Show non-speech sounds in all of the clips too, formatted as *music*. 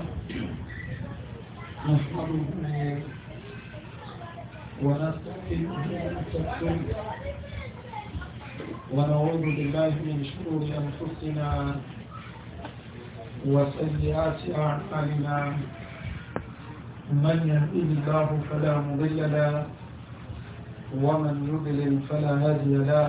نحمده ونستغفره ونعوذ بالله من شرور أنفسنا وسيئات أعمالنا من يهده الله فلا مضل له ومن يضلل فلا هادي له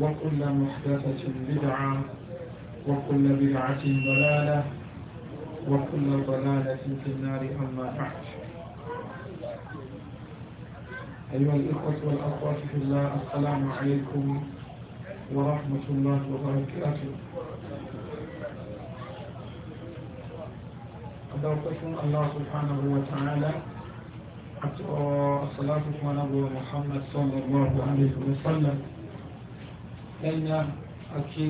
وكل محدثة بدعة وكل بدعة ضلالة وكل ضلالة في النار أما بعد أيها الإخوة والأخوات في الله السلام عليكم ورحمة الله وبركاته أدعوكم الله سبحانه وتعالى الصلاة على محمد صلى الله عليه وسلم lẹ́yìn àti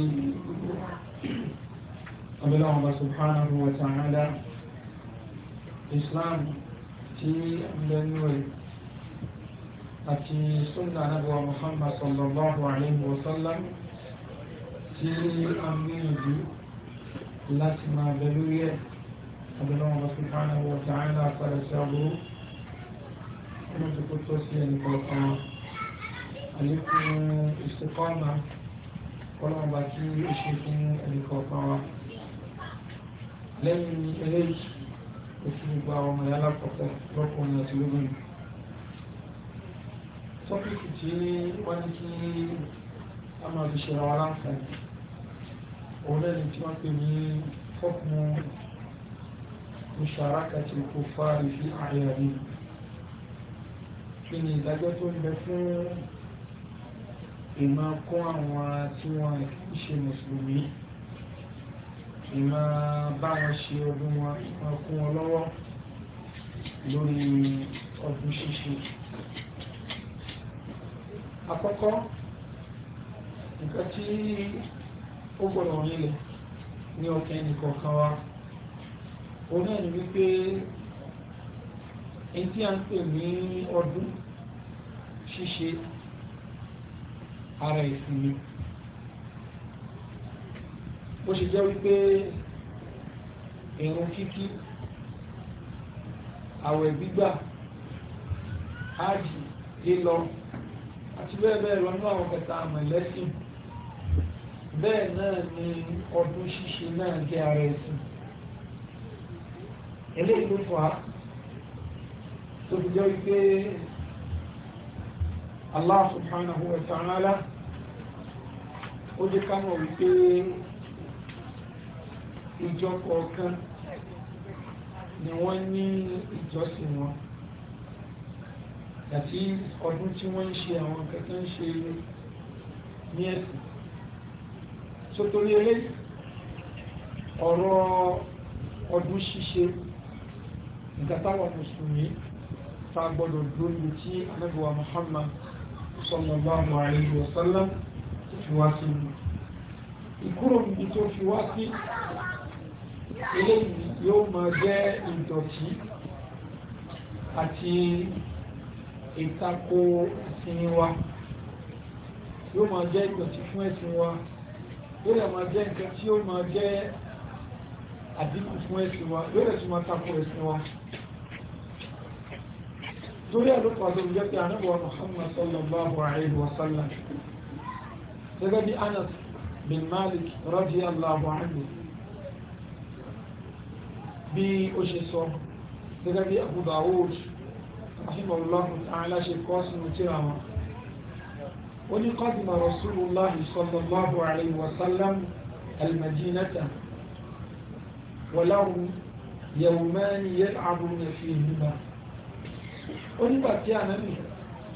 ọbẹ̀lá ọba subhanahu wa ta'ala islam tí lẹ́nu rẹ̀ àti sunna anábọ̀ muhammad sallallahu alayhi wa sallam tí a mìíràn láti máa bẹ̀rù yẹ ọbẹ̀lá ọba subhanahu wa ta'ala fara sábú ọmọ tó kó tó sí ẹnì kọ̀ọ̀kan àlékún istiqama kọ́lọ́wọ́n bá kí ó ṣe fún ẹnìkọ̀ọ̀kan wa lẹ́yìn eléyìí ó fi gba ọmọ ìyá lápapọ̀ lọ́kùnrin àti lóbìnrin tọ́pìkì tí wọ́n ní kí a máa fi ṣe àwọn aláǹfààní òun lẹ́ni tí wọ́n pè ní fọ́pùn musharakati kufari fi àyàrí kí ni ìdájọ́ tó ń bẹ fún ìmá kọ́ àwọn tí wọ́n ṣe mùsùlùmí ìmá bá wọn ṣe ọdún wọn ìmá kún wọn lọ́wọ́ lórí ọdún ṣíṣe àkọ́kọ́ nǹkan tí ó gbọ́dọ̀ nílẹ̀ ní ọkẹ́ nìkọ̀ọ̀kan wa òun náà ni wípé èyí tí a ń pè ní ọdún ṣíṣe ara ìsinmi ó ṣe jẹ́ wípé ìrun kíkí àwẹ̀ gbígbà áàjì lílọ àti bẹ́ẹ̀ bẹ́ẹ̀ lọ ní àwọn kẹta àmọ̀ ẹlẹ́sìn bẹ́ẹ̀ ni ọdún ṣíṣe náà jẹ́ ara ẹ̀sìn eléyìí ló fà á tó fi Allah subhanahu wa ta'ala ó jẹ́ ká mọ̀ wípé ìjọ kọ̀ọ̀kan ni wọ́n ní ìjọsìn wọn àti ọdún tí wọ́n ń ṣe àwọn kẹ̀kẹ́ ń ṣe ní ẹ̀sìn sótórí eléyìí ọ̀rọ̀ ọdún ṣíṣe ìgbàtàwà mùsùlùmí ta gbọ́dọ̀ dúró ní tí anábíwá Muhammad sallallahu alaihi wa sallam tó fi wá sí ìlú ìkúrò níbi tó fi wá sí eléyìí yóò máa jẹ́ ìdọ̀tí àti ìtako ìsinmi wa yóò máa jẹ́ ìdọ̀tí fún ẹ̀sìn wa yóò lè máa jẹ́ nǹkan tí yóò máa jẹ́ àdínkù fún ẹ̀sìn wa yóò lè tún tako ẹ̀sìn wa torí àlùkò àdéhùn jẹ́ pé anábọ̀ Muhammad sallallahu alayhi wa sallam gẹ́gẹ́ bí Anas bin Malik radiyallahu anhu bí ó ṣe sọ gẹ́gẹ́ bí Abu Dawud rahimahullahu ta'ala ṣe kọ́ sínú tíra wọn ó ní qadima rasulullah sallallahu alayhi wa sallam al-madinata wa lahu yawmani yal'abuna fihima onígbà tí ànábì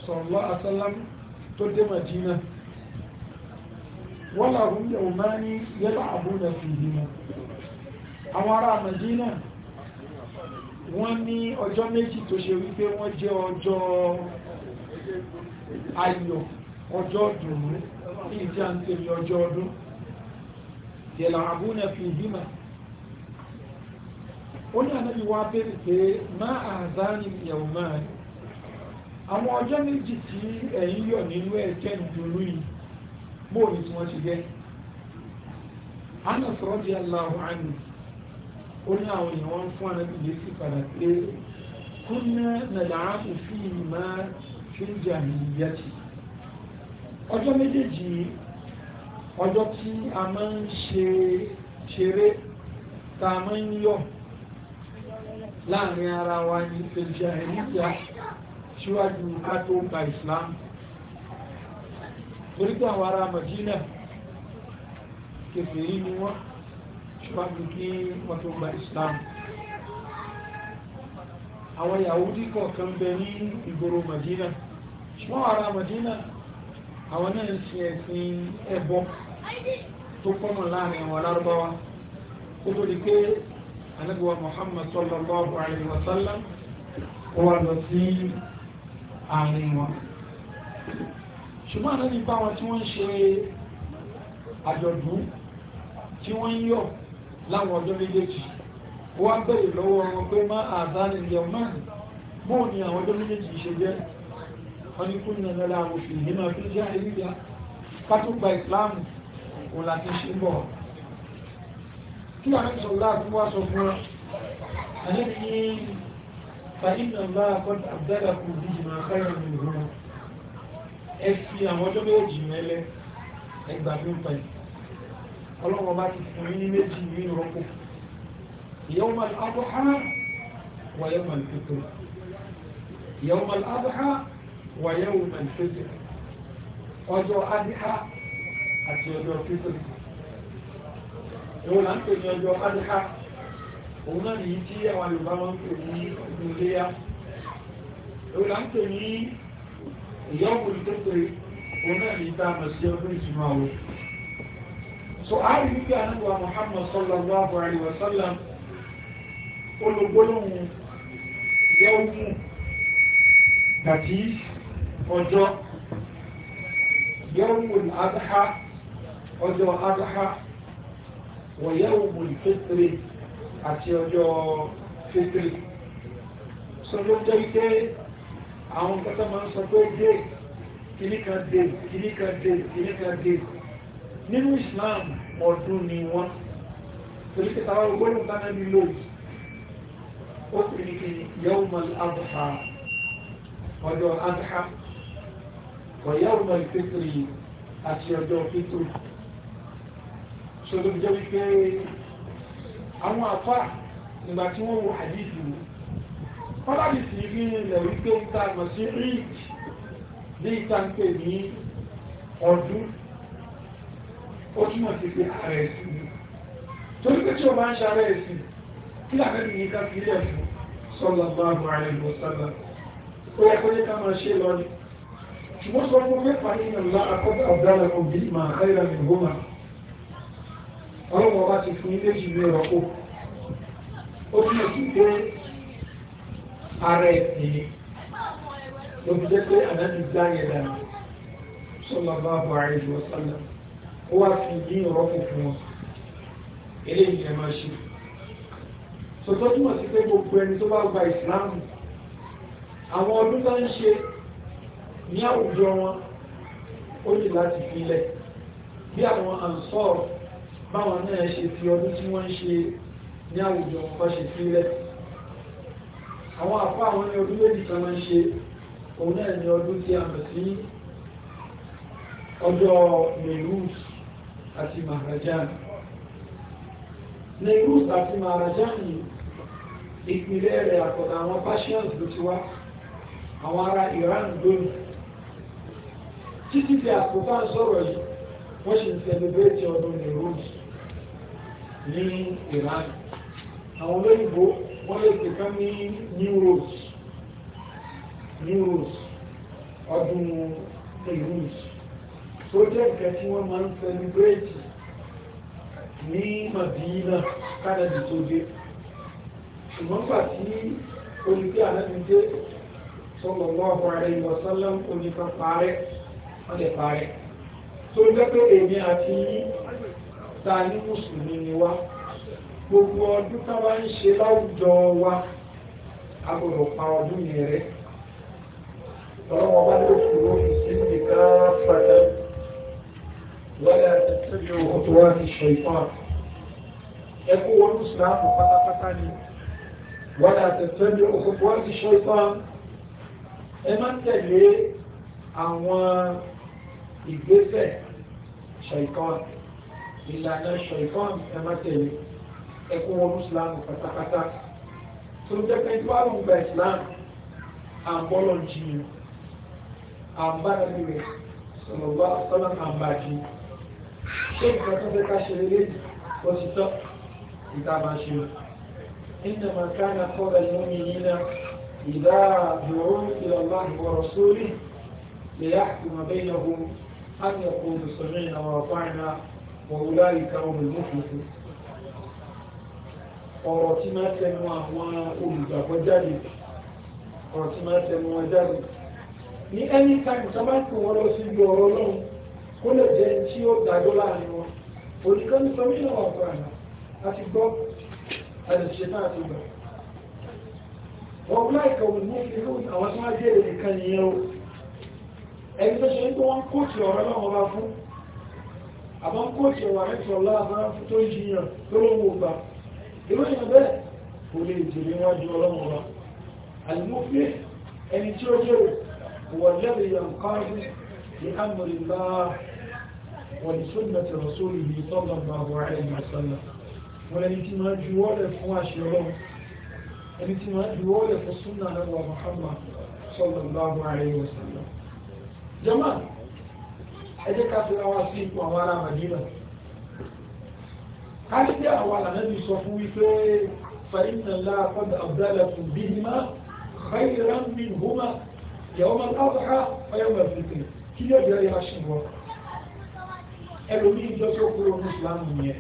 sallallahu alaihi wasallam tó dé Madina wọ́n làwọn yẹ̀wò máa ní yẹ́lá àbúrò fìdí mọ́ àwọn ará Madina wọ́n ní ọjọ́ méjì tó ṣe wípé wọ́n jẹ́ ọjọ́ ayọ̀ ọjọ́ dùnú ní ìdí à ń tèmi ọjọ́ ọdún yẹ̀lá àbúrò fìdí mọ́ ó ní ànábì bẹ̀rẹ̀ pé má àzáni yẹ̀wò máa àwọn ọjọ́ méjì tí ẹ̀yin yọ̀ nínú ẹ̀jẹ̀ ìdúró yìí bóò ní tí wọ́n ti jẹ́ Anas radiyallahu anhu ó ní àwọn èèyàn wọn fún ànábì yéésì padà pé kúnná nàdàáfù fi ìmá fíjà nìyàtì ọjọ́ méjèèjì ọjọ́ tí a máa ń ṣe ṣeré tá a máa ń yọ̀ láàrin ara wa ní fíjà nìyàtì síwájú ká tó ka islam torí pé àwọn ará madina kèfèrí ni wọ́n ṣíwájú kí wọ́n tó gba islam àwọn yahudi kọ̀ọ̀kan bẹ ní ìgboro madina ṣùgbọ́n ará madina àwọn náà ń ṣe ẹ̀sìn ẹbọ tó kọ́mọ̀ láàrin àwọn alárúbáwá kó tó di pé anábíwá muhammad sallallahu alaihi wasallam wọ́n lọ sí àárín wọn ṣùgbọ́n àdẹ́bí bá wọn tí wọ́n ń ṣe àjọ̀dún tí wọ́n ń yọ̀ láwọn ọjọ́ méjèèjì wọ́n bèèrè lọ́wọ́ wọn pé má àzáni ilẹ̀ náà bóò ni àwọn ọjọ́ méjèèjì ṣe jẹ́ ọdínkún ní ọ̀nà àwọn òfin ní máa fi jẹ́ àìríyá pátópa ìsìláàmù òun láti ṣe bọ̀ kí àwọn ìṣọ̀lá àti wá sọ fún wọn فإن الله قد أبدلكم بهما خيرا منهما ẹ fi àwọn ọjọ́ méjì mẹ́lẹ́ ẹgbàá ló ń pa yìí ọlọ́run bá ti fún yín ní méjì nínú rọ́pò يوم الأضحى ويوم الفطر يوم الأضحى ويوم الفطر ọjọ́ adìhá àti ọjọ́ fitr ìwọ̀n ọjọ́ adìhá òun náà nìyí tí àwọn Yorùbá wọn ń pè ní ọdún iléyá là ń pè ní ìyá ọkùnrin tó pé òun náà nìyí tá a mọ̀ sí ọdún ìtumọ̀ àwọn so a rí wípé anábọ̀ Muhammad sallallahu alaihi wa sallam olùgbólóhùn yẹ́wùmù dàtí ọjọ́ yẹ́wùmù adha ọjọ́ adha wọ̀ yẹ́wùmù àti ọjọ́ fitri sọ ló jẹ́ wípé àwọn kẹta máa ń sọ pé dé kìníkan dé kìníkan dé kìníkan dé nínú Islam ọdún ni wọ́n torí pé tàbá gbogbo ìlú bá náà nílò ó pè ní kí yawmal adha ọjọ́ adha wa yawmal fitri àti ọjọ́ fitri sọ ló jẹ́ wípé àwọn àfà nígbà tí wọ́n wo àdìsí mi wọ́n bá dìsí rí ilẹ̀ wípé ń ta àmọ̀ sí ríj ní ìta ń pè ní ọdún ó túnmọ̀ sí pé ààrẹ ẹ̀sìn ni torí pé tí o bá ń ṣàrẹ ẹ̀sìn kí làbẹ́bì ní ká fi ilẹ̀ fún sọ́lọ̀ bá bọ̀ ààrẹ ìbò sábà ó yẹ kó ní ká máa ṣe lọ́dún ṣùgbọ́n sọ fún mẹ́fà nínú lára kọ́bà ọ̀dọ́ ọlọ́wọ́ bá ti fún ilé jù lé rọ́pò ó túnmọ̀ sí pé ara ẹ̀sìn ni ló fi jẹ́ pé àdájú gbá yẹn dànù sọ́lá bá bọ̀ ara ìlú ọ̀sánà ó wá fi ní ìrọ́pò fún wọn eléyìí ẹ̀ máa ṣe sọ́tọ́ túnmọ̀ sí pé gbogbo ẹni tó bá gba ìsìláàmù àwọn ọdún bá ń ṣe ní àwùjọ wọn ó lè láti fi ilẹ̀ bí àwọn àǹsọ́ọ̀rọ̀ báwọn náà ṣe fi ọdún tí wọ́n ń ṣe ní àwùjọ ọ̀pá ṣe sílẹ̀ àwọn àpá àwọn ní ọdún méjì tán máa ń ṣe òun náà ní ọdún tí a mọ̀ sí ọjọ́ Neyruz àti Maharajan Neyruz àti Maharajan ìpìlẹ̀ rẹ̀ àkọ́dà àwọn Persians ló ti wá àwọn ará Iran lónìí títí di àkókò sọ̀rọ̀ yìí wọ́n ṣe ń celebrate ọdún Neyruz ní Iran àwọn olóyìnbó wọ́n lè pè kán ní new rules new rules ọdún rules tó jẹ́ nǹkan tí wọ́n máa ń celebrate ní Madina kánàdì tó dé ṣùgbọ́n gbà tí olùkẹ́ ànábi dé sallallahu alaihi wasallam oníkan parẹ́ wọ́n lè parẹ́ tó jẹ́ pé èmi àti ta ní mùsùlùmí ni wá gbogbo ọdún tá bá ń ṣe láwùjọ wa a gbọ́dọ̀ pa ọdún yẹn rẹ ọlọ́wọ́ bá ló fi owó fi sí ní ká fàtà lọ́yà tẹ́tẹ́jọ ọ̀tọ̀ wá ti ṣe ìfọ́n ẹkọ́ wọn ló sàáfù pátápátá ni lọ́yà tẹ́tẹ́jọ ọ̀tọ̀ wá ti ṣe ìfọ́n ẹ máa ń tẹ̀lé àwọn ìgbésẹ̀ ṣe ìfọ́n ìlànà ṣọ̀ìfọ́n ẹ̀mọ́tẹ̀lẹ̀ ẹkún wọn islam pátápátá tó ń jẹ́pẹ́ tí wàá lùgbà islam àbọ́lọ̀ jìnnà àbánilẹ̀ sọ̀rọ̀gbà sọ́nà àbájì ṣé nǹkan tó fẹ́ ká ṣe lé wọ́n ti tọ́ ìta máa ṣe lọ. إنما كان قول المؤمنين إذا دعوا إلى الله ورسوله ليحكم بينهم أن يقولوا سمعنا وأطعنا وأولئك هم المفلحون ọ̀rọ̀ tí máa tẹnu àwọn olùgbàgbọ́ jáde ọ̀rọ̀ tí máa tẹnu wọn jáde ní ẹni táìmù tó bá kò wọ́n lọ sí ibi ọ̀rọ̀ ọlọ́run kó lè jẹ́ tí ó dájọ́ láàrin wọn oníkan ní sọmílẹ̀ ọ̀gbọ̀n àná àti gbọ́ àdìsẹ́ náà ti gbà wọ́n láìka òmùmú irú àwọn tí wọ́n jẹ́ èrè kan nìyẹn o ẹni tó ṣe ń tó wọ́n kóòtù ọ̀rọ̀ ọlọ́run ọba fún àmọ́ kóòtù ọ̀wà ẹ̀tọ́ láàbá tó yíyàn tó lówó gbà irú èèyàn bẹ́ẹ̀ kò lè jèrè wọn ju ọlọ́run wa àlùmọ́fẹ́ ẹni tí ó jẹ́ wọ̀n lẹ́rìí yàn kọ́rin ní amòrìlá wọ̀n ní sódì àti rọ̀sọ́lù yìí tọ́lọ̀ bá wà ẹ̀yìn àṣálà wọ́n ẹ jẹ́ ká fi wá sí ipò àwọn ará Madina ká ní bí àwọn alàmẹ́bí sọ fún wípé fàyínà láàpọ̀dà abdala kù bí ní má khayran min huma yawm al-adha wa yawm al-fitr kí ló bẹ̀rẹ̀ yà ṣì wọ́n ẹlòmí ìjọ tó kúrò ní ìsìlámù yẹn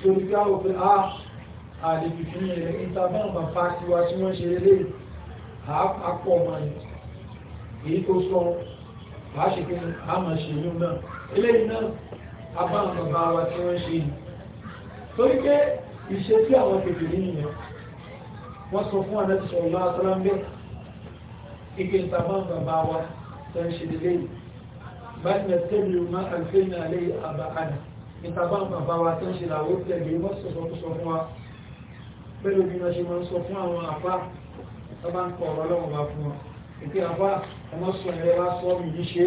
torí pé àwọn òfin a àdèbì fún ilẹ̀ ìtàbọ̀n bàbá tiwa tí wọ́n ṣe eré àpọ̀ ọmọ yìí èyí tó sọ a ṣe pé a máa ṣe yún náà eléyìí náà a bá àwọn bàbá wa tí wọ́n ṣe yìí torí pé ìṣe tí àwọn kékeré nìyẹn wọ́n sọ fún àná ti sọ̀rọ̀ lọ́wọ́ tó láńbẹ́ ike ìta bá bàbá wa tó ń ṣe lélẹ́ yìí báyìí náà tẹ́lẹ̀ ló máa àgbẹ̀ ní alẹ́ àbá àná ìta bá bàbá wa tó ń ṣe làwọ́ tẹ̀lé wọ́n sọ̀rọ̀ tó sọ fún wa pẹ̀lú bí ẹmọ́ sọ ẹ̀rẹ́ bá sọ mi yí ṣe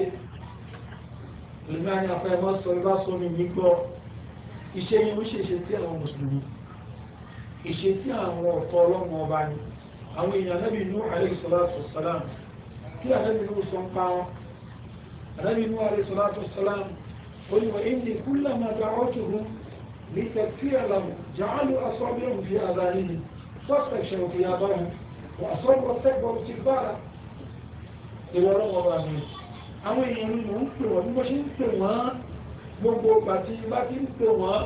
lèmọ́ ni afẹ́ ẹmọ́ sọ ẹ̀rẹ́ bá sọ mi yí gbọ́ iṣẹ́ yìí ó ṣèṣe tí àwọn mùsùlùmí ìṣe tí àwọn ọ̀tọ̀ ọlọ́mọ ọba ni àwọn èèyàn anábì inú àrẹ́sọ̀láàtò sàlám kí anábì inú sọ ń pa wọn anábì inú àrẹ́sọ̀láàtò sàlám ó ní wọ́n ìdí kúlẹ̀ máa ọ́tù hún ní tẹ̀sí àlàmù jàálù asọ́bìrún fi àdáyé ni sọ́sẹ̀ ṣẹ̀rọ̀ fi wọ́n asọ́bọ̀ tẹ́gbọ̀n ti bára ìwọ lọ́wọ́ bá mi àwọn èèyàn ni mò ń pè wọ́n bí wọ́n ṣe ń pè wọ́n gbogbo ìgbà tí bá ti ń pè wọ́n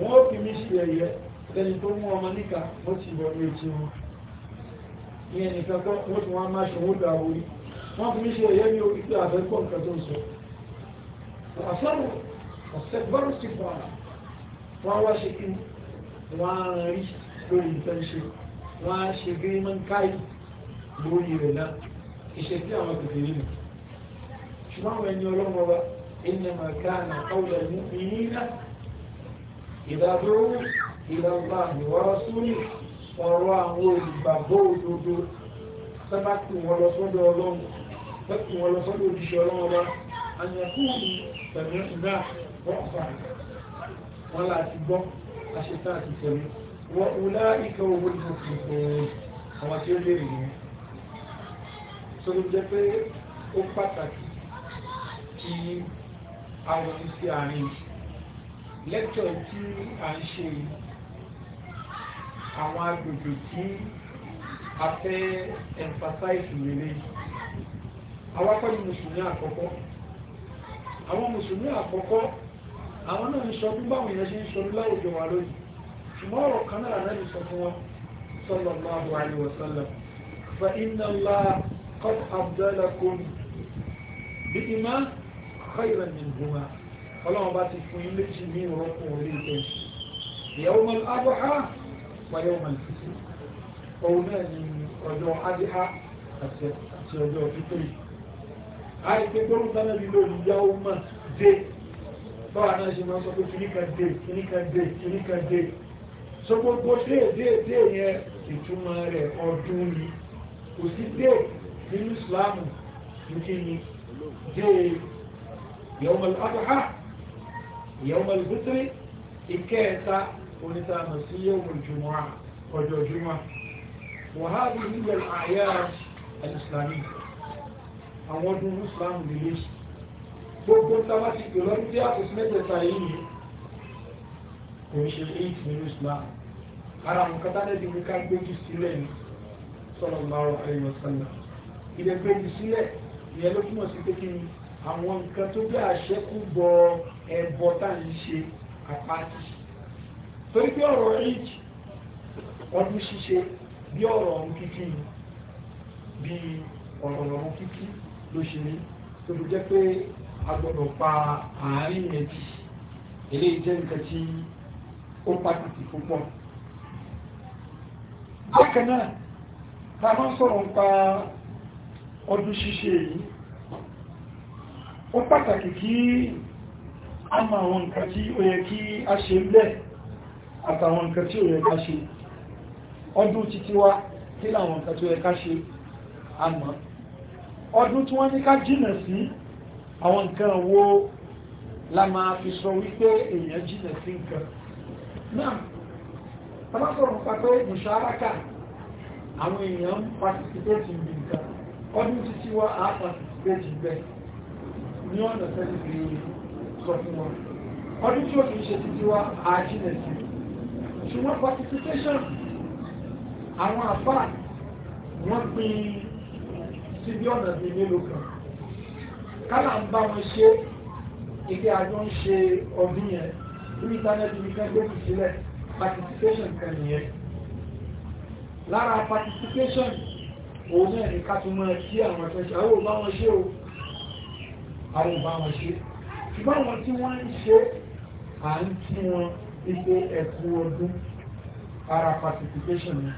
wọ́n ó fi mí sí ẹ̀yẹ lẹ́ni tó mú ọmọ níka ó ti bọ̀ ní etí wọn ìyẹn nìkan kọ́ wọ́n ti wọ́n máa ṣe owó dà orí wọ́n fi mí sí ẹ̀yẹ ní orí pé àfẹ́kọ́ nǹkan tó ń sọ àfẹ́rù ọ̀sẹ̀ gbọ́rù sí fún wa wọ́n wá ṣe kí wọ́n á rí lórí nǹkan ṣe wọ́n á ṣe gírímọ̀ káyì lórí rẹ̀ náà ìṣẹ́jú àwọn bèbè nínú ṣùgbọ́n àwọn ẹni ọlọ́mọ wa ẹni máa ká àná ọ̀lẹ̀ mú ìní iná ìdádúró ìdàgbà ìwọ́rọ́ sórí ọ̀rọ̀ àwọn olùgbàgbọ́ òdodo sábà kí wọ́n lọ sọ́dọ̀ ọlọ́run pẹ́kì wọ́n lọ àyàkúrù pẹ̀lú ìgbà rọ́pà wọn láti gbọ́ àṣetá àti tẹ̀lé wọ́n wùlá ìkẹ́ owó ìfòfò àwọn tí ó lè rí wọn tó ló jẹ́ pé ó pàtàkì kí a ronú sí àárín lẹ́tọ̀ tí a ń ṣe àwọn agbègbè tí a fẹ́ emphasize lélẹ̀ àwọn akọ́ni mùsùlùmí àkọ́kọ́ àwọn mùsùlùmí àkọ́kọ́ àwọn náà ń sọdún báwọn èèyàn ṣe ń sọdún láwùjọ wa lónìí ṣùgbọ́n ọ̀rọ̀ kan náà náà sọ fún wọn sallallahu alaihi wasallam fa inna Allah قد أبدلكم بهما خيرا منهما ọlọ́run bá ti fún ilé tí ní ìrọ́pù orí ìtẹ́ yawm al-adha wa yawm al-fitr òun náà ni ọjọ́ adha àti ọjọ́ fitri àìpé gbọ́rùn tánà bí lórí yàwó mọ̀ dé báwa náà ṣe máa sọ pé kìníkà dé kìníkà dé kìníkà dé so gbogbo dé dé dé yẹn ìtumọ̀ rẹ̀ ọdún ni kò sí dé nínú islamu nìkí ni dé yawmal adha yawmal fitri ìkẹta onítàmà sí yawmal jùmọ́à ọjọ́ jùmọ́ wàhálì nílẹ̀ àyà al-islami àwọn ọdún islamu nílé gbogbo tábà ti pè lọ́dún tí a kò sí mẹ́tẹ̀ẹ̀ta yìí kò ń ṣe eight nínú islamu ara nǹkan tá ní ká gbójú sílẹ̀ ní sallallahu alaihi wasallam ìrẹ̀pẹ̀jì sílẹ̀ ìyẹn ló túmọ̀ sí pé kí ni àwọn nǹkan tó bí àṣẹ́kù bọ ẹbọ tá à ń ṣe àpáàtì torí pé ọ̀rọ̀ ríjì ọdún ṣíṣe bí ọ̀rọ̀ ọ̀hún kíkí bí ọ̀rọ̀ ọ̀hún kíkí ló ṣe ní tó fi jẹ́ pé a gbọ́dọ̀ pa àárín yẹn jì eléyìí jẹ́ nǹkan tí ó pàtàkì púpọ̀ bákan náà ta máa ń sọ̀rọ̀ nípa ọdún ṣíṣe yìí ó pàtàkì kí a ma àwọn nǹkan tí ó yẹ kí a ṣe ń bẹ̀ àtàwọn nǹkan tí ó yẹ ká ṣe ọdún títí wá kí láwọn nǹkan tí ó yẹ ká ṣe àmọ́ ọdún tí wọ́n ní ká jìnà sí àwọn nǹkan wo la máa fi sọ wípé èèyàn jìnà sí nǹkan náà tọ́lá sọ̀rọ̀ nípa pé àwọn èèyàn ń participate in nǹkan ọdún títí wá àpàtìsípéjì gbẹ ní ọ̀nà tẹ́lẹ̀ fi sọ fún wọn ọdún tí ó fi ṣe títí wá àjínà sí ṣùgbọ́n participation àwọn àpá wọ́n pín sí bí ọ̀nà bíi mélòó kan kálà ń bá wọn ṣe ike àjọ ń ṣe ọdún yẹn lórí ìtánẹ́tì nìkan gbé sílẹ̀ participation kan nìyẹn lára participation òun náà ká tún máa kí àwọn ẹ̀fẹ́ àwọn òbá wọn ṣe o àwọn òbá wọn ṣe ṣùgbọ́n àwọn tí wọ́n ń ṣe à ń kí wọn ipò ẹ̀kú ọdún ara participation ni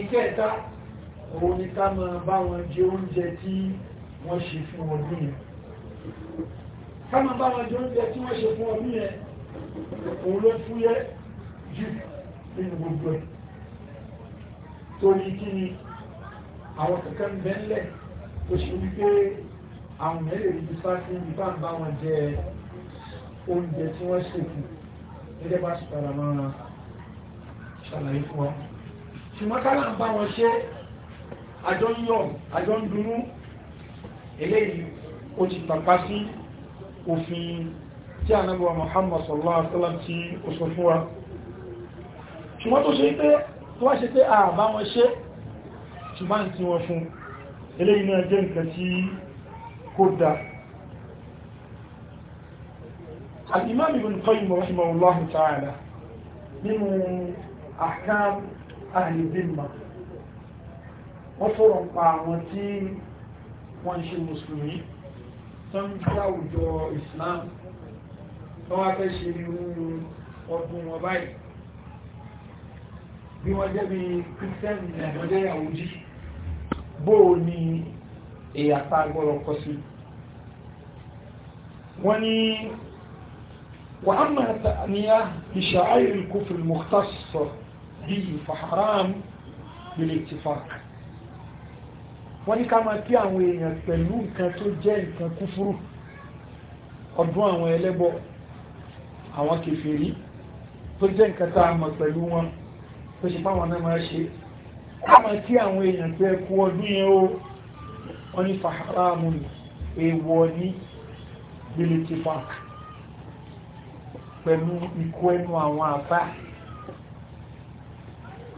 ìkẹta òun ni ká máa bá wọn jẹ oúnjẹ tí wọ́n ṣe fún ọdún yẹn ká máa bá wọn jẹ oúnjẹ tí wọ́n ṣe fún ọdún yẹn òun ló fúyẹ́ jù nínú gbogbo ẹ̀ torí kí ni àwọn kankan bẹ́ńlẹ̀ tó ṣe wípé àwọn mẹ́lẹ̀ rí bí sáà fún ibà ń bá wọn jẹ oúnjẹ tí wọ́n ṣètò gẹ́gẹ́ bá ṣe padà máa ṣàlàyé fún wa ṣùgbọ́n ká náà bá wọn ṣe àjọ ń yọ àjọ ń dunú eléyìí ó ti tàpá sí òfin tí ànábì Muhammad sallallahu alaihi wasallam tí ó sọ fún wa ṣùgbọ́n tó ṣe pé tó wá ṣe pé àbá wọn ṣe ṣùgbọ́n tí wọ́n fún eléyìí náà jẹ́ nǹkan tí kò dá al-Imam Ibn Qayyim rahimahullahu ta'ala nínú ahkam ahli dhimma wọ́n fọ́rọ̀ pa àwọn tí wọ́n ṣe mùsùlùmí tó gbá àwùjọ Islam tó wá fẹ́ ṣe irú ọdún wọn báyìí bí wọ́n jẹ́ bí Christian ìjọdẹ́ Yahudi bó o ní èyà tá a gbọ́dọ̀ kọ sí wọ́n ní وأما التأنية بشعائر الكفر المختص به فحرام بالاتفاق wọ́n ní ká máa kí àwọn èèyàn pẹ̀lú nǹkan tó jẹ́ nǹkan kúfúrú ọdún àwọn ẹlẹ́bọ àwọn kèfèrí tó jẹ́ nǹkan tá a mọ̀ pẹ̀lú wọn tó ṣe fáwọn náà máa ṣe àmà tí àwọn èèyàn tẹ́ kú ọdún yẹn ó wọ́n ní fàhàrámù èèwọ̀ ní bílétì park pẹ̀lú ikú ẹnu àwọn àfá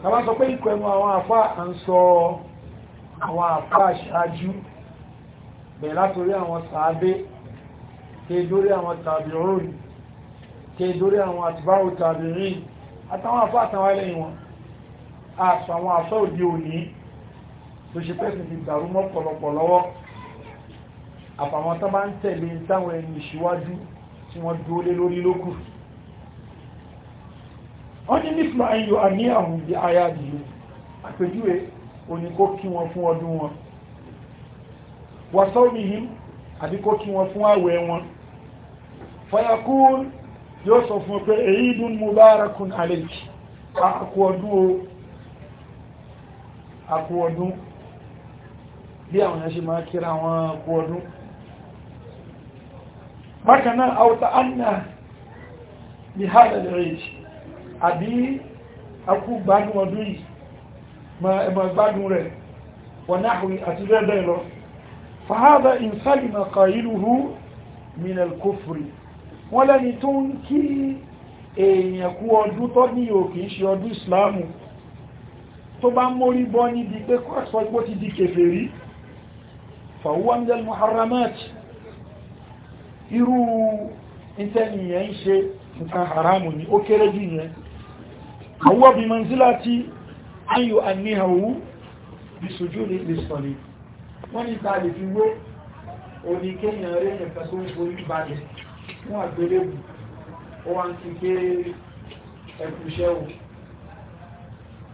àwọn sọ pé ikú ẹnu àwọn àfá à ń sọ àwọn àfá ṣáájú bẹ̀rẹ̀ látorí àwọn sàábé tẹ́ẹ̀dórí àwọn tàbí òrùn tẹ́ẹ̀dórí àwọn àtìbáwò tàbí rìn àtàwọn àfá àtàwọn ẹlẹ́yìn wọn àṣọ àwọn àṣọ òde òní tó ṣe pẹ́sì ti dàrú mọ́ pọ̀lọpọ̀ lọ́wọ́ àfàwọn tó bá ń tẹ̀lé táwọn ẹni ìṣíwájú tí wọ́n dúó lé lórí lókù wọ́n ní nífìlọ ayò àní àrùn bí aya dìlú àpèjúwe òní kó kí wọn fún ọdún wọn wàsọ́ yìí àbí kó kí wọn fún àwẹ̀ wọn fayakún yóò sọ fún pé èyí dún mubarakun alayki àkú ọdún o akú ọdún bí àwọn ẹ̀ṣẹ́ máa kíra wọn akú ọdún bákanáà àwọ̀ta anna bí hàdà lẹ́rẹ̀ẹ́jì àbí akú gbádùn ọdún yìí ma ẹmọ gbádùn rẹ̀ wọ̀n náà àti rẹ̀ lọ fàhádà ìsálìmà kàílùhù minal kófùrì wọ́n lẹ́ni tó ń kí èèyàn kú ọdún tó ní òkè ṣe ọdún islamu tó bá mórí bọ́ níbi pé kọ́sọ̀ ipò ti di kèfèrí fàwọ́mdẹ́l muharramat irú ìtẹ́niyàn ń ṣe nǹkan haramu ni ó kéré jù yẹn àwọ́ bí manzila ti ayò àníhàwó bí sojú ní ìsọ̀lẹ̀ wọ́n ní ta lè fi wó òní kéèyàn rẹ̀ nìkan tó ń forí balẹ̀ fún àgbélébù ó wá ń ti gbé ẹkùṣẹ́ òkú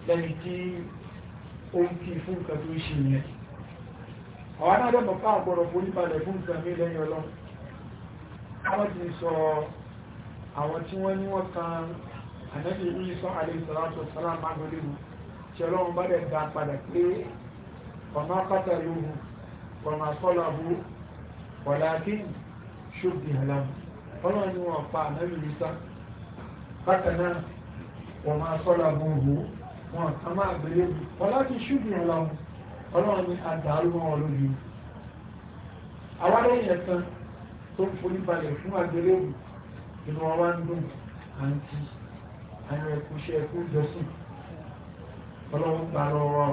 lẹ́ni tí ó ń kí fún nǹkan tó ń ṣe yẹn àwọn náà dẹ́mọ̀ fún àgbọ̀rọ̀ fún nípalẹ̀ fún nǹkan mí lẹ́yìn ọlọ́run wọ́n ti sọ àwọn tí wọ́n ní wọ́n kan ànábì ìsọ́ àlèsọ́látọ̀ sálà magolíwù tí ọlọ́run bá dẹ̀ dá wọ́n pa ànábì ìsọ́ wọn kan máa gbélé e. wọn láti ṣúdù yẹn lọ ọlọ́run ní àdàrú wọn wọn lórí àwárẹ̀ yẹn kan tó ń forí balẹ̀ fún àgbélé inú wọn wá ń dùn àǹtí àwọn ẹ̀kú ṣe ẹ̀kú jọ́sìn ọlọ́run gbà lọ́wọ́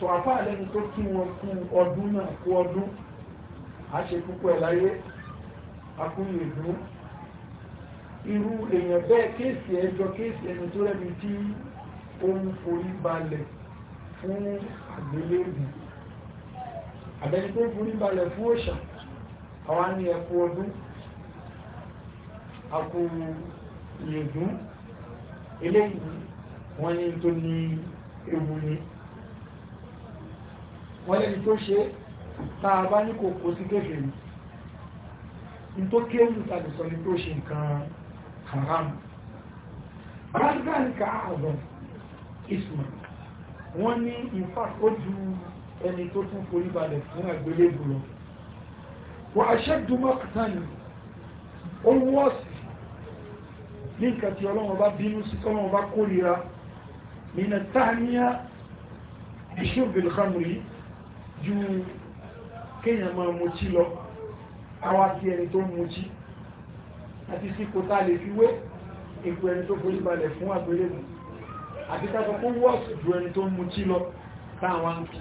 sọ apá àlẹ́ni tó kí wọn kú ọdún náà kú ọdún àṣekúkú ẹ̀ láyé akúnyè dùn irú èèyàn bẹ́ẹ̀ kéèsì ẹjọ́ kéèsì ẹni tó rẹ̀mí tí ó ń forí balẹ̀ fún àgbélébùn àbẹ́ni tó forí balẹ̀ fún òṣà àwọn ní ẹkù ọdún akú ìyẹ̀dún eléyìí wọ́n ní tó ní ewu ni wọ́n lẹ́ni tó ṣe táa bá ní kò kó sí kéfèé ní tó kéwù tàbí sọ ní tó ṣe nǹkan haram بعد ذلك أعظم اسما wọ́n ní in fact ó ju ẹni tó tún forí balẹ̀ fún àgbélébù lọ wọ́n aṣẹ́jú mọ́kàtà ni ó wọ́ọ̀sì ní nǹkan tí ọlọ́run bá bínú sí tọ́lọ́run bá kórìíra nínú tàníyà ìṣòbìlì khamri ju kéèyàn máa mutí lọ àwa ti ẹni tó mutí àti sí kò tá lè fi wé ipò ẹni tó forí balẹ̀ fún àgbélébù àti ká sọ pé wọ́ọ̀sì ju ẹni tó ń mutí lọ táwọn ń kí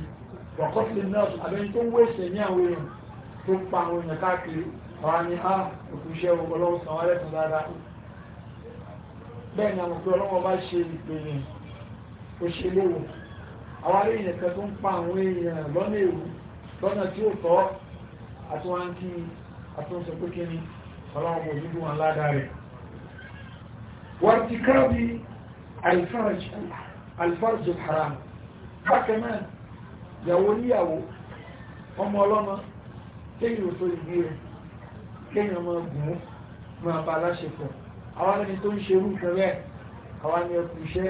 wọ̀kọ́sì náà àbẹ́ni tó ń wéṣẹ̀ ní àwọn èèyàn tó ń pa àwọn èèyàn káàkiri àwọn ni a ah, òkú iṣẹ́ ń kí àtúnṣe pé kí ni ọlọ́wọ́ bò ní dùn aládàá rẹ̀ wọ́n ti ká bí alifáàjì haram bákan náà yàwó níyàwó ọmọ ọlọ́mọ kéyìn ò tó ìgbé rẹ̀ kéyìn ọmọ gùn máa bá aláṣepọ̀ àwọn ẹni tó ń ṣe irú nǹkan bẹ́ẹ̀ àwọn ẹni ẹkùn iṣẹ́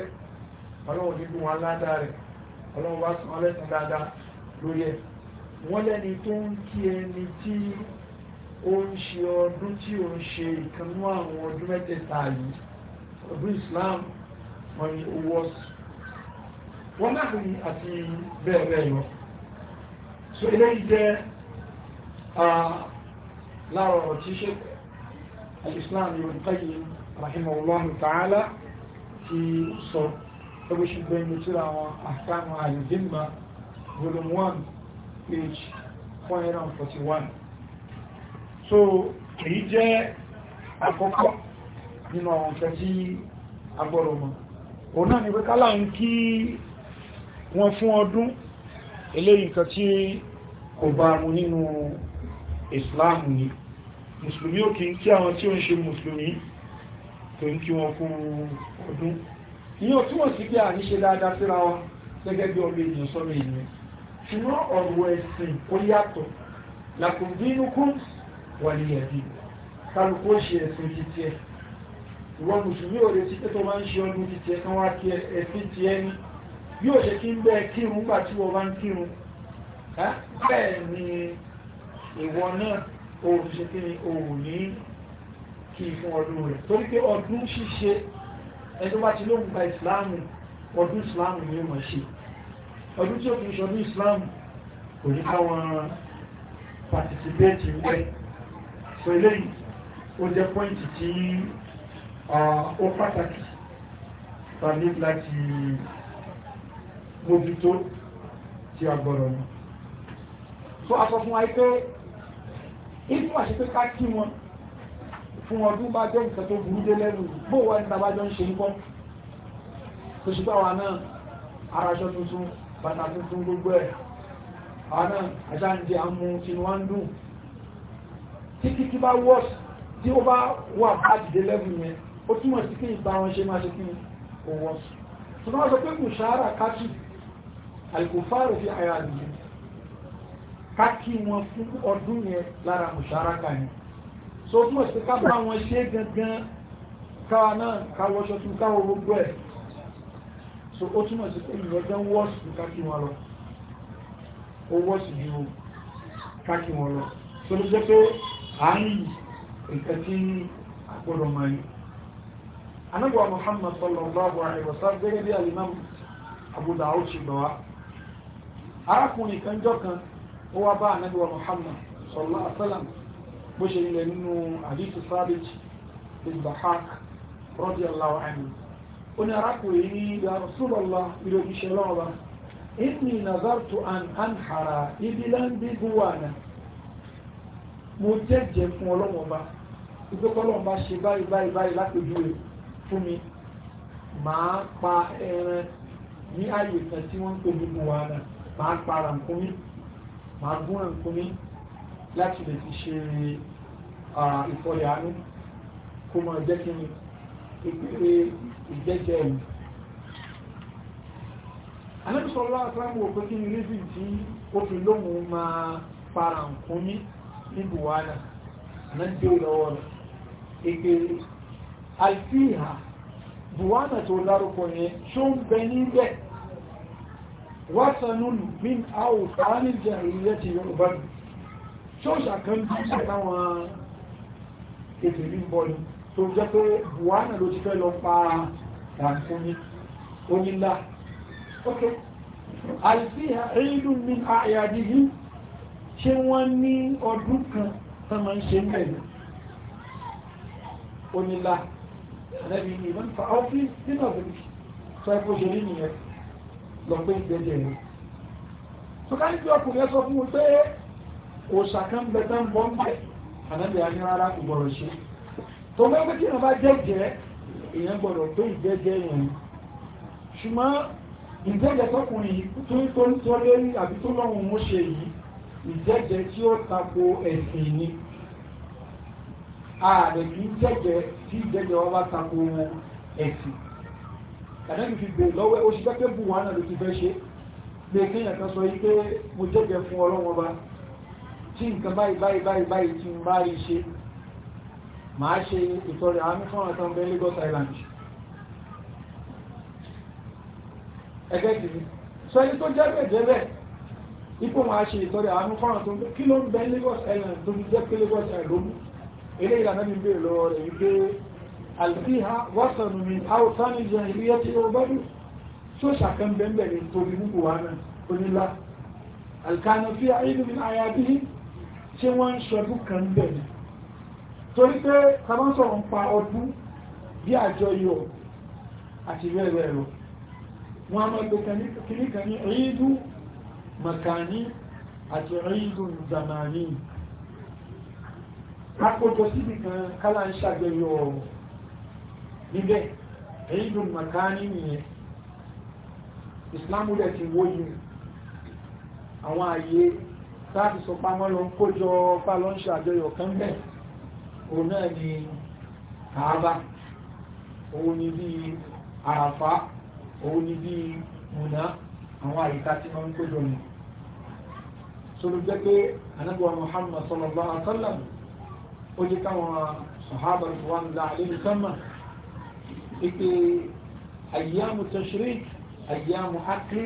ọlọ́wọ́ ní dùn wọn bá sọ ọlẹ́sìn dáadáa lórí ẹ̀ wọ́n lẹ́ni tó ń kí ẹni tí ó ń ṣe ọdún tí ó ń ṣe ìkanú àwọn ọdún mẹ́tẹ̀ẹ̀ta yìí ọdún Islam wọ́n ni ó wọ́ sí wọ́n náà ní àti bẹ́ẹ̀ bẹ́ẹ̀ lọ so ilé jẹ́ lára ọ̀rọ̀ tí ṣe al-Islam Ibn Qayyim rahimahullahu ta'ala ti sọ ẹgbẹ́ ṣùgbọ́n inú tí àwọn àkàmù al-Dhimma volume 1 page 441 so èyí jẹ́ àkọ́kọ́ nínú àwọn ọ̀fẹ́ tí agbọ́rọ̀ mọ̀ òun náà ni pé kálà ń kí wọ́n fún ọdún eléyìí nǹkan tí kò bá mu nínú Islam ni mùsùlùmí ò kí ń kí àwọn tí ó ń ṣe mùsùlùmí tó ń kí wọn fún ọdún ní ó túnmọ̀ sí pé à ní ṣe dáadáa síra wa gẹ́gẹ́ bí ọmọ ènìyàn sọ́rọ̀ ènìyàn ṣùgbọ́n ọ̀rọ̀ ẹ̀sìn ó yàtọ̀ lakum dinukum wọlé ẹbí kálukú ó ṣe ẹ̀sìn títí ẹ̀ ìwọ mùsùlùmí ò retí pé tó bá ń ṣe ọdún títí ẹ̀ kan wá kí ẹ̀sìn ti ẹ́ ní bí ó ṣe kí ń bẹ́ẹ̀ kírun gbà tí wọ́n bá ń kírun bẹ́ẹ̀ ni ìwọ náà òun ṣe kí ni òun ní kí fún ọdún rẹ̀ torí pé ọdún ṣíṣe ẹni tó bá ti lóhùn gba ìsìláàmù ọdún ìsìláàmù ni ó ṣe ọdún tí ó fi ṣọdún ìsìláàmù kò ní káwọn participate ń bẹ́ẹ̀ so eléyìí ó jẹ́ pọ́ìntì tí ó pàtàkì tàbí láti mójútó tí a gbọ́rọ̀ wọn so a sọ fún wa pé inú àṣepé ká kí wọn fún ọdún bá jẹ́ nǹkan tó burú dé lẹ́nu bó wà ní tàbájọ́ ń ṣe ń kọ́ tó ṣùgbọ́ àwọn náà araṣọ tuntun bàtà tuntun gbogbo ẹ̀ àwọn náà ń jẹ àmú tí ń dùn tí kíkí bá wọ́s tí ó bá wà àtìdé lẹ́bù yẹn ó túnmọ̀ sí kí ìgbà wọn ṣe máa ṣe kí ó wọ́s tó máa sọ pé kò ṣáára káàkì alìkòfáàrò fi àyà nìyẹn káàkì wọn fún ọdún yẹn lára kò ṣáára kàyẹn so túnmọ̀ sí ká bá wọn ṣe gangan káwa náà káwọṣọ tún káwọ gbogbo ẹ̀ so ó túnmọ̀ sí pé ìrọ̀jẹ́ wọ́ọ̀sì káàkì wọn lọ ó wọ́ọ̀sì ju káàkì wọn lọ so ló jẹ́ pé àárí nǹkan tí àgbọ́dọ̀ máa ní anábọ̀ Muhammad sallallahu alaihi wasallam gẹ́gẹ́ bí alimam Abu Dawud ṣe gbọ́wá arákùnrin kan jọ kan ó wá bá anábọ̀ Muhammad sallallahu alaihi wasallam bó ṣe ilẹ̀ nínú àdísù sábẹ̀jì ìgbàhák radiyallahu anhu ó ní arákùnrin ní ìdá Rasulullah mo jẹ́jẹ́ fún ọlọ́mọba ìgbé kọ́lọ́mọba ṣe báyìí báyìí báyìí lápèjúwe fún mi màá pa ẹran ní ààyè kan tí wọ́n ń pè ní buhara màá pa rànkúnmí màá gún rànkúnmí láti lè ti ṣe ìfọyà ánú kó mọ̀ jẹ́ kí ni ìpínlẹ̀ ìjẹ́jẹ́ ẹ̀yìn alẹ́bùsọ̀lá àtàràmù òpin kí ni rízìn tí ó fi lóhun máa para nǹkan ibuwana nan tí ó lọ́wọ́ rẹ̀ ìpèrè alfiha buwana tó lárúkọ yẹn ṣó ń bẹ níbẹ̀ wásanúlù min áwùsáàlì jẹ́ ìrìnlẹ̀ ti yorùbá nù ṣóṣà kan bí i ṣàtàwọn ètèrí bọ́ọ̀lù tó jẹ́ pé buwana ló ti fẹ́ lọ pa àkúnni onílá ok alfiha ìlú min àyàdìhìn ṣé wọ́n ní ọdún kan tán máa ń ṣe ń bẹ̀rẹ̀ onílà ẹ̀rẹ́bí ni wọ́n fa ọ́fíìsì nínú ọ̀gbìn tó ẹ̀kọ́ ṣe rí nìyẹn lọ pé ìgbẹ́jẹ̀ rẹ̀ tó ká níbi ọkùnrin ẹ sọ fún un pé òòṣà kan bẹ tán bọ́ ń bẹ̀ ànábì á ní rárá kò gbọ́dọ̀ ṣe tó mẹ́ pé kí jẹ́jẹ́ èèyàn gbọ́dọ̀ pé ìgbẹ́jẹ́ yẹn ṣùgbọ́n ìgbẹ́jẹ́ tọkùnrin tó tó ń tọ́lé àbí tó lọ́hùn-ún ṣe yìí ìjẹ́jẹ́ tí ó tako ẹ̀sìn ni ààrẹ kì í jẹ́jẹ́ tí ìjẹ́jẹ́ wọn bá tako ẹ̀sìn kàdẹ́bì fi gbè lọ́wọ́ ó ṣiṣẹ́ pé bùwọ́n náà ló ti fẹ́ ṣe pé kéèyàn kan sọ yí pé mo jẹ́jẹ́ fún ọlọ́wọ́n bá tí nǹkan báyìí báyìí báyìí báyìí tí ń báyìí ṣe máa ṣe ìtọrẹ àmì fún àtàn bẹ Lagos Island ẹgbẹ́ ìdìbò sọ ẹni tó jẹ́ bẹ̀ jẹ́ bẹ́ẹ̀ ipò wọn a ṣe ìtọ́rẹ àánú fáwọn tó ń bẹ kí ló ń bẹ Lagos Island tó ń jẹ́ pé Lagos Island ló mú ilé ìlànà ní bèèrè lọ́wọ́ rẹ̀ wípé alfiha wasanu min hausani jahiliya ti yóò bọ́dù tó ṣàkán bẹ́ẹ̀bẹ̀rẹ̀ torí gbogbo wa náà onílá alkanu fi àìlú min ayabi tí wọ́n ń ṣọdún kan bẹ̀rẹ̀ torí pé tabasọ̀rọ̀ ń pa ọdún bí àjọyọ̀ àti bẹ́ẹ̀ bẹ́ẹ̀ lọ wọ́n a máa lo kìnnìkan ní ẹ̀yìn makani àti ríndùn zamani akójọ síbi kan kálá ń ṣàgbẹ̀yọ ọ̀rùn níbẹ̀ ríndùn makani nìyẹn islam rẹ̀ ti wóyìn àwọn àyè láti sọ pamọ́ lọ ń kójọ ọpá lọ ń ṣàjọyọ̀ kan bẹ̀ òun náà ni kàábà òun ni bí àràfá òun ni bí múnáà àwọn àyíká tí wọ́n ń kójọ ni sọ́lọ́ jẹ́ Muhammad sallallahu alaihi wasallam ó jẹ́ káwọn sahaba ìfọwọ́n ńlá àlejò sánmà ìpè ayyamu tashrik ayyamu akli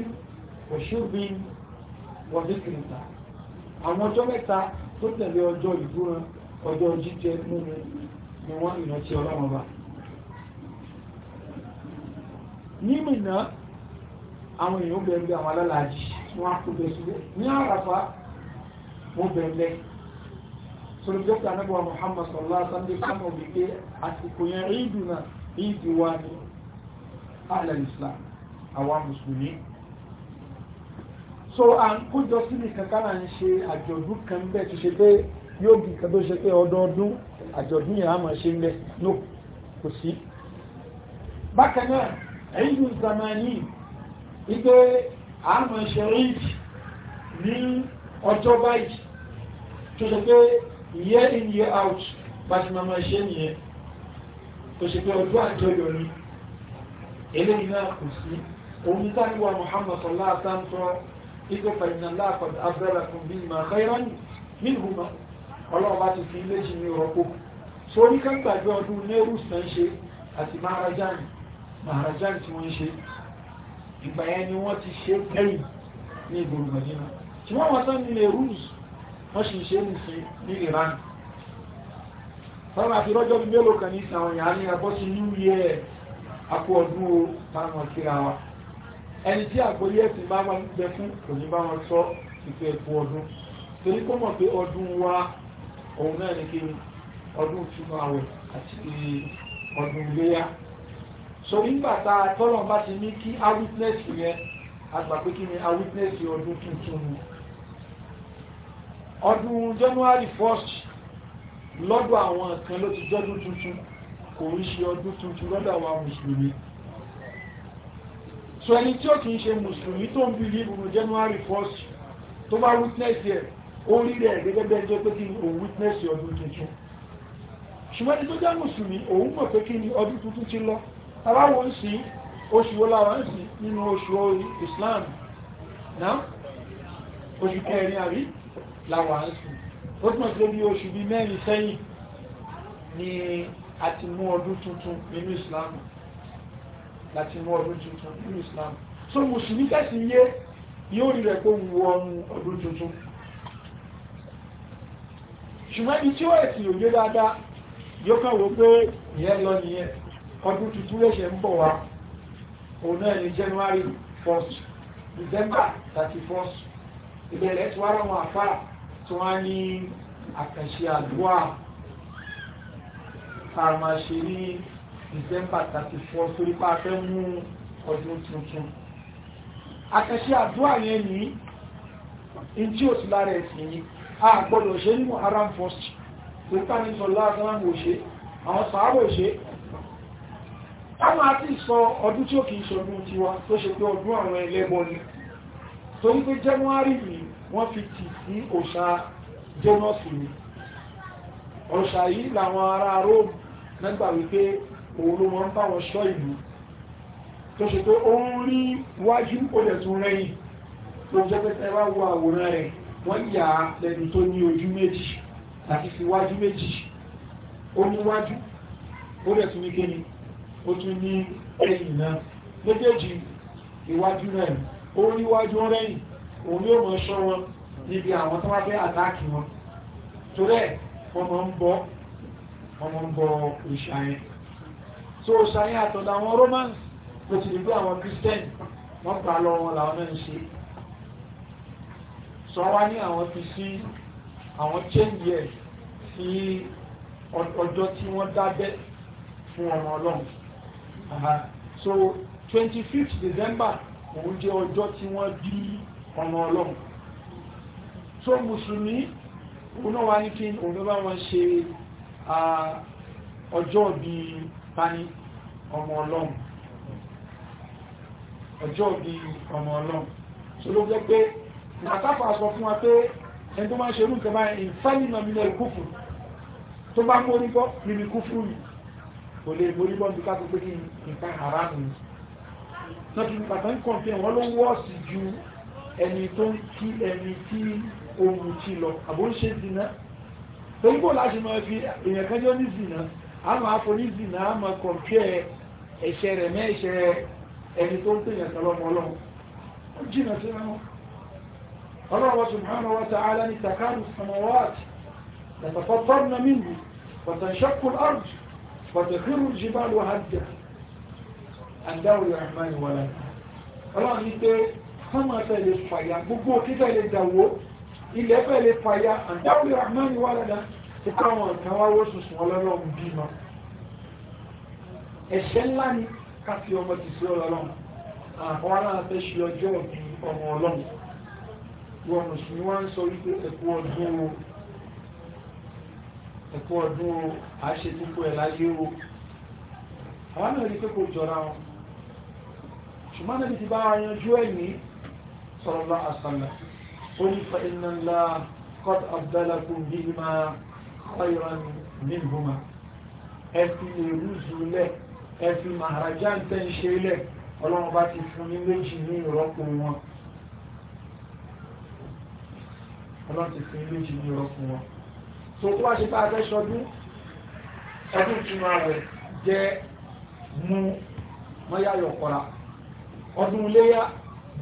wa shurbi wa dhikrillah àwọn ọjọ́ mẹ́ta tó tẹ̀lé ọjọ́ ìbúran ọjọ́ jíjẹ múmu ni wọ́n ìrántí ọlọ́mọba àwọn èèyàn bẹ̀rẹ̀ bí àwọn alálàájì wọ́n á kó bẹ̀rẹ̀ sílẹ̀ ní àràfà mo bẹ̀rẹ̀ sọ̀rọ̀ jẹ́ pé anábọ̀ Muhammad sallallahu alaihi wasallam kánà òbí pé àsìkò yẹn ìdù náà ìdù wa ní àlẹ́ Islam àwa mùsùlùmí so à ń kójọ sí nìkan kára ń ṣe àjọ̀dún kan bẹ́ẹ̀ ti ṣe pé yóò bí nǹkan tó ṣe pé ọdọọdún àjọ̀dún yẹn á máa ṣe ń bẹ́ẹ̀ no kò sí bákan náà ẹ̀yìn zamani wípé àmọ̀ ṣẹ̀ríjì ní ọjọ́ báyìí tó ṣe pé year in year out pàtí mama ṣe nìyẹn tó ṣe pé ọjọ́ àjọyọ̀ ni eléyìí náà kò sí òun táríwá Muhammad sallallahu alaihi wasallam sọ ikú fàìnàlá àpàdé abẹ́rẹ́ fún bí ma khairan minhuma ọlọ́ọ̀bá ti fi ilé jì ní ọ̀pọ̀ sórí kan gbàgbé ọdún nẹ́rù sàn ṣe àti maharajan maharajan tí wọ́n ṣe ìgbà yẹn ni wọ́n ti ṣe gbẹ̀yìn ní ìgboro Madina tí wọ́n wọ́n tán nílẹ̀ rúùs wọ́n sì ṣe nìṣe ní Iran tọ́lá àti rọ́jọ́ bí mélòó kan ní ìsàwọn ìyá ní abọ́ sí new year akọ ọdún o táwọn síra wa ẹni tí àgbóyé ẹ̀sìn bá wọn gbẹ fún kò ní bá wọn sọ ìfẹ́ ẹ̀kú ọdún torí kó mọ̀ pé ọdún wa òun náà ní kí ọdún túnú àwẹ̀ àti ọdún iléyà sórí ńgbà tá a tọ́lọ̀ bá ti ní kí awitness yẹn àgbà pé kí ni awitness ọdún tuntun ni ọdún January 1st lọ́dọ̀ àwọn kan ló ti jọ́dún tuntun kò ń ṣe ọdún tuntun lọ́dọ̀ àwọn mùsùlùmí so ẹni tí ó kìí ṣe mùsùlùmí tó ń bìlí ìbùnú January 1st tó bá witness yẹ ó rí rẹ̀ gẹ́gẹ́ bẹ́ẹ̀ jẹ́ pé kí ni òun witness ọdún tuntun ṣùgbọ́n ẹni tó jẹ́ mùsùlùmí òun mọ̀ pé kí ni ọdún tuntun ti lọ tàbáwo ń sìn oṣù wo lára ń sìn nínú oṣù Islam náà oṣù kẹrin àrí láwà ń sìn ó túnmọ̀ sí bí oṣù bí mẹ́rin sẹ́yìn ni a ti mú ọdún tuntun nínú Islam láti mú ọdún tuntun nínú Islam so mùsùlùmí tẹ̀sí yé yóò rí rẹ̀ pé wọ ọdún tuntun ṣùgbọ́n ibi tí ó ẹ̀sìn òye dáadáa yóò kàn wó pé ìyẹn lọ nìyẹn ọdún tuntun lẹ́ṣẹ̀ ń bọ̀ wá òun náà ní January 1st December 31st ìbẹ̀rẹ̀ tí wọ́n rán wọn àfáà tí wọ́n ní àkànṣe àdúrà àmàṣe ní December 31st torí pa fẹ́ mú ọdún tuntun àkànṣe àdúrà yẹn ní in tí ó sì lára ẹ̀sìn yìí a gbọ́dọ̀ ṣe ní Muharram 1st torí pa sọ lára sálámù òṣè àwọn sàárò òṣè a máa ti sọ ọdún tí ó kìí ṣọdún tiwa tó ṣe pé ọdún àwọn ẹlẹ́bọ ni torí pé january yìí wọ́n fi tì sí òṣà janus ni òṣà yìí làwọn ará rome nígbà wípé òun ló wọ́n ń bá wọn ṣọ́ ìlú tó ṣe pé ó ń rí wájú ó dẹ̀ tún rẹ́yìn tó jẹ́ pé ẹ bá wo àwòrán rẹ̀ wọ́n yà á lẹ́nu tó ní ojú méjì àti fi wájú ó tún ní ẹ̀yìn náà méjèèjì ìwájú rẹ̀ ó rí iwájú rẹ̀yìn òun yóò mọ̀ ṣọ́ wọn níbi àwọn tó wá fẹ́ àtáàkì wọn torí ẹ̀ ọmọ ń bọ́ ọmọ ń bọ́ òṣà yẹn so òṣà yẹn àtọ̀dọ̀ àwọn romans kò sì rí bí àwọn christian wọ́n gbà lọ wọn làwọn náà ń ṣe sọ wá ní àwọn ti sí àwọn change yẹn sí ọjọ́ tí wọ́n dábẹ́ fún ọmọ ọlọ́run so 25 fifth december òun jẹ́ ọjọ́ tí wọ́n bí ọmọ ọlọ́run so mùsùlùmí òun náà wá ní kí òun ló bá wọn ṣe ọjọ́ bí tani ọmọ ọlọ́run ọjọ́ bí ọmọ ọlọ́run so ló jẹ́ pé àtàkọ̀ àsọ fún wa pé ẹni tó máa ń ṣe irú nǹkan báyìí ìfẹ́ nínú ìlú kúfù tó bá mú orí kọ́ nínú kúfù yìí kò lè borí bọ́ọ̀dù ká tó pé kí nǹkan haram ni náà kí nípa tán kàn fi wọn ló wọ́ọ̀sì ju ẹni tó ń kí ẹni tí ohun ti lọ àbó ń ṣe zina tó ń bò láti máa fi èèyàn kan jọ ní zina a máa fọ ní zina a máa kàn fi ẹ̀ṣẹ̀ rẹ̀ mẹ́ ẹni tó ń pèèyàn kan lọ́mọ ọlọ́run ó jìnà sí wọn ọlọ́run subhanahu wa ta'ala ní takanu samawati fọ̀tẹ̀kúrú jìbálù hajjá àdáwò rahman wàlá ọlọ́run ní pé sọ́mọ̀ tẹ̀lé fàyà gbogbo títẹ̀lé dàwó ilẹ̀ tẹ̀lé fàyà àdáwò rahman wàlá ti káwọn àtàwáwó sùsùn ọlọ́run bímọ ẹ̀ṣẹ̀ ńlá ni káfí ọmọ ti sí ọlọ́run àwọn aláàfẹ́ ṣe ọjọ́ ọ̀gbìn ọmọ ọlọ́run wọn mùsùlùmí wá ń sọ wípé ẹ̀kú ọdún ẹ̀kọ́ ọdún àṣẹ gbogbo ẹ̀ láyé o àwọn náà rí pé kò jọra wọn ṣùgbọ́n náà ti bá yanjú ẹ̀mí sallallahu alaihi wasallam ó ní fa inna Allah qad abdalakum bihima khayran minhuma ẹ fi èrú zulẹ̀ ẹ fi ní méjì wọn tó tó wá ṣe bá fẹ́ ṣọdún ọdún túnú rẹ̀ jẹ́ mú mọ́yáyọ̀kọ́ra ọdún léyá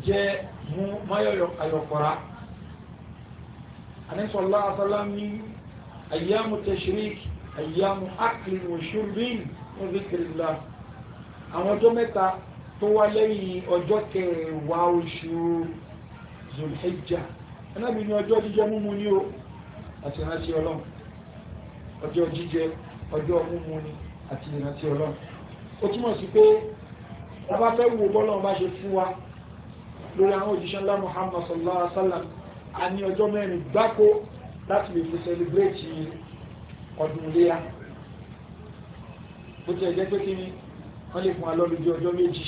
jẹ́ mú mọ́yáyọ̀kọ́ra anẹ́sọ̀lá àtọ́lá ní ayyamu tashrik ayyamu aklin wa shurbin wa zikrillah àwọn ọjọ́ mẹ́ta tó wá lẹ́yìn ọjọ́ kẹwàá oṣù zulhijja ẹnàbí ni ọjọ́ jíjẹ múmu ní o àti ìrántí ọlọ́run ọjọ́ jíjẹ ọjọ́ múmu ni àti ìrántí ọlọ́run ó túmọ̀ sí pé ọba fẹ́ wo bọ́lọ́run bá ṣe fún wa lórí àwọn òjíṣẹ́ ńlá Muhammad sallallahu alaihi wa sallam a ní ọjọ́ mẹ́rin gbáko láti lè fi sẹlẹ̀bírẹ́tì ọdún léyà bó tiẹ̀ jẹ́ pé kí ni wọ́n lè fún wa lọ́lùdí ọjọ́ méjì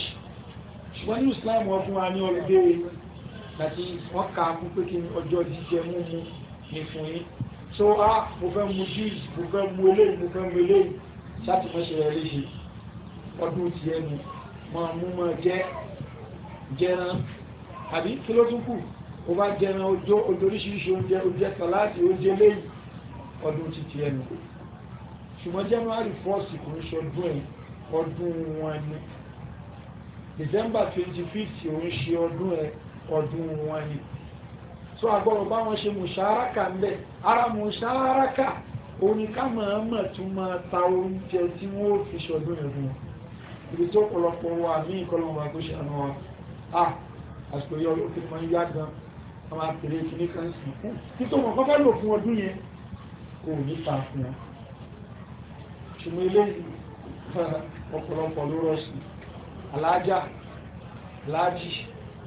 ṣùgbọ́n ní Islam wọ́n fún wa ní ọlùdé láti wọ́n kà fún pé kí ọjọ́ jíjẹ múmu ni fún yín tó á ah, mo fẹ́ mu juice mo fẹ́ mu eléyìí mo fẹ́ mu eléyìí ṣáàtì fẹsẹ̀ rẹ̀ léṣe ọdún ti ẹnu máa mú máa jẹ́ jẹran àbí kí ló tún kù ó bá jẹran ojó ojoríṣiríṣi oúnjẹ oúnjẹ sàláàdì oúnjẹ léyìí ọdún ti ti ẹnu ṣùgbọ́n january 1st kò ń ṣọdún ẹ̀ ọdún wọn ni december 25th ò ń ṣe ọdún ẹ̀ ọdún wọn ni so agbọ́rọ̀ bá wọn ṣe mùsàáràkà ń bẹ̀ ara mùsàáràkà oníkàmọ̀ọ́mọ̀ tún máa ta oúnjẹ tí wọ́n fi ṣọdún ẹ̀bùn ibi tó pọ̀lọpọ̀ wà ní ìkọlọ̀wà tó ṣe àná wa ah àsìkò yọ òkè mọ́ yá gan àwọn àpèrè kìíní kan sì kú hm, kí tó mọ̀ kọ́kọ́ lò fún ọdún yẹn kò ní ta fún wọn ṣùgbọ́n ilé *laughs* ọ̀pọ̀lọpọ̀ ló rọ̀ sí alájà láàjì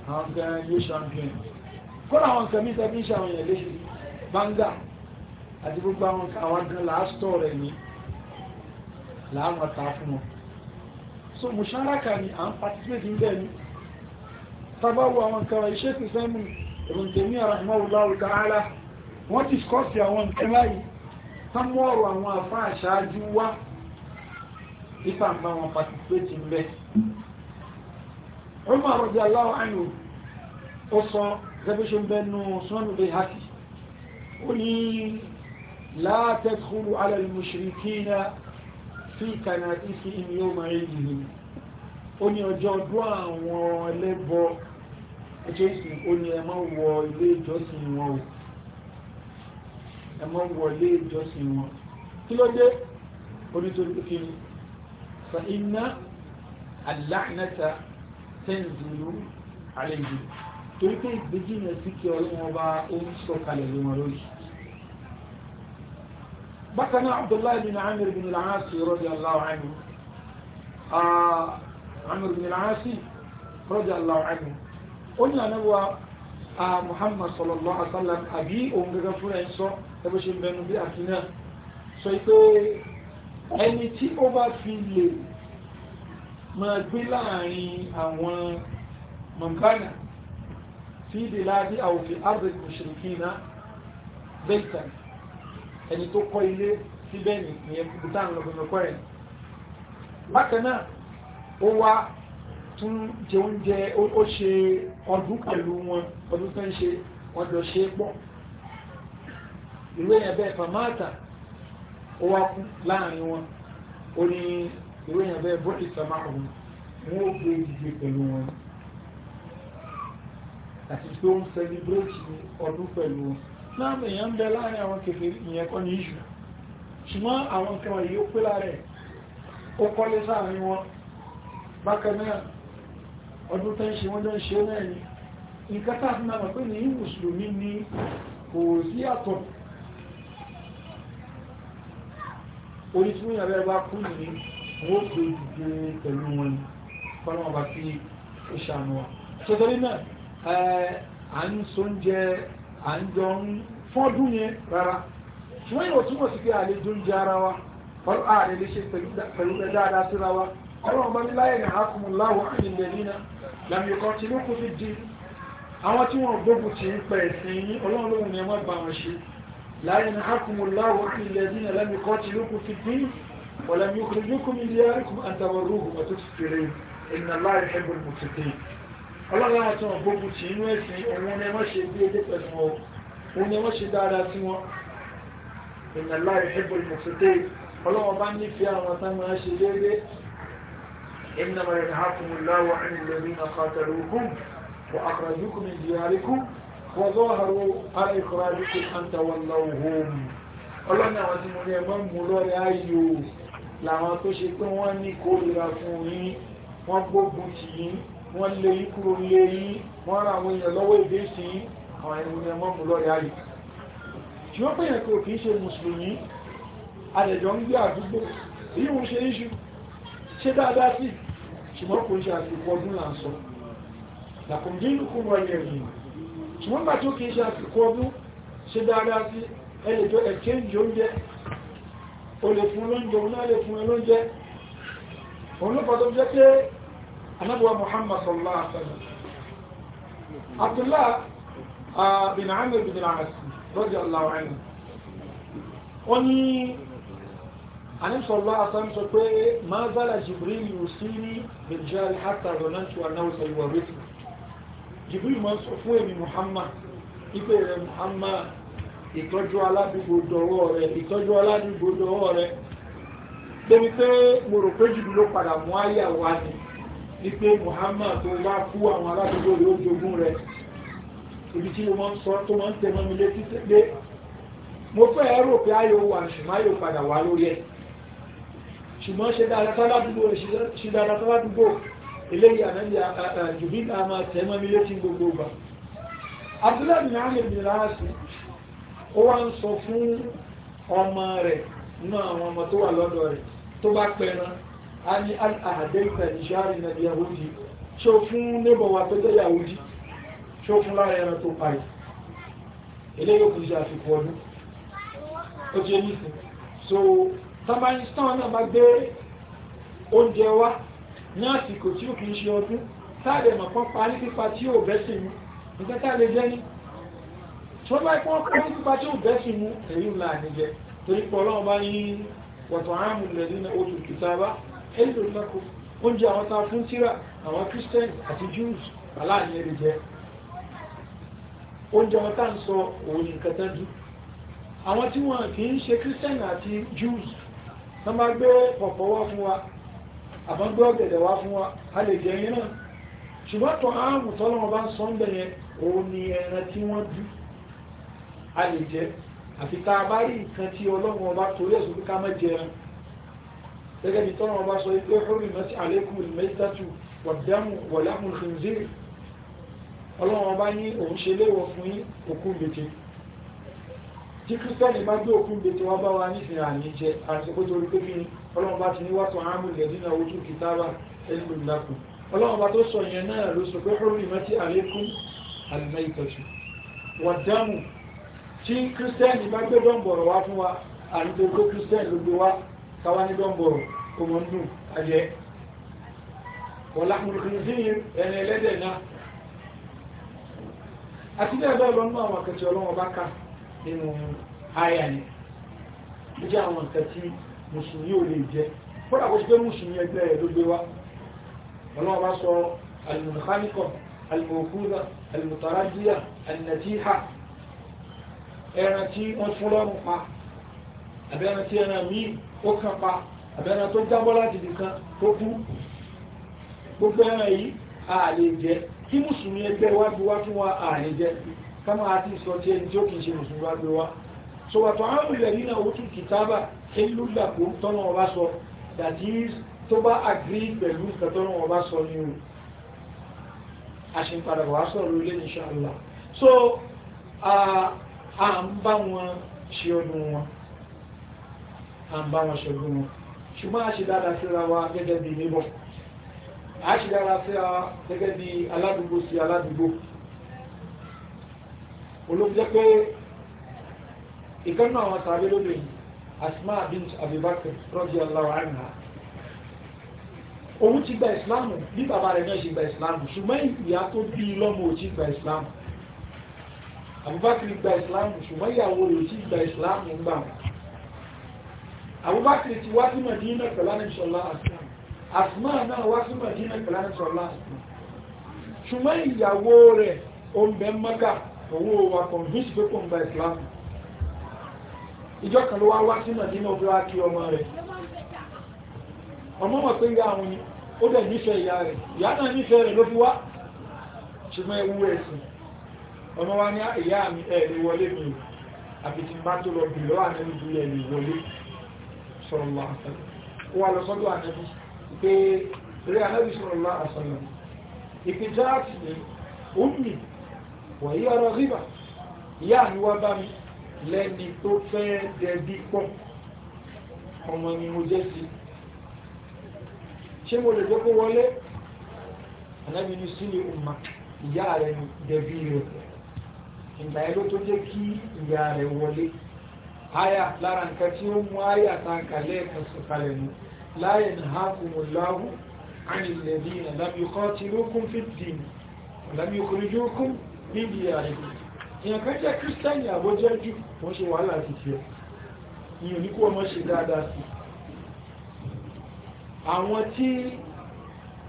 àwọn gan yóò champion kọ́lá àwọn nǹkan mìíràn bí ń ṣe àwọn èèyàn léṣe báńgà àti gbogbo àwọn àwọn gan láàstọ̀ rẹ̀ ni láàmọ̀ ta fún wọn so mùsáraka ni à ń participate ń bẹ́ẹ̀ ni tabawo àwọn nǹkan iṣẹ́ ti sẹ́mù ìrùntẹ̀mí àràmọ́wòláwò dáhálà wọ́n ti skọ́sì sọ gẹ́bíṣẹ́ ń bẹnu sọ́nù bẹ haki ó ní látẹ́kùrù alẹ́lùmùsìrìkínà sí kànà ìsì ìmì ó máa rí yìí ó ní ọjọ́ ọdún àwọn ẹlẹ́bọ ẹjọ́ ìsìn ó ní ẹ wọ ilé ìjọsìn wọn ẹ má wọ ilé ìjọsìn wọn kí ló dé onítorí kí ni fa iná aláìnáta tẹ́ǹdìlú àlejò torí pé ìgbéjìnà sí kí ọlọ́wọ́ bá ó ń sọ kalẹ̀ lé wọn lórí bákan náà abdullahi bin amir bin al-aasi radiyallahu anhu ah, amir bin al-aasi radiyallahu anhu ó ní ànáwà muhammad sallallahu alaihi wasallam àbí òun gẹ́gẹ́ fúnra ẹ̀ sọ ẹbí ṣe mẹ́nu bí àti náà sọ pé ẹni tí ó bá fi lè máa gbé láàrin àwọn mọ̀nkánà في بلاد أو في أرض المشركين بيتا ẹni tó kọ́ ilé síbẹ̀ ní ìyẹ̀kùtà lọ́gbọ̀nàkọ́ ẹ̀ هو ó wá tún jẹ oúnjẹ ó ṣe ọdún pẹ̀lú wọn ọdún tó ń ṣe wọ́n jọ ṣe pọ̀ ìwé yẹn bẹ́ẹ̀ fàmáàtà ó wá kú láàrin wọn ó ní ìwé yẹn bẹ́ẹ̀ bọ́ọ̀lì sàmáà wọn ó gbé ìdíje pẹ̀lú wọn àti pé ó ń celebrate ọdún pẹ̀lú wọn náà èèyàn ń bẹ láàrin àwọn kèfèrí ìyẹn kọ́ ní ìṣù ṣùgbọ́n àwọn kan yìí ó pé láàrẹ̀ ó kọ́lé sáàrin wọn bákan náà ọdún tẹ́ ń ṣe wọ́n jọ ń ṣe náà ni nǹkan tá fi máa pé ní mùsùlùmí ni kò sí àtọ̀ orí tí wọ́n yàrá bá kú ní wọ́n pè é pẹ̀lú wọn ni kọ́lọ́wọ́n bá fi ṣàánú wa sọ́tọ́rí náà à ń sóúnjẹ à ń jọ ń fọ́dún yẹn rárá ṣùgbọ́n yóò túmọ̀ sí pé àlejò ń jẹ ara wa ọ̀rọ̀ ààrẹ lè ṣe pẹ̀lú dáadáa síra wa ọ̀rọ̀ ọmọ mi láyé ní àákùnmùláwọ̀ ilẹ̀ nínà làmì tí ló kú fi àwọn tí wọ́n gbógun ti ń pẹ̀ ẹ̀sìn ọlọ́run lóhun ni ẹ má bá wọn ṣe láyé ní àákùnmùláwọ̀ ilẹ̀ nínà làmì tí ló kú ọlọ́run àti wọn gbogbo tí inú ẹ̀sìn òun ni wọ́n ṣe bí edé pẹ̀lú wọn òun ni wọ́n ṣe dáadáa sí wọn ìnà láì ẹ̀bùn ìmọ̀sókè ọlọ́run bá nífẹ̀ẹ́ àwọn tá máa ṣe déédé ìnà mọ̀rẹ̀ ní hàkùnmù láwọ̀ ẹni lórí na kàtàrà òkun wà àkàràjúkù ní ìdíyàríkù wọ́n zọ́ àrò ara tó ṣe pé wọ́n ní kórìíra fún yín wọ́n gbógun tì yín wọ́n lé yí kúrò lé yí wọ́n ra àwọn èèyàn lọ́wọ́ èdè sí àwọn ẹni ní ẹmọ́ mú lọ́rẹ̀ ayé tí ó pèyàn kò kìí ṣe mùsùlùmí àdẹ̀jọ́ ń gbé àdúgbò èyí wọ́n ṣe iṣu ṣe dáadáa sí ṣùgbọ́n kò ń ṣe àsìkò ọdún là ń sọ làkùnjínú kún wọ ilẹ̀ yìí ṣùgbọ́n gbà tó kìí ṣe àsìkò ọdún ṣe dáadáa jẹ́ pé anábíwá muhammad sallallahu alaihi wasallam abdullah ah, bin amir bin al-as radiyallahu anhu ó ní àníṣọ́lá asán sọ pé máa zala jibril yusini bil jari hatta zonantu annahu sayuwarrithi jibril máa sọ fún èmi muhammad ipe rẹ̀ muhammad ìtọ́jú aládùúgbò dọwọ́ rẹ̀ ìtọ́jú aládùúgbò dọwọ́ rẹ̀ débi pé mo rò pé jùlọ padà mú àyà wá ni ní Muhammad tó bá kú àwọn aládùúgbò rẹ̀ ó jogún rẹ̀ ibi tí mo máa ń sọ tó máa ń tẹ̀mọ́ mi létí pé mo fẹ́ rò pé ayò wà ṣùgbọ́n ayò padà wá lórí ẹ̀ ṣùgbọ́n ṣe dáadáa sáládùúgbò ṣe dáadáa sáládùúgbò eléyìí ànábì jùbín náà máa tẹ̀mọ́ mi létí gbogbo ọgbà Abdullahi ani ní àdéhùtà ìṣáàrin náà yahudi ṣe ó fún nébọ̀ wa tó jẹ́ yahudi ṣe ó fún lára ẹran tó parí eléyìí kò ṣe àfikún ọdún ó jẹ́ nìsín so tamaristan náà máa gbé oúnjẹ wá ní àsìkò tí ó kì í ṣe ọdún táàdé mọ̀pọ̀ pa ní pípa tí ó bẹ́sìn mú nǹkan táàdé jẹ́ ní tó bá ipò pa ní pípa tí ó bẹ́sìn mú èyí ńlá àníjẹ torí pọ̀ ọlọ́run bá ní wọ̀tọ̀ àmúlẹ̀ nínú oṣù kìtàbá ẹlò lẹ́kọ̀ọ́ oúnjẹ àwọn ta fún tíra àwọn christian àti jews aláàrin ẹ̀rẹ̀ jẹ́ oúnjẹ wọn tá ń sọ òun nìkan tán dùn àwọn tí wọn kì í ṣe christian àti jews wọ́n máa gbé pọ̀pọ̀ wá fún wa àbọ̀ gbé ọ̀gẹ̀dẹ̀ wá fún wa a lè jẹ yẹn náà ṣùgbọ́n tó ààrùn tọ́lọ́wọ́n bá ń sọ ń bẹ̀yẹn òun ni ẹran tí wọ́n dùn a lè jẹ àfi tá a bá rí nǹkan tí ọlọ́run ọba torí ẹ̀sùn pé ká má jẹ gẹ́gẹ́ bí tọ́nà ọba sọ pé orí mẹ́sí àlékún ìmẹ́sítàtù wàdámù wọ̀lámù ìfìnzírí ọlọ́run ọba ní òun ṣe léwọ̀ fún yí òkun bètè tí kírísítẹ́nì bá gbé òkun bètè wá bá wa nífin àní jẹ àtìkó torí pé kí ọlọ́run bá ti ní wàtò àmú ìlẹ̀dínà ojú kìtàbà ẹnu ìlàkùn ọlọ́run bá tó sọ pé káwá ní dọ́ǹbọ̀rọ̀ kò mọ̀ ń dùn ajẹ́ wọ́lá mùrùkùnrin ẹni ẹlẹ́dẹ̀ náà àti bẹ́ẹ̀ bẹ́ẹ̀ lọ nínú àwọn akẹ́tì ọlọ́wọ́n bá ká nínú àyà ni ó jẹ́ àwọn akẹ́tì mùsùlùmí ò lè jẹ́ kódà kó jẹ́ mùsùlùmí ẹgbẹ́ ẹ̀ ló gbé wá ọlọ́wọ́n bá sọ alìmùkánikọ̀ alìmùkúdà alìmùtàràdíyà alìnàtíhà ẹran tí pa àbẹ́ran tí ẹran míì ó kàn pa àbẹ́ran tó jábọ́ láti nìkan tó kú gbogbo ẹran yìí ààlè jẹ kí mùsùlùmí ẹgbẹ́ wá bí wá kí wọ́n ààlè jẹ ká máa ti sọ tí ẹni tí ó kìí ṣe mùsùlùmí wá gbé wá so wàtò àwọn ilẹ̀ Allah so à ń bá wọn ṣe ọdún wọn à ń bá wọn ṣẹ́gun ṣùgbọ́n a ṣe dáadáa síra wa gẹ́gẹ́ bí níbọ̀ a ṣe dáadáa síra wa gẹ́gẹ́ bí aládùúgbò sí aládùúgbò olóògbé jẹ́ pé ìkànnà àwọn sàbẹ̀ lóbìnrin Asma bint Abubakar radiyallahu anha òun ti gba ìsìláàmù bí bàbá rẹ̀ náà ṣe gba ìsìláàmù ṣùgbọ́n ìyá tó bí lọ́mọ ò ti gba ìsìláàmù Abubakar gba ìsìláàmù ṣùgbọ́n ìyàwó rẹ̀ gba ìsìláàmù gbà Abubakar ti wá sí Madina pẹ̀lánà ìṣọ́lá àṣìlám Asma náà wá sí Madina pẹ̀lánà ìṣọ́lá àṣìlám ṣùgbọ́n ìyàwó rẹ̀ oúnjẹ mọ́gà owó wa convince pé kò ń gba Islam ìjọ kan ló wá wá sí Madina ó bá kí ọmọ rẹ̀ ọmọ wọn pé ìyá àwọn ó dẹ̀ nífẹ̀ẹ́ ìyá rẹ̀ ìyá náà nífẹ̀ẹ́ rẹ̀ ló fi wá ṣùgbọ́n ewu ẹ̀sìn ọmọ wa ní ah, ìyá mi ẹ̀ lè wọlé mi àbí ti bá tó lọ bì lọ́wọ́ àná lè wọlé sallallahu alaihi wasallam wà lọ sọ́dọ̀ ànẹ́bí pé rí ànẹ́bí sallallahu alaihi wasallam ìpìjá àti ní omi wọ̀nyí ọ̀rọ̀ ríbà ìyá àníwá bá mi lẹ́ni tó fẹ́ dẹbí pọ̀ ọmọ ni mo jẹ́ sí ṣé mo lè dókó wọlé ànẹ́bí ní sí ní ọmọ ìyá rẹ̀ dẹbí rẹ̀ ìgbà ẹ̀ tó jẹ́ kí ìyá rẹ̀ wọlé àyà lára nǹkan tí ó mú àyà ta kàlẹ́ ẹ̀kan sọ̀kalẹ̀ nù la yanhakumullahu anil ladina lam yuqatilukum fid din wa lam yukhrijukum min diyarikum èèyàn kan jẹ́ kírísítẹ́nì àbójẹ́ jù wọ́n ṣe wàhálà ti fi ẹ̀ ìyàn ní kó ọmọ ṣe dáadáa àwọn tí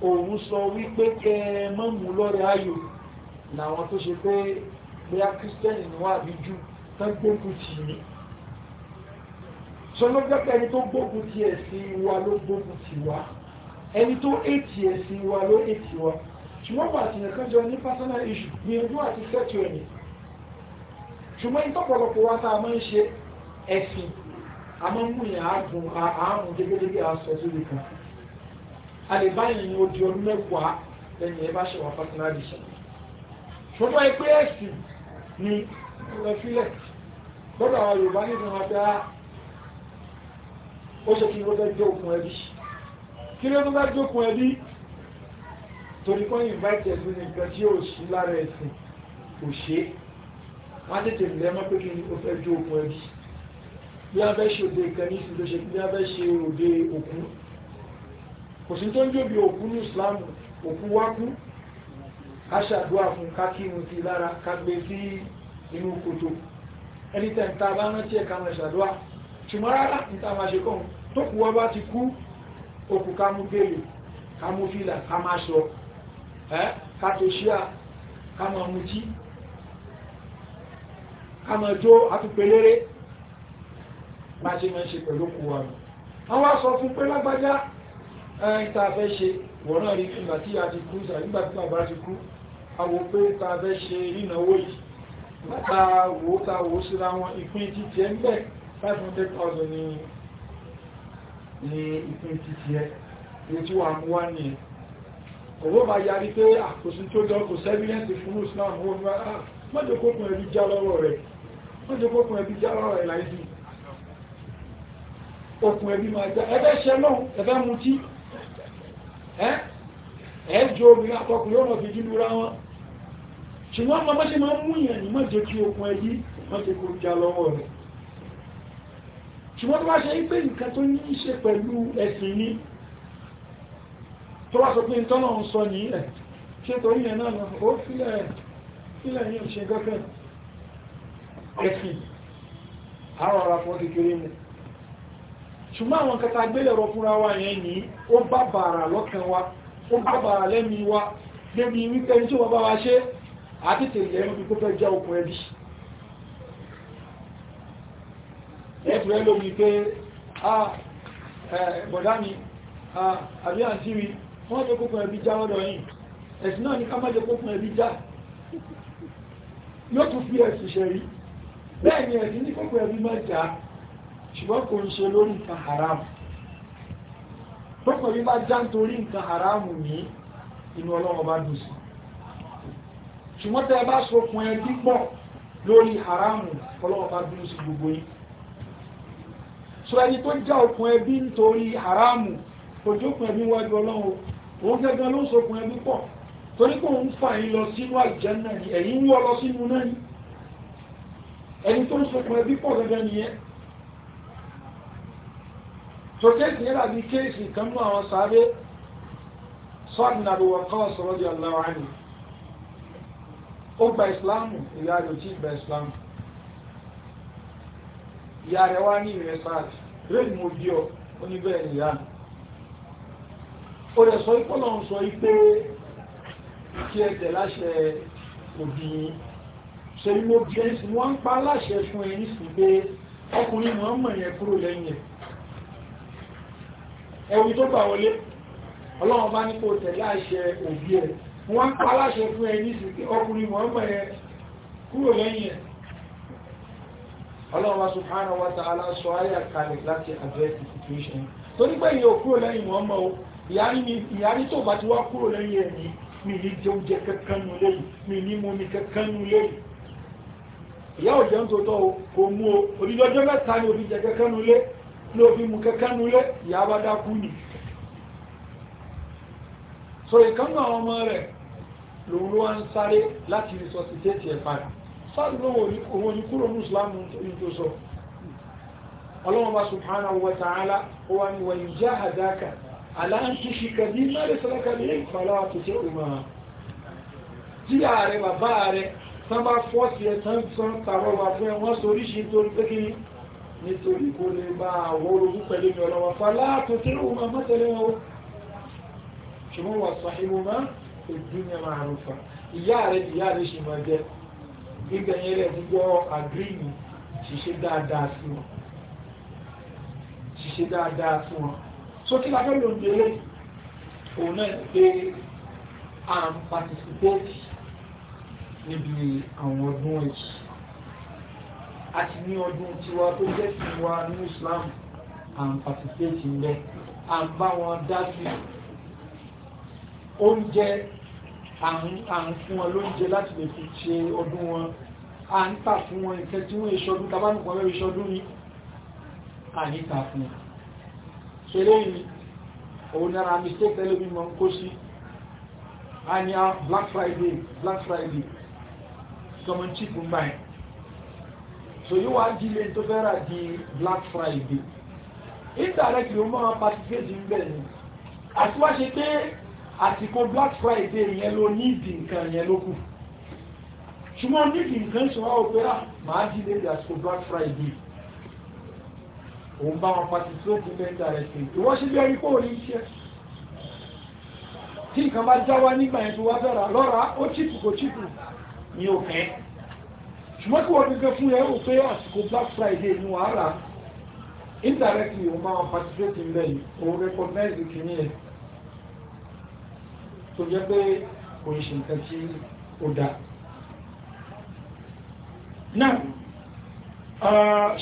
òun sọ wípé kẹ mọ́mù lọ́rẹ̀ ayò làwọn tó ṣe pé bóyá kírísítẹ́nì ni wà bí jù tán gbógun tì ní sọ ló jẹ́ pé ẹni tó gbógun ti ẹ̀sìn wa ló gbógun ti wa ẹni tó ètì ẹ̀sìn wa ló ètì wa ṣùgbọ́n bá àtìyàn kan jọ ní personal issue gbìyànjú àti sẹ́tù ẹ̀mí ṣùgbọ́n ìtọ́pọ̀lọpọ̀ wa tá a máa ń ṣe ẹ̀sìn a máa ń mú yàn ágùn àárùn gẹ́gẹ́gẹ́ aṣọ sórí kan a lè báyìí ní odi ọdún mẹ́wàá lẹ́yìn ẹ bá ṣe wà personal issue ṣùgbọ́n ẹgbẹ́ ẹ̀sìn ni ẹ̀fílẹ̀ lọ́dọ̀ àwọn Yorùbá nínú wọn pé ah, ó ṣe kí ó fẹ́ jó okùn ẹbí kí ló tún bá jó okùn ẹbí torí kọ́ invite ẹ̀sùn nìkan tí ó sí lára ẹ̀sìn kò ṣe wọ́n tètè lẹ́ mọ́ pé kí ó fẹ́ jó okùn ẹbí bí a fẹ́ ṣe òde ìkan ní ìsìn tó ṣe bí a fẹ́ ṣe òde òkú kò sí tó ń jóbi òkú ní Islam òkú wákú a ṣàdúrà fún kákírun sí lára kágbé sí inú kòtò ẹni tẹ̀ ń ta bá rántí ẹ̀ka wọn ṣàdúrà ṣùgbọ́n rárá níta máa ṣe kàn tó kù wọ́n bá ti kú okù ká mú gbèlè ká mú fìlà ká máa sọ ká tó ṣíà ká máa mutí ká máa jó àtúpelére bá ṣe máa ṣe pẹ̀lú okù wa nù àwọn aṣọ fún pé lágbájá ẹ̀yìn tá ṣe wọ̀n rí five hundred thousand ní ní ìpín títí ẹ ní tí wà mú wá ní ẹ owó bá yarí pé àkóso tó jọ kò sẹ́fílẹ́ǹsì fún Islam ó ní wá mọ́jọ kókùn ẹbí já lọ́wọ́ rẹ̀ mọ́jọ kókùn ẹbí já lọ́wọ́ rẹ̀ láìsí okùn ẹbí máa já ẹgbẹ́ ṣẹ náà ẹgbẹ́ mutí ẹ́ ẹjọ́ obìnrin àtọkùnrin ọ̀nà fi jínú ra wọn ṣùgbọ́n ma mọ́ ṣe máa mú ìyàn ní mọ́jẹ́ kí okùn ẹbí mọ́jẹ́ kó já lọ́wọ́ rẹ̀ ṣùgbọ́n tó bá ṣe pé nǹkan tó ní í ṣe pẹ̀lú ẹ̀sìn ní tó wá sọ pé ìtọ́nà ń sọ ní ilẹ̀ ṣe torí yẹn náà lọ ó fílẹ̀ ilẹ̀ yìí ṣe gọ́fẹ́ ẹ̀sìn àwọn ọ̀rọ̀ fún kékeré mu ṣùgbọ́n àwọn kẹta gbélẹ̀rọ fúnra wa yẹn ní ó bá lọ́kàn wa ó bá lẹ́mi wa débi wípé tí wọ́n bá wa ṣe àti tèlé ẹ̀fẹ́ lómi pé a mi àbí àǹtí mi wọ́n jẹ́ kókùn ẹbí já lọ́dọ̀ yìí ẹ̀sìn náà ní ká jẹ́ kókùn ẹbí já yóò tún fi ẹ̀sìn ṣẹ̀rí bẹ́ẹ̀ ni ẹ̀sìn ní kókùn ẹbí má já ṣùgbọ́n kò ń ṣe lórí nǹkan haram kókùn ẹbí má já nítorí nǹkan haram ní inú ọlọ́run bá dùn sí ṣùgbọ́n tẹ́ ẹ bá so fún ẹbí pọ̀ lórí haram ọlọ́run bá dùn sí gbogbo yìí so ẹni tó já okùn ẹbí nítorí haramu kò jókùn ẹbí wájú ọlọ́run òun gẹ́gẹ́ ló ń sokùn ẹbí pọ̀ torí kò ń fà yín lọ sínú àlùjánnà ni ẹ̀yin wọ́ lọ sínú náà ni ẹni tó ń sokùn ẹbí pọ̀ gẹ́gẹ́ nìyẹn so kéèsì yẹn dàbí kéèsì kan mú àwọn sáré sọ́ọ̀dì nàbí wọ́n kọ́ sọ́ọ́dì ọ̀làwọ̀ àná ó gba ìsìláàmù ìyá rẹ̀ gba ìsìláàmù ìyá rẹ̀ wá ní ìrẹ́ sáàtì rẹ́ni mo bí ọ oníbẹ̀rẹ̀ ìyá o rẹ̀ sọ ìpọ́nà ń sọ ipé kí ẹ tẹ̀ láṣẹ òbí ṣe ni mo bí ẹni sí wọ́n ń pa láṣẹ fún ẹni sí pé ọkùnrin mọ̀ ń mọ̀ yẹn kúrò lẹ́yìn ẹ̀wù tó gbà wọlé ọlọ́run bá ní kó tẹ̀ láṣẹ òbí ẹ̀ wọ́n ń pa láṣẹ fún ẹni sí pé ọkùnrin mọ̀ mọ̀ yẹn kúrò lẹ́yìn ẹ̀ ọlọ́run subhanahu wa ta'ala sọ ayé àkàlẹ̀ láti address the situation torí pé ìyẹn ò kúrò lẹ́yìn wọn mọ́ o ìyárí tó bá ti wá kúrò lẹ́yìn ẹ̀ ní mi ní jẹ oúnjẹ kankan nu lẹ́yìn mi ní mu mi kankan nu lẹ́yìn ìyá ò jẹun tó tọ́ o kò mú o òdìdọ́jọ́ mẹ́ta ni sáàdù òun òní kúrò ní ìsìlámù tó sọ ọlọ́wọ́n bá subhanahu wa ta'ala ó wá ní wà ní já àdáka aláǹtí fi kàbí mẹ́rin sọ́lọ́kà ní ìpàlá àtúnṣe òmà tí ààrẹ bàbá ààrẹ tán ìyá rẹ̀ ìyá rẹ̀ ṣì máa jẹ́ gbígbẹ̀yìn rẹ̀ níjọ́ àgírìmù ṣìṣe dáadáa sí wọn ṣìṣe dáadáa sí wọn so kí lábẹ́ ló ń délé òun náà pé à ń patisipéètì níbi àwọn ọdún èyí àti ní ọdún tiwa tó jẹ́ sí wa ní Islam à ń patisipéètì ń bẹ́ à ń bá wọn dá sí oúnjẹ à ń fún wọn lóúnjẹ láti lè fi ṣe ọdún wọn à ń tà fún wọn ìkẹ́ tí wọ́n ìṣọdún tabánùkọ́ lórí ìṣọdún ni à ní tà fún ṣeré yìí òun nára mistake tẹ́lẹ̀mí mọ́ ń kó sí a ní Black Friday Black Friday sọmọ chip ń báyìí so yóò wá di ilé tó fẹ́ di Black Friday indirectly ó máa participate ń bẹ̀ ni àti wá ṣe pé àsìkò black friday yẹn ló níìdì nǹkan yẹn ló kù ṣùgbọ́n níìdì nǹkan ṣe wá òpera ah, máa jí lébi àsìkò black friday òun bá wọn participate in mental health aid wọ́n ṣe bẹ́ẹ̀ rí kó orí iṣẹ́ tí nǹkan bá já wá nígbà yẹn tó wá dára lọ́ra ó chìpù kò chìpù ní òkè ṣùgbọ́n kí wọ́n gbẹgbẹ́ fún yẹn ó pé àsìkò black friday ni wàá rà indirectly òun bá wọn participate in bẹ́ẹ̀ òun recognize the kìnìyàn tó jẹ́ pé kò ń ṣe nǹkan tí ó dá náà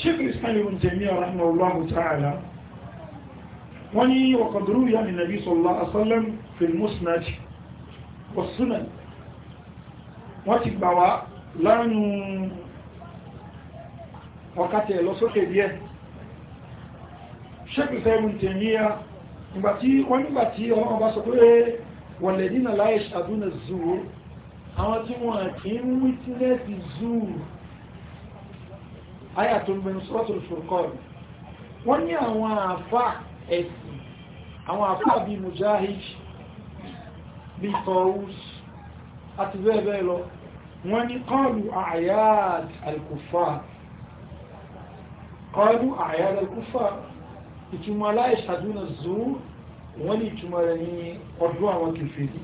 ṣékùn ismail ibn Taymiyyah rahimahullahu ta'ala wọ́n ní ọkọ̀dúrú yà ní nàbí sallallahu alaihi wasallam fil musnad wa sunan wọ́n ti gbà wá láàrin ọkàtẹ̀ wọ̀lẹ̀dínà láyé ṣàdúnà zuwó àwọn tí wọ́n kì í wítínẹ́sì zuwó ayà tó ń bẹ̀rẹ̀ sọ́tò fòrkọ́rù wọ́n ní àwọn àfá ẹ̀sìn àwọn àfá bíi mujahid bíi tọ́wùs àti bẹ́ẹ̀ lọ wọ́n ní kọlù àyàd alkùfà ìtumọ̀ láyé ṣàdúnà zuwó wọ́n lè túnmọ̀ rẹ̀ ní ọdún àwọn kèfèrí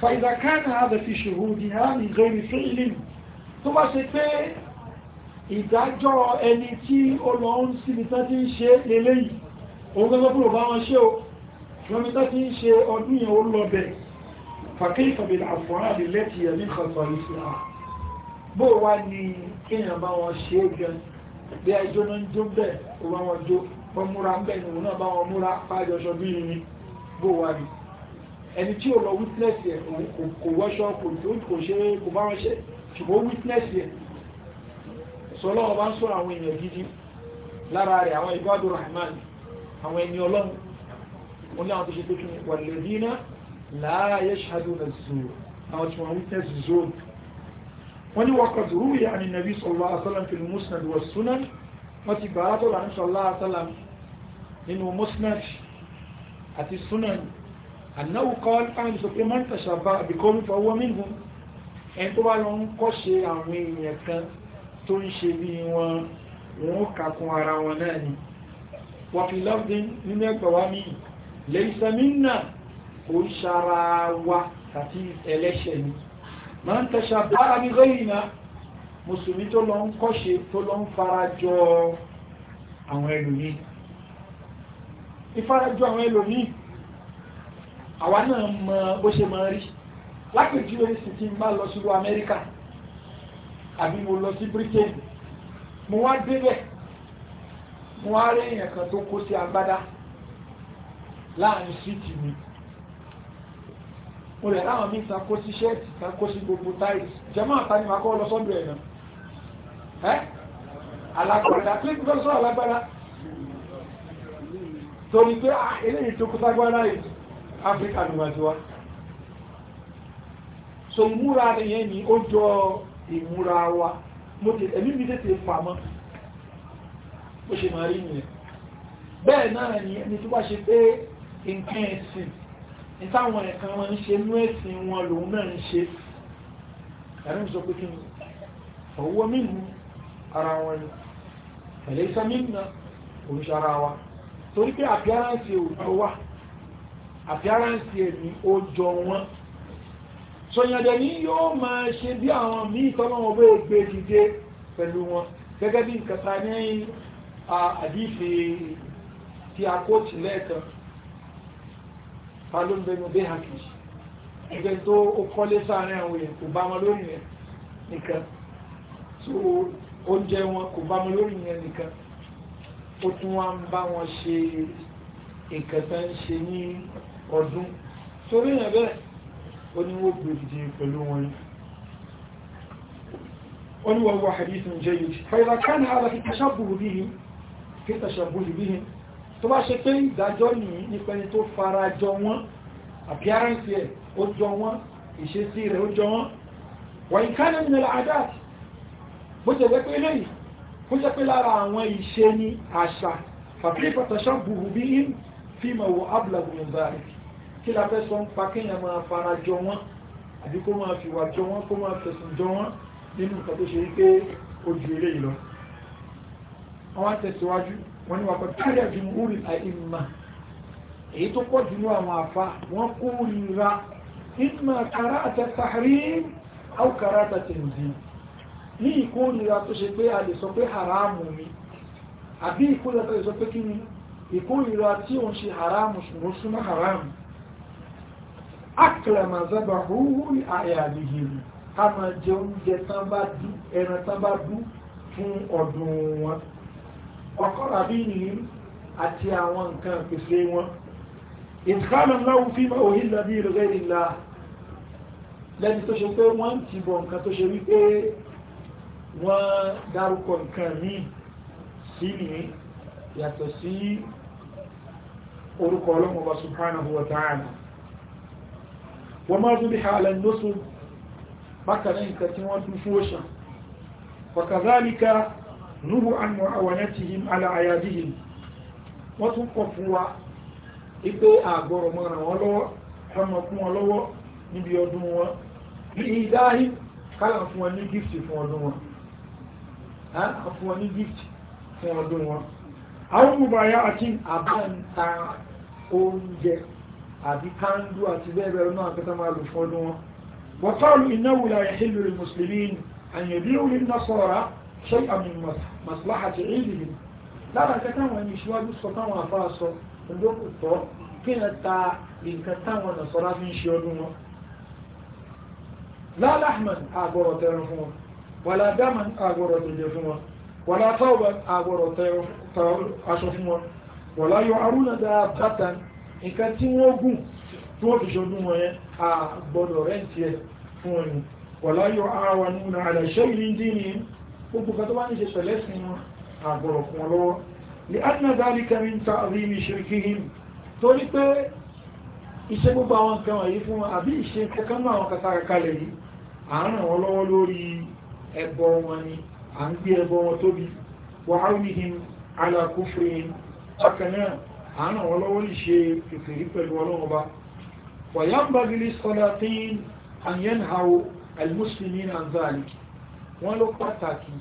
فإذا كان هذا في شهودها من غير فعل tó bá ṣe pé ìdájọ́ ẹni tí ó lọ ń síbi tán ti ń ṣe lélẹ́yìí òun gẹ́gẹ́ búrò bá wọn ṣe o lọ́mí tán ti ń ṣe ọdún yẹn ó lọ bẹ̀ fàkẹ́ ìfàbílẹ̀ àfọ́nà ó múra ń bẹ́ẹ̀ òun náà bá wọn múra pájọṣọ bí i bó wà rí ẹni tí ó lọ witness ẹ̀ kò wọ́ṣọ́ kò ṣe kò bá wọn ṣe ṣùgbọ́n witness ẹ̀ sọlọ́wọ́ bá ń sọ àwọn èèyàn gidi lára rẹ̀ àwọn ibadu rahman àwọn ẹni ọlọ́run wọn ní àwọn tí wọ́n witness zoro wọ́n ní waqad wọ́n ti bàá tó lànà sallallahu alaihi nínú musnad àti sunan annahu qala fáwọn sọ pé man tashabbaha bi qawmin fahuwa minhum ẹni tó bá lọ ń kọ́ṣe àwọn èèyàn kan tó ń ṣe bí wọn wọn kàkún ara wọn náà ni wa fi lafdin nínú ẹgbẹ̀ wa ní kò ń wa àti ẹlẹ́ṣẹ̀ ni man tashabbaha bi ghayrina ìfarajọ àwọn ẹlòmíì àwa náà mọ bó ṣe máa rí lápèjúwe sì ti ń bá lọ sílùú amẹ́ríkà àbí mo lọ sí britain mo wá débẹ̀ mo wá rí èèyàn kan tó kó sí agbádá láàrin síìtì mi mo lè ráwọn míì ta kó sí ṣẹ́ẹ̀tì ta kó sí gbogbo táìsì jẹ́mọ́ àtàní máa kọ́ lọ sọ́dọ̀ ẹ̀ náà alágbádá pé kí lọ́sọ́ alágbádá torí pé ah, eléyìí tó kó ságbára ìlú áfíríkà níwájúwá so ìmúra nìyẹn ni ó jọ ìmúra wa mo tè ẹ̀mí mi tètè pamọ́ bó ṣe máa rí nìyẹn bẹ́ẹ̀ náà ni ẹni tó bá ẹ̀kan wọn ń ṣe mú ẹ̀sìn wọn lòun náà ń ṣe ẹ̀rọ ń pé kí ni ọwọ́ mímu ara wọn ni ẹ̀lẹ́sẹ̀ mímu náà òun ara wa torí pé àfíáránsì òjò wà àfíáránsì ẹ̀mí ó jọ wọn sọ̀yàndẹ̀ ní yóò máa ṣe bí àwọn míì tọ́lọ́wọ́ bó gbé dìde pẹ̀lú wọn gẹ́gẹ́ bí nǹkan ní àdífi tí a kó tì lẹ́ẹ̀kan ta ló ń bẹnu bẹ́ hàkì ẹgbẹ́ tó ó kọ́lé sáàrin àwọn èèyàn kò bá wọn lórí yẹn nìkan so oúnjẹ wọn kò bá wọn lórí yẹn nìkan ó tún wá ń bá wọn ṣe nǹkan tó ń ṣe ní ọdún torí yẹn bẹ́ẹ̀ ó ní wọ́n gbèdìdì pẹ̀lú wọn ni ó ní wọ́n wá hadith jayyid fàyíra kánà ara fi tashabbuh bihim fi tashabbuh bihim tó bá ṣe pé ìdájọ́ yìí nípa ẹni tó fara jọ wọn appearance ẹ̀ ó jọ wọn ìṣesí rẹ̀ ó jọ wọn wọ̀nyí kánà min al-'adat bó ṣe jẹ́ pé kó jẹ́ pé lára àwọn ìṣe ní àṣà fàbí pàtàṣà bùrù bí i fíìmù wo abúlàbùrù báyìí kí la fẹ́ sọ ń pa kéèyàn máa fara jọ wọ́n àbí kó máa fìwà jọ wọ́n kó máa fẹ̀sùn jọ wọ́n nínú nǹkan tó ṣe wípé ojú eré ìlọ àwọn àtẹ̀síwájú wọn ni wà pẹ̀ káyà jù orí àìmà èyí tó pọ̀ jùlọ àwọn àfá wọn kó rí ra ìmà kàrà àtẹ̀sàárín àwòkàrà àtẹ̀sàárín ní ìkórìíra tó ṣe pé a lè sọ pé haramu mi àbí ìkórìíra tó lè sọ pé kí ni ìkórìíra tí ó ń ṣe haramu ṣùgbọ́n súnmọ́ haramu akẹlẹ̀mà zẹba húhú ní àyà àdìhìrì ká máa jẹ oúnjẹ tán bá dú ẹran tán bá dú fún ọdún wọn ọkọ̀rọ̀ àbí nìyí àti àwọn nǹkan pèsè wọn ìtìkálọ̀ fi máa òhìn lọ bí ìrẹ̀lẹ́ ìlà lẹ́ni tó ṣe pé wọ́n ti bọ̀ nǹkan tó ṣe wípé wọ́n dárúkọ nǹkan míì sí ní yàtọ̀ sí orúkọ ọlọ́mọba subhanahu wa ta'ala wọ́n máa tún bí hàlẹ̀ lóṣù bákanẹ́ nǹkan tí wọ́n tún fún òṣà fàkàzálíkà nuru an mu'awanatihim ala kálà fún wọn ní gífì fún ọdún wọn fún wọn ní gift fún ọdún wọn àwọn mubaya àti àbáǹta oúnjẹ àbí kándú àti bẹ́ẹ̀bẹ̀rẹ̀ náà kẹta máa lò fún ọdún wọn wọ́tọ́lù ináwó la yahillu lil muslimin an yabi'u lin nasara shay'an ìlìlì lára kẹta wọn ní ìṣíwájú sọ táwọn afá sọ ìdókòtọ́ kí n ta nǹkan táwọn nasara fi ń ṣe ọdún wọn lálàhmàn àgbọ̀rọ̀ tẹran fún wọn wàlá dáàmà àgbọ̀rọ̀ tó jẹ fún wọn wàlá tọ́ọ̀bà àgbọ̀rọ̀ aṣọ fún wọn wàlá yọ arúnà dáàbátà nǹkan tí wọ́n gùn tó fi ṣọdún wọn yẹn àgbọ̀dọ̀ rẹ̀ǹtì ẹ̀ fún wọn ni wàlá yọ àwọn nùnà àdàṣẹ́ yìí dín ní gbogbo kan ní ṣe pẹ̀lẹ́sìn wọn wọn lọ́wọ́ لأن ذلك من تعظيم شركهم torí pé iṣẹ́ gbogbo àwọn nǹkan wọ̀nyí fún àbí ìṣe kankan náà wọn kàtàkà kalẹ̀ lọ́wọ́ ẹbọ wọn ni à ń gbé ẹbọ wọn tóbi wàhálìhìn alákùnfìrìn bákan náà à ń ràn wọ́n lọ́wọ́ lè ṣe ìfèrí pẹ̀lú ọlọ́run bá wàyá ń bagili sọlatín àyẹn hao alimusulmi náà ń záàlì wọ́n ló pàtàkì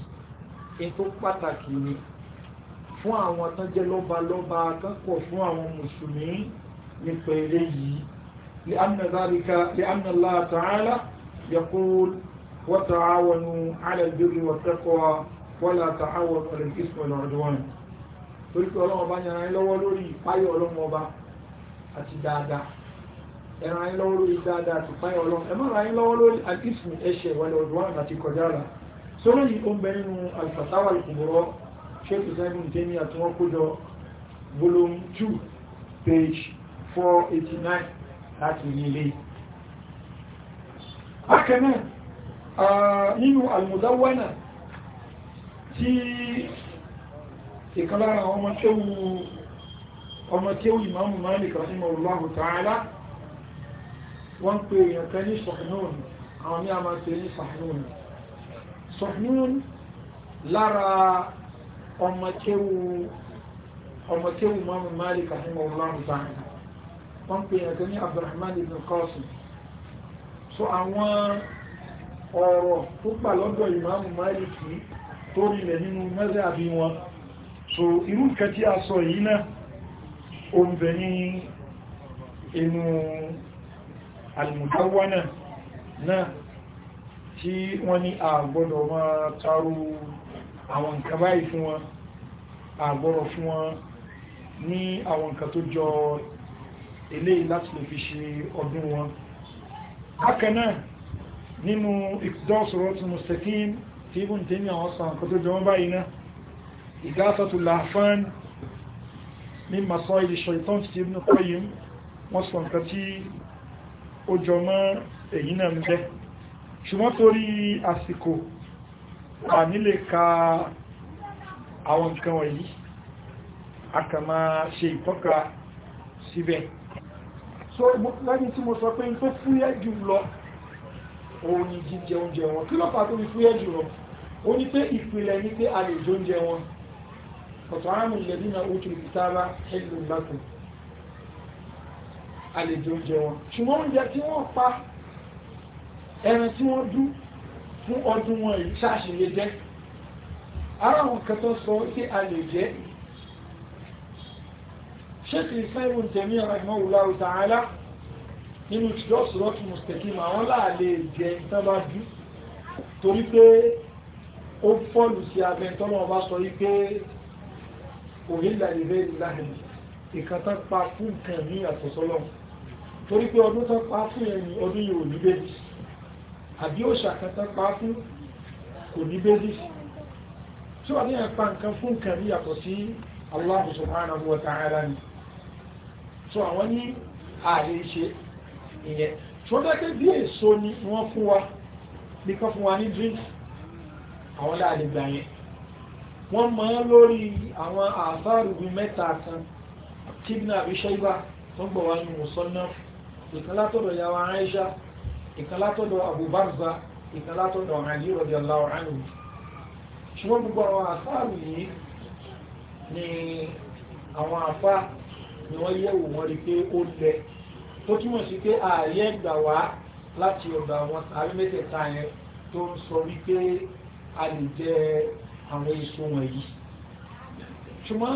ètò pàtàkì ni fún àwọn tán lọ́ba lọ́ba akẹ́kọ̀ọ́ fún àwọn mùsùlùmí nípa eléyìí li anna dhalika li anna وتعاونوا على البر والتقوى ولا تعاونوا على الإثم والعدوان torípé ọlọ́wọ́ bá yẹn lọ́wọ́ lórí ìpáyọ̀ ọlọ́wọ́ ọba àti dáadáa ẹran ayé lọ́wọ́ lórí dáadáa àti ìpáyọ̀ ọlọ́wọ́ ẹ̀mọ́ra ayé lọ́wọ́ lórí àìsìn ẹ̀ṣẹ̀ wọlé ọdún àti kọjá rà sọ́rọ́ yìí ó ń bẹ nínú alfatawa ìkùbọ̀rọ̀ sheikh simon tẹ́mi àti wọn kójọ volume two page four eighty nine láti ilé. bákan náà Ah, nínú almudawana tí ìkàlára ọmọ tí ó imamu malik rahimahullahu ta'ala wọ́n pè èèyàn kan ní Sahnun àwọn ní a máa pè ní Sahnun Sahnun lára ọmọ kéwù imamu malik rahimahullahu ta'ala wọ́n pè èèyàn ní abdurrahman ibn qasim so àwọn ọ̀rọ̀ tó pà lọ́dọ̀ ìmáàmù máìlìkì tó rílẹ̀ nínú mẹ́rẹ́ àbí wọn so irú nǹkan tí a sọ yìí náà o ń bẹ ní inú alìmùdáwánà náà tí wọ́n ní àgbọ́dọ̀ máa tarú àwọn nǹkan báyìí fún wọn àgbọ́rọ̀ fún wọn ní àwọn nǹkan tó jọ eléyìí láti lè fi ṣe ọdún wọn bákan náà nínú ìdọ́sọ̀rọ̀ tí mustaqim tí ibùn tèmi àwọn sàn kò tó jọmọ́ báyìí náà ìgáfẹ́tù láàfán ní masọ́ ilẹ̀ ṣaitan ti ibùn qayyim wọ́n sọ nǹkan tí ó jọmọ́ èyí náà ń bẹ́ ṣùgbọ́n torí àsìkò a nílé ka àwọn nǹkan wọ̀nyí a kà máa ṣe ìtọ́ka síbẹ̀ so lẹ́yìn tí mo sọ pé n tó fúyẹ́ jù lọ òun ni jíjẹ oúnjẹ wọn kí lọ́pàá tó fi fúyẹ́ jùlọ ó ní pé ìpìlẹ̀ ní pé a lè jóúnjẹ wọn ọ̀tọ̀ àmì ìlẹ̀bí náà ó tún ìtara ẹgbẹ̀rún a lè jóúnjẹ wọn ṣùgbọ́n oúnjẹ tí wọ́n pa ẹran tí wọ́n dú fún ọdún wọn èyí lè jẹ́ ara àwọn kan tó sọ sí a lè jẹ́ ṣé kìí fẹ́ nínú ìṣọ́ sọ́rọ́tù mùsùlùmí àwọn láàlè jẹ tábàjú torí pé ó fọ́lù sí abẹ́ tọ́nà ọba sọ wípé òhìlà ìrẹ́ ìlànà ìkan tán pa fún nǹkan ní àtọ̀sọ́lọ́ torí pé ọdún tán pa fún ẹni ọdún yìí ò ní bèjì àbí òṣà kan tán pa fún kò ní bèjì tí wà ní ẹ̀pa nǹkan fún nǹkan ní yàtọ̀ sí Allah subhanahu wa ta'ala ni so àwọn ní ààrẹ ṣe ìyẹn ṣọ́dọ́kẹ́ bí èso ni wọ́n fún wa bíkọ́ fún wa ní drink àwọn láàrin gbà yẹn wọ́n mọ́ lórí àwọn àfáàrùgbì mẹ́ta kan tíbínà àbíṣẹ́ ibá tó ń gbọ̀ wá ní mùsọ́nà ìkan látọ̀dọ̀ yàwó Aisha ìkan látọ̀dọ̀ Abu Barza ìkan látọ̀dọ̀ Ali radiyallahu anhu ṣùgbọ́n gbogbo àwọn àfáàrù yìí ni àwọn àfá ni wọ́n yẹ̀wò wọ́n rí pé ó lẹ tó túmọ̀ sí pé ààyè ẹgbà wá láti ọ̀dọ̀ àwọn tàbí mẹ́tẹ̀ẹ̀ta yẹn tó ń sọ wípé a lè jẹ àwọn èso wọ̀nyí ṣùgbọ́n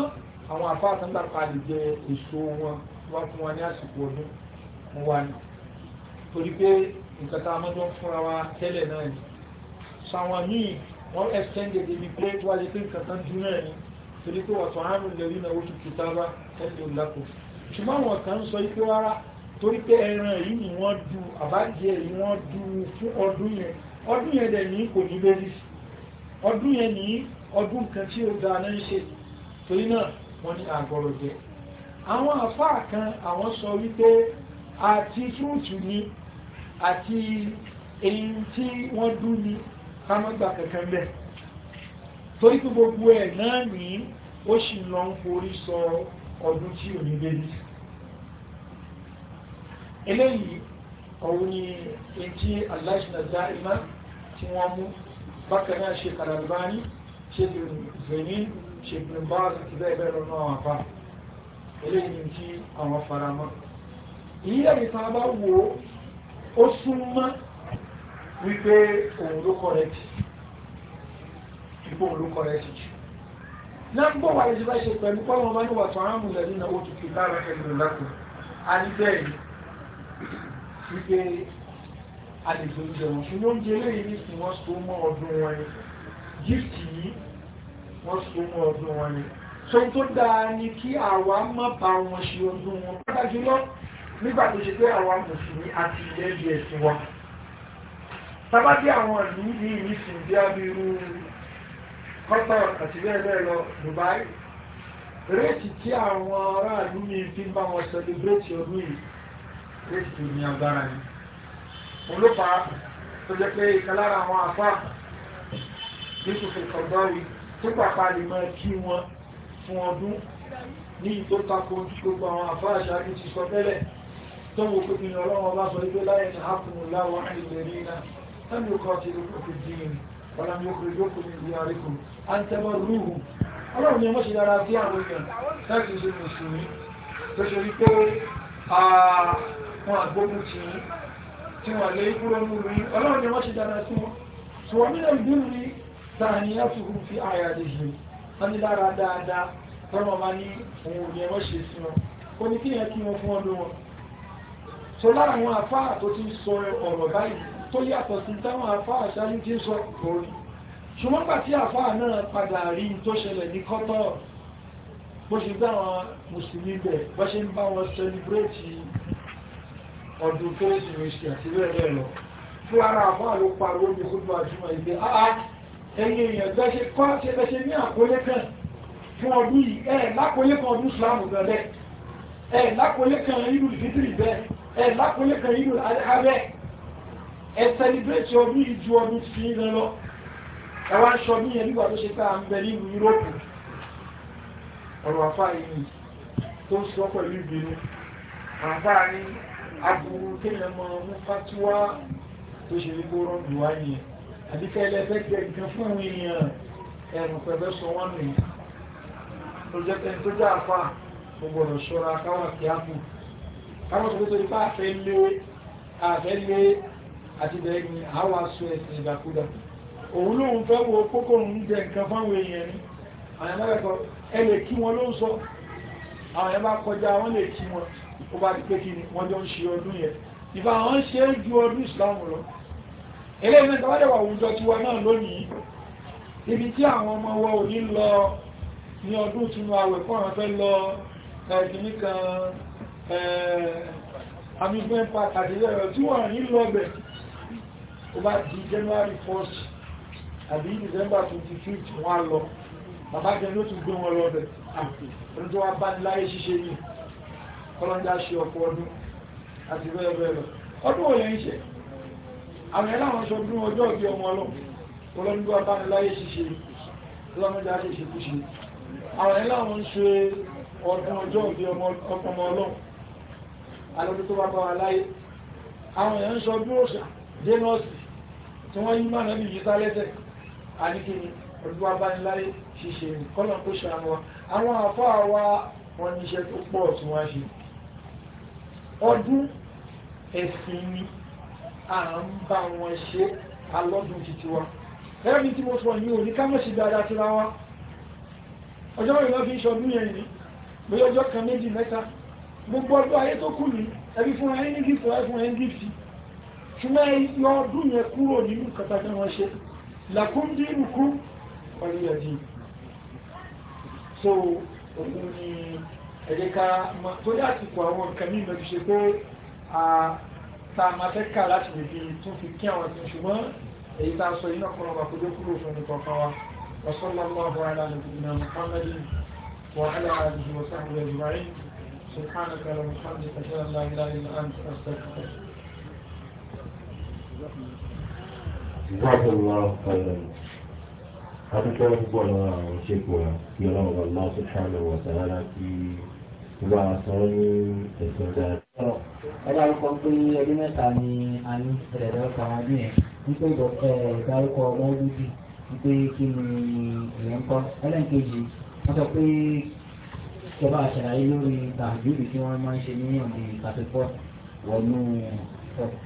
àwọn àfáàtàn gbà pa lè jẹ èso wọn wá fún wọn ní àsìkò ọdún wọn wà ní torí pé nǹkan tá a mọ́jọ́ fúnra wa tẹ́lẹ̀ náà ni sàwọn míì wọ́n extended ibi pé tó wáyé pé nǹkan tán dún náà ni torí pé wọ́n tọ́ àrùn lẹ́rí náà ó tún kìtà bá ṣùgbọ́n àwọn kan sọ ipò rárá torí pé ẹran yìí ni wọ́n du àbájẹ yìí wọ́n du fún ọdún yẹn ọdún yẹn dẹ̀ ní kò ní bẹ́ẹ̀ sí ọdún yẹn ní ọdún kan tí ó da náà ń ṣe torí náà wọ́n ní àgọ́rọ̀ jẹ àwọn àfáà kan àwọn sọ wípé àti fúrúùtù ni àti èyí tí wọ́n dún ni ká má gbà kankan bẹ́ẹ̀ torí pé gbogbo ẹ̀ náà ní ó sì lọ ń forí sọ ọdún tí ò ní bẹ́ẹ̀ sí eléyìí ọ̀hún ni etí aláìsàn dáìmá tí wọ́n mú bákan náà ṣe kàràbáni ṣe zẹ̀ní ṣe bímbáàzì ti bẹ́ẹ̀ bẹ́ẹ̀ lọ́nà àwọn àbá eléyìí tí àwọn faramọ́ ìyí ẹ̀rí tá a bá wo ó súnmọ́ wípé òun ló kọ̀rẹ́tì ipò òun ló kọ̀rẹ́tì jù lágbọ́ wà lè ṣe bá ṣe pẹ̀lú pọ́lọ́mọ́ bá ní wà tó àmúlẹ̀ nínú ó ti fi lára ẹgbẹ̀rún lákùn wípé àlejò ń jẹun fún oúnjẹ eléyìí ní kí wọ́n so mọ́ ọdún wọn ni gift yìí wọ́n so mọ́ ọdún wọn ni so tó dáa ni kí àwa má bá wọn ṣe ọdún wọn pátá jùlọ nígbà tó ṣe pé àwa mùsùlùmí àti ilẹ̀ bí ẹ̀sìn wa tábà bí àwọn ìlú ní ìmísìn bí abirú Qatar àti bẹ́ẹ̀ bẹ́ẹ̀ lọ Dubai réètì tí àwọn aráàlú mi fi ń bá wọn celebrate ọdún yìí èsì ní agbára ni olópa tó jẹ́ pé ìkalára àwọn afá Yusuf Al-Qaradawi tó pàpà lè máa kí wọn fún ọdún ní ìtó tako gbogbo àwọn afá àṣáájú ti sọ tẹ́lẹ̀ tó wò pé ìyàn ọlọ́wọ́ bá sọ ilé láyé ní hapuniláwọ̀ àìlèrìnà tán rí pé wọn àgbógun tí yí tí wọ́n lè kúrò múrù yí ọlọ́run ni wọ́n ṣe dára sí wọn tí wọ́n nílẹ̀ ìdúrù yí tààníyàn tó kú fi àyà lè ṣe wọ́n ní lára dáadáa tọ́nà máa ní òun ni wọ́n ṣe sí wọn ó ní kí yẹn kí wọ́n fún ọdún wọn so lára àwọn afáà tó ti ń sọ ọ̀rọ̀ báyìí tó yàtọ̀ sí táwọn afáà ṣáájú ti ń sọ òun ṣùgbọ́n gbà tí àfáà náà padà rí tó ṣẹlẹ̀ ní kọ́tọ́ọ̀ bó ṣe gbá àwọn mùsùlùmí bẹ̀ bó ṣe ń bá wọn sẹlẹ̀bírẹ́tì ọdún kérésìmesì àti bẹ́ẹ̀ lọ fún ara àbá ló pariwo ní kúrò àjúmọ̀ ìgbé àá ah, ah, ẹ̀yìn èèyàn gbẹ́ṣe kọ́ ṣe bẹ́ṣe ní àkólé kan fún ọdún yìí ẹ̀ lákólé kan ọdún Ìsìlámù bẹ̀rẹ̀ ẹ̀ lákólé kan ìlú ìdídìrì bẹ́ẹ̀ ẹ̀ lákólé kan ìlú abẹ́ ẹ̀ sẹlibrétì ọdún yìí ju ọdún fi ń lọ ẹ wá ń sọ ní yẹn nígbà tó ṣe pé à ń bẹ nílùú Yúróòpù ọ̀rọ̀ àfáà yìí tó ń sọ pẹ̀lú ìbínú àfáà ní aburú kéèyàn máa mú fatiwa tó ṣe wípé ó rọ̀dù wá nìyẹn àdíkẹ́ ẹlẹ́fẹ́ jẹ nǹkan fún àwọn èèyàn ẹ̀rùn pẹ̀lẹ́ sọ wọ́n nù tó tó jẹ́ àfà ó ṣọ́ra káwà ni àwa sọ ẹ̀sìn ìdàkúdà òun lóun fẹ́ wo ni àwọn ẹ̀mẹ́rẹ̀kọ ẹ lè kí wọn ló ń kọjá wọn lè kí wọn ó bá rí pé kí ni wọ́n jọ ń ṣe ọdún yẹn ìfà àwọn ń ṣe ju ọdún islam lọ eléyìí náà tàbí wà àwùjọ tiwa náà lónìí ibi tí àwọn ọmọ wa ò ní lọ ní ọdún ìtúnu àwẹ̀ fún àwọn fẹ́ lọ ẹ̀ẹ́dìní eh, kan eh, amusement park àti ẹ̀rọ tí wọ́n ní lọ́bẹ̀ ó bá di January 1st àbí December 25th wọ́n lọ bàbá jẹ́ ló tún gbé wọn lọ́bẹ̀ àti ah, ẹ̀rọ tó wá bá ní láyé ṣíṣe yìí kọ́lọ́njá ṣe ọ̀pọ̀ ọdún àti bẹ́ẹ̀ bẹ́ẹ̀ lọ ọdún òye ń ṣe àwọn ẹ̀láwọn ṣọdún ọjọ́ ọ̀bí ọmọ ọlọ́nùgbọ́ abániláyé ṣíṣe lọ́mọdá ṣe ṣe kúṣe àwọn ẹ̀láwọn ń ṣe ọdún ọjọ́ ọ̀bí ọmọ ọlọ́n alọ́dún tó bá bá wà láyé àwọn ẹ̀ ń abániláyé ṣíṣe kọ́lọ̀ kó ṣe àwọn àwọn àfáà wa wọn níṣẹ́ tó pọ̀ tí wọ́n ṣe ọdún ẹ̀sìn ni à ń bá wọn ṣe alọ́dún títí wa ẹ̀rọ mi tí mo sọ ní òní ká mọ̀ sí dáadáa síra wa ọjọ́ mẹ́rin lọ́fi ń ṣọdún yẹn ni bóyá ọjọ́ kan méjì mẹ́ta gbogbo ọdún ayé tó kù ní ẹbí fún ẹni ní gífì ẹbí fún ẹni gífì ṣùgbọ́n ẹyọ ọdún yẹn kúrò nínú kàtà kí wọ́n ṣe làkúndínlùkú ọ̀rẹ́yẹ̀dì so òun ni ẹ̀jẹ̀ ká tó dá àsìkò àwọn nǹkan ní ìmọ̀ ṣe pé ta máa fẹ́ kà láti lè fi tún fi kí àwọn ẹ̀sìn ṣùgbọ́n èyí tá a sọ iná kan ọba kójó kúrò fún ẹnì kọ̀ọ̀kan wa wasallallahu ala nabiyyina muhammadin wa ala alihi wa sahbihi ajma'in subhanaka wa bihamdika ashhadu an la ilaha illa anta astaghfiruka Jazakallahu khairan. Adúgbò ń gbọ́ àwọn ìṣègùn wa kí ọlọ́run bá lọ́ọ́ sọ́kànlọ́wọ́ ìwà àtọ̀rọ̀ ní ẹ̀sìn dáadáa. ẹ dárúkọ pé ọdún mẹ́ta ni a ní ìrẹ̀lẹ̀ ọkọ̀ àwọn bí yẹn wípé ìdárúkọ mọ́lúdì wípé kí ni ìyẹn ń kọ́ ẹlẹ́ǹkejì wọ́n sọ pé ìjọba àṣàlàyé lórí tàbílì tí wọ́n máa ń ṣe ní ọ̀dẹ̀ ìkàtẹ́kọ̀ọ́ wọnú ọ̀.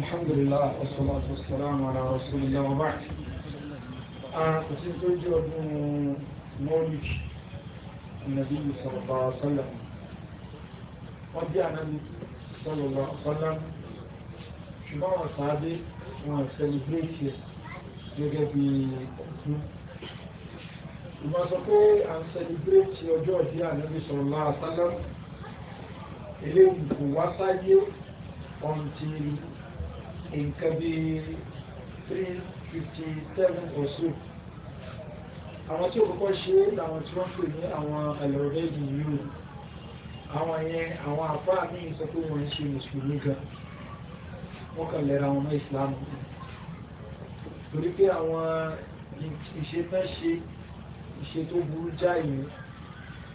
alhamdulillah wa salatu wa salam ala rasulillah wa kò sí tó jẹ́ ọdún mọ́lìk nàbí sọ̀rọ̀bà sọ́lá wọ́n bí ànábì sọ̀rọ̀bà sọ́lá ṣùgbọ́n wọ́n sáré wọn sẹ́lẹ̀bírẹ́tì ẹ̀ gẹ́gẹ́ bí ọdún ìgbà sọ pé à ń sẹ́lẹ̀bírẹ́tì ọjọ́ ìdí ànábì sọ̀rọ̀bà sọ́lá eléyìí 57 ọ̀sọ̀ àwọn tí ó kọ́kọ́ ṣe láwọn tí wọ́n pè ní àwọn alẹ́rọ̀dẹ́gì yìí àwọn yẹn àwọn àfá ní ìsọ pé wọ́n ṣe mùsùlùmí gan wọ́n kàn lẹ́ra àwọn ọmọ ìsìlámù torí pé àwọn ìṣe tán ṣe ìṣe tó burú jáì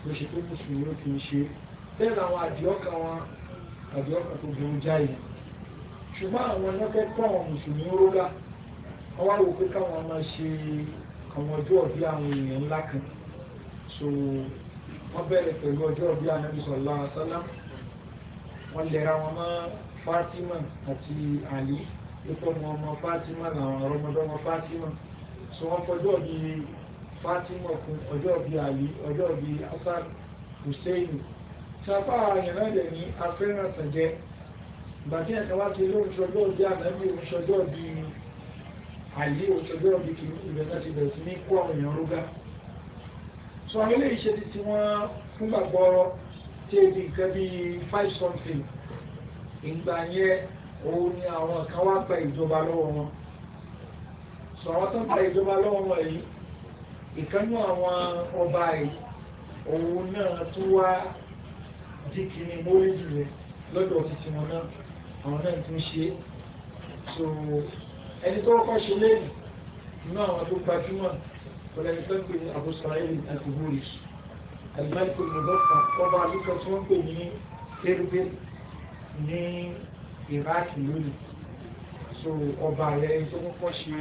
ló ṣe tó mùsùlùmí ló fi ń ṣe bẹ́ẹ̀ làwọn àdìọ́kà wọn àdìọ́kà tó burú jáì ṣùgbọ́n àwọn ẹlẹ́fẹ́ tó mùsùlùmí ó rọ́gà wọ́n wá lò pé káwọn máa ṣe àwọn ọjọ́ ọ̀bí àwọn èèyàn ńlá kan so wọ́n bẹ̀rẹ̀ pẹ̀lú ọjọ́ ọ̀bí ànábì sallallahu alaihi wasallam wọ́n lẹ́ra wọn mọ́ Fatima àti Ali pípọ̀ mọ́ ọmọ Fatima làwọn ọ̀rọ̀mọdọ́ ọmọ Fatima so wọ́n fọjọ́ ọ̀bí Fatima kún ọjọ́ ọ̀bí Ali ọjọ́ ọ̀bí Hasan Hussein sáfà àyànná rẹ̀ ní afẹ́ràn tẹ̀jẹ́ ìgbà tí ẹ̀ka wá ti lóun ṣọjọ́ ọ̀bí ànábì òun ṣọjọ́ ọ̀bí àyè òṣèlú ọ̀bí kìíní ìrẹ́ta ti bẹ̀rẹ̀ sí ní kó àwọn èèyàn rúgá so àwọn ilé ìṣe ti wọ́n fún gbàgbọ́ tí èdè nǹkan bí five something ìgbà yẹn òun ni àwọn kan wá gba ìjọba lọ́wọ́ wọn so àwọn tó ń gba ìjọba lọ́wọ́ wọn yìí ìkánú àwọn ọba yìí òun náà tó wá di kìíní mórí jù lọ́dọ̀ títí wọn náà àwọn náà tún ṣe so ẹni tó kọ́ ṣe lẹ́yìn inú àwọn tó gbajúmọ̀ pẹ̀lú ẹni tó ń pè ní Abu Sa'id al-Khudri alimẹ́kò mọ̀lọ́fà ọba alúkọ tí wọ́n pè ní kérúbé ní Iraq lónìí so ọba rẹ̀ tó kọ́kọ́ ṣe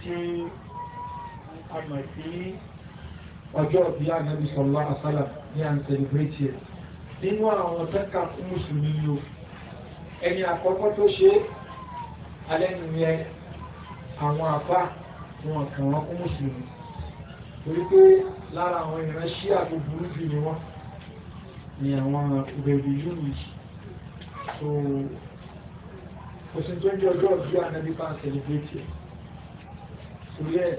ti àmọ̀ sí ọjọ́ bí Ànábì sallallahu alaihi wasallam ní à ń celebrate nínú àwọn tẹ́ka fún mùsùlùmí yìí ẹni àkọ́kọ́ tó ṣe é alẹ́nu yẹn àwọn àbá wọn kàn wọ́n kún mùsùlùmí torí pé lára àwọn ìránṣẹ́ àti burú jù ni wọ́n ni àwọn ìbẹ̀rù yìí yìí so òsìn tó ń jẹ́ ọjọ́ ọ̀bí ànábì bá ń sẹ̀lẹ̀bẹ̀tì ẹ̀ torí ẹ̀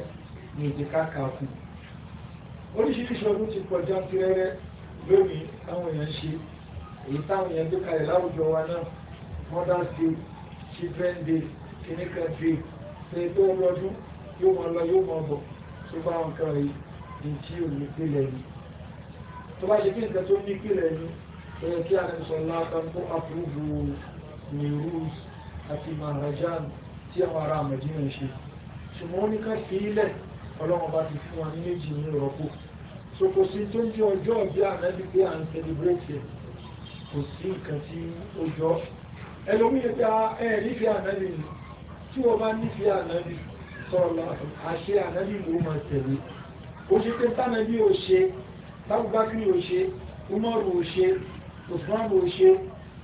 ní èdè káàkà fún oríṣiríṣi ọdún ti kọjá ti rẹ́rẹ́ lónìí táwọn èèyàn ṣe èyí táwọn èèyàn gbé kalẹ̀ láwùjọ wa náà modern state children day kìíní kan day ṣe tó rọdún yóò máa lọ yóò máa bọ̀ tó bá wọn kan rí ní tí ò ní pìlẹ̀ ni tó bá ṣe kí nǹkan tó ní pìlẹ̀ ni ó yẹ kí àwọn ìṣọ̀ látàn kó àpúrúbù ní rúùs àti maharajan tí àwọn ará àmọ̀dínà ṣe ṣùgbọ́n ó ní ká fi ilẹ̀ ọlọ́run bá ti fún wa ní méjì ní ìrọ́pò so kò sí tó ń jẹ́ ọjọ́ ọ̀bí ànábì pé à ń celebrate kò sí nǹkan tí ó jọ ẹlòmíye ta ẹ̀ nífẹ̀ẹ́ ànábì ni tí wọ́n bá nífẹ̀ẹ́ ànábì sọ̀rọ̀ àṣẹ ànábì ló máa tẹ̀lé ó ṣe pé tánàbí ò ṣe tábùbákìrì ò ṣe umaru ò ṣe usman ò ṣe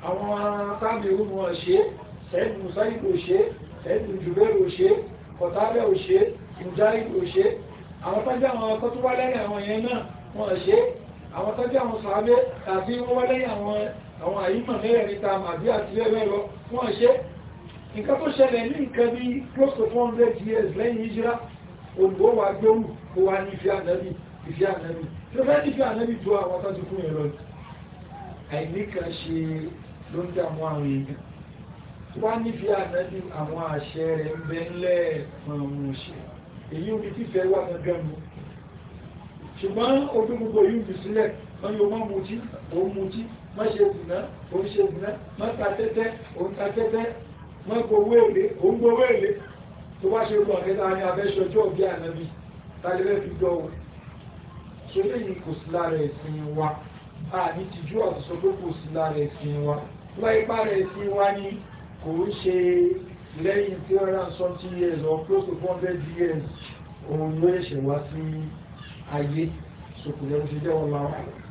àwọn tábì òun ò ṣe sẹ́yìn musaib ò ṣe sẹ́yìn jùbẹ́rù ò ṣe kọ̀tálẹ̀ ò ṣe mujahid ò ṣe àwọn tọ́jú àwọn ọkọ̀ wá lẹ́yìn àwọn yẹn náà wọ́n ṣe àwọn tọ́jú àwọn sàábé tàbí wọ́n wá lẹ́yìn àwọn àwọn àyíkàn mẹ́rẹ̀ níta màbí àti lẹ́rẹ́ lọ wọ́n ṣe nǹkan tó ṣẹlẹ̀ ní nǹkan bí close to 400 years lẹ́yìn ìjírá òǹgbò wà gbóhù ó wá ní ìfẹ́ ànábì ìfẹ́ ànábì tí ó fẹ́ ní ìfẹ́ ànábì tó àwọn tọ́jú fún ẹ̀rọ àìníkan ṣe ló ń dààmú àwọn èèyàn tó wá ní ìfẹ́ ànábì àwọn àṣẹ rẹ̀ ń ṣùgbọ́n ojú gbogbo yìí ń sílẹ̀ wọ́n yóò mọ́ mutí òun mutí má ṣe dìná òun ṣe dìná má ta tẹ́tẹ́ òun ta tẹ́tẹ́ má gbowó èlé òun gbowó èlé tó bá ṣe gbọ́ ọ̀kẹ́ta ní abẹ́ṣọjọ́ bí ànábì tàbílẹ̀ fi jọ ṣe lẹ́yìn kò sí lára ẹ̀sìn wa a ní tìjú ọ̀sọ̀sọ́ pé kò sí lára ẹ̀sìn wa wọ́n ipá rẹ̀ sí wa ni kò ń ṣe lẹ́yìn tí ó rán something years or close to one hundred years òun ló ṣe wá sí ayé ṣòkòlẹ́rù ṣe jẹ́ wọn láwọn àlọ́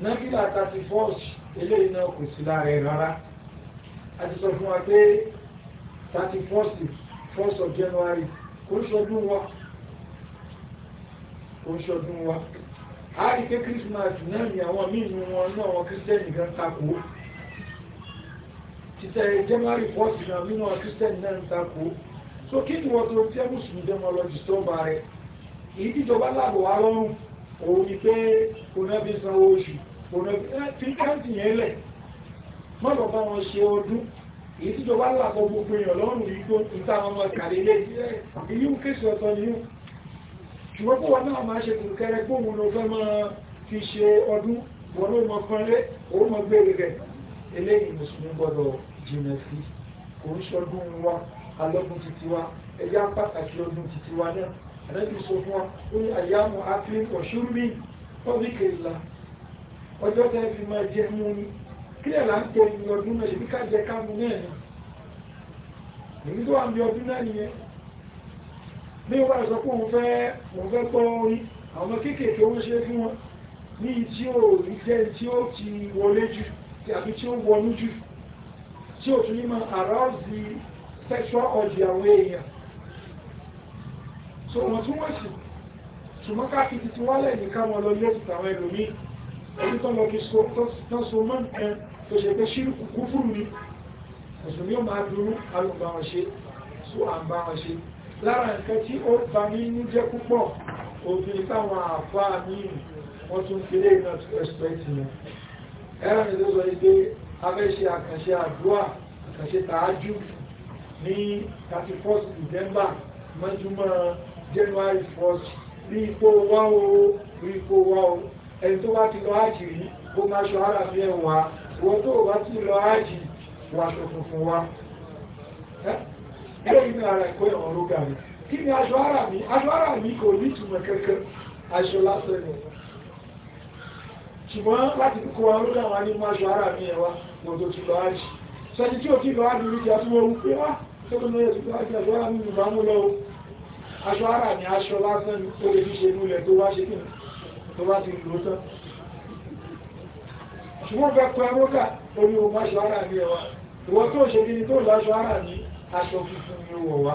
nábìlà thirty first eléyìí náà kò sí lára rárá a ti sọ fún wa pé thirty first first of January kò ń ṣọdún wa kò ń ṣọdún wa a rí pé Christmas náà ni àwọn míì wọn náà wọn Christian gan takò títẹ January first náà so kí ni wọ́n tó tẹ́ mùsùlùmí dẹ́mọ́ tó òun ni pé onábí san oṣù onábí fi káàtì yẹn lẹ̀ mọ́bọ̀ bá wọn ṣe ọdún èyí tí jọba làkọ gbogbo èèyàn lọ́rùn igbó ìta ọmọ kàrílẹ̀ ilé ìkéṣì ọ̀tọ̀ ni ó ṣùgbọ́n kó wọn náà máa ṣe kùrùkẹrẹ gbóhùn ló fẹ́ máa fi ṣe ọdún wọn ló mọ pọ́nlé òun mọ gbére rẹ̀ eléyìí mùsùlùmí gbọ́dọ̀ jìnà sí kò ń ṣọdún wa alọ́dún titiwa ẹ̀yà pàtàkì ọdún titiwa náà ànábì sọ fún wa ó ní àyàmù akílì ọ̀ṣúrùmí pọ́bíkì ìlà ọjọ́ tẹ́ fi máa jẹ mú ní kí ẹ̀là ń tẹ ìlú ọdún náà ìbí ká jẹ káàmù náà ni èyí tó wà ní ọdún náà nìyẹn ní wà sọ pé òun fẹ́ òun fẹ́ gbọ́ orin àwọn kéékèèké ó ń ṣe fún wọn ní tí ó rí jẹ́ tí ó ti wọlé jù tàbí tí ó wọnú jù tí ó tún ní máa arouse sexual urge àwọn èèyàn so wọ́n tún wọ́n sì ṣùgbọ́n ká fi titi wálẹ̀ nìkan wọn lọ yóò tàwọn ẹlòmí èyí tó lọ kí tán so mọ́ nǹkan tó ṣe pé ṣí kúkú fún mi mùsùlùmí ó máa dúró alùpà wọn ṣe so à ń bá wọn ṣe lára nǹkan tí ó bá 31 December mọ́júmọ́ January 1st rí ipò wá o rí ipò wá o ẹni tó bá ti lọ ájì rí ó máa ṣọ ara fi ẹ̀wọ̀n wa wọ́n tó bá ti lọ ájì wà ṣọ funfun wa ẹ̀rọ inú ara ẹ̀kọ́ ẹ̀wọ̀n ló gà mí kí ni aṣọ ara mi aṣọ ara mi kò ní ìtumọ̀ kankan aṣọ lásán ni ṣùgbọ́n láti kó wa ló dáwọn ní máa ṣọ ara mi ẹ̀wà wọ́n tó ti lọ ájì sẹ́ni tí ò ti ah, lọ ájì rí ti àtúwọ̀ wípé wá tó tó lọ́yẹ̀ tó lọ́yẹ̀ tó lọ́yẹ̀ tó lọ́yẹ̀ aṣọ ara ní aṣọ lásán ní tó lè fi ṣe múlẹ̀ tó wá ṣe kìnnà tó bá ti lò tán ṣùgbọ́n fẹ́ pẹ́ mọ́kà orí o máṣọ ara ní ẹwà ìwọ́n tó ṣe kí ni tó láṣọ ara ní aṣọ funfun ní owó wa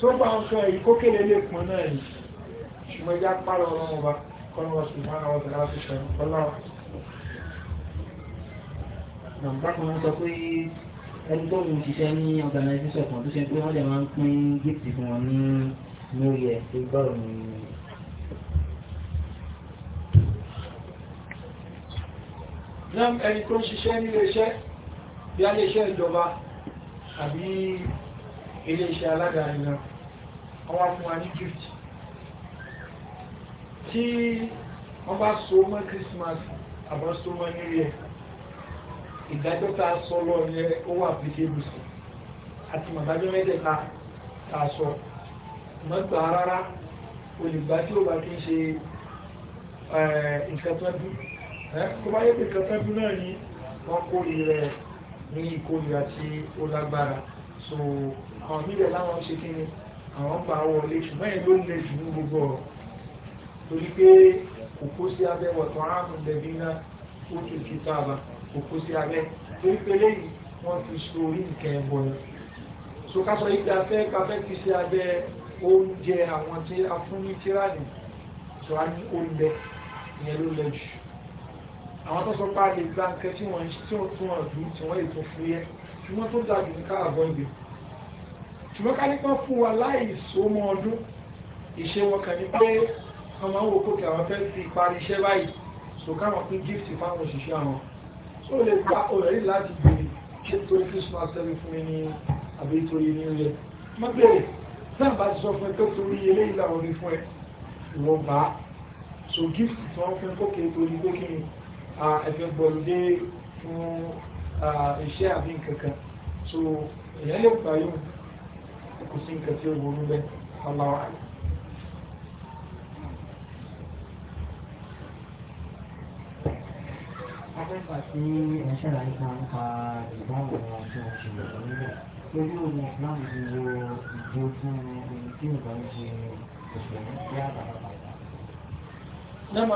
tó bá ń fẹ́ ìkókèlé lè pọn náà yìí ṣùgbọ́n já pàrọ̀ ọlọ́run ẹni tó ń ṣiṣẹ́ ní organisation kan tó ṣe pé wọ́n lè máa ń pín gift fún wọn ní new year tó gbọ́rọ̀ ní. náà ẹni tó ń ṣiṣẹ́ ní iléeṣẹ́ bí iléeṣẹ́ ìjọba àbí iléeṣẹ́ aládàáni náà wọ́n fún wa ní gift tí wọ́n bá so mọ́ Christmas àbọ̀ so mọ́ new year ìdájọ́ tá a sọ lọ yẹ ó wà àplikébù sí àti màdájọ́ mẹ́tẹ̀ẹ̀ta tá a sọ mọ́gbà rárá olùgbà tí ó bá kí eh, ń ṣe eh, ìkẹtọ́dú kó bá yẹ pé ìkẹtọ́dú náà ni wọ́n kó rẹ̀ ní ìkórìíra tí ó lágbára so àwọn mílẹ̀ láwọn ṣe kí ni àwọn gbà wọlé ṣùgbọ́n èyí ló lè jù ní gbogbo ọ̀rọ̀ torí pé kò kó sí abẹ́wọ̀ tó áàmù lẹ́bí náà ó tún kí tábà òkú sí abẹ́ torí pé lẹ́yìn wọ́n ti sórí nǹkan ẹ̀bọ̀ rẹ̀ so ká sọ yìí afẹ́ afẹ́ ti sí abẹ́ oúnjẹ àwọn tí a fún ní tíráàlì tó a ní oúnjẹ ìyẹn ló lẹ jù àwọn tó sọ pé a lè gba nǹkan tí wọ́n tí wọ́n tún wọn dùn tí wọ́n lè tó fún yẹ ṣùgbọ́n tó dájú ní ká àbọ̀ ibẹ̀ ṣùgbọ́n ká nípa fún wa láì so mọ́ ọdún ìṣe wọn kàn ní pé ọmọ àwọn òkú kí àwọn fẹ́ fi parí iṣẹ́ báyìí so káwọn pín gift fáwọn òṣìṣẹ́ àwọn tó lè gba ọ̀rẹ́ yìí láti bèrè ṣé torí Christmas seven fún mi ní àbí torí ní ilẹ̀ má bèrè náà bá ti sọ fún ẹ pé torí eléyìí làwọn ní fún ẹ ìwọ̀n bá so gift tí wọ́n fún ẹ kókè torí pé kí ni ẹ̀fẹ̀ bọ̀lù dé fún iṣẹ́ àbí nkankan so èèyàn lè gbà yóò kò sí nǹkan tí ó wọ́n ń bẹ́ àyè. mẹ́fà tí ẹ ṣẹlẹ̀ nípa nípa ìbáwọ̀ àti òṣèlú ìgbàlódé lórí òní islam ti wo ìjó fún ẹni tí ìbọn ṣe òṣèlú tí a bàbá bàbá. Nama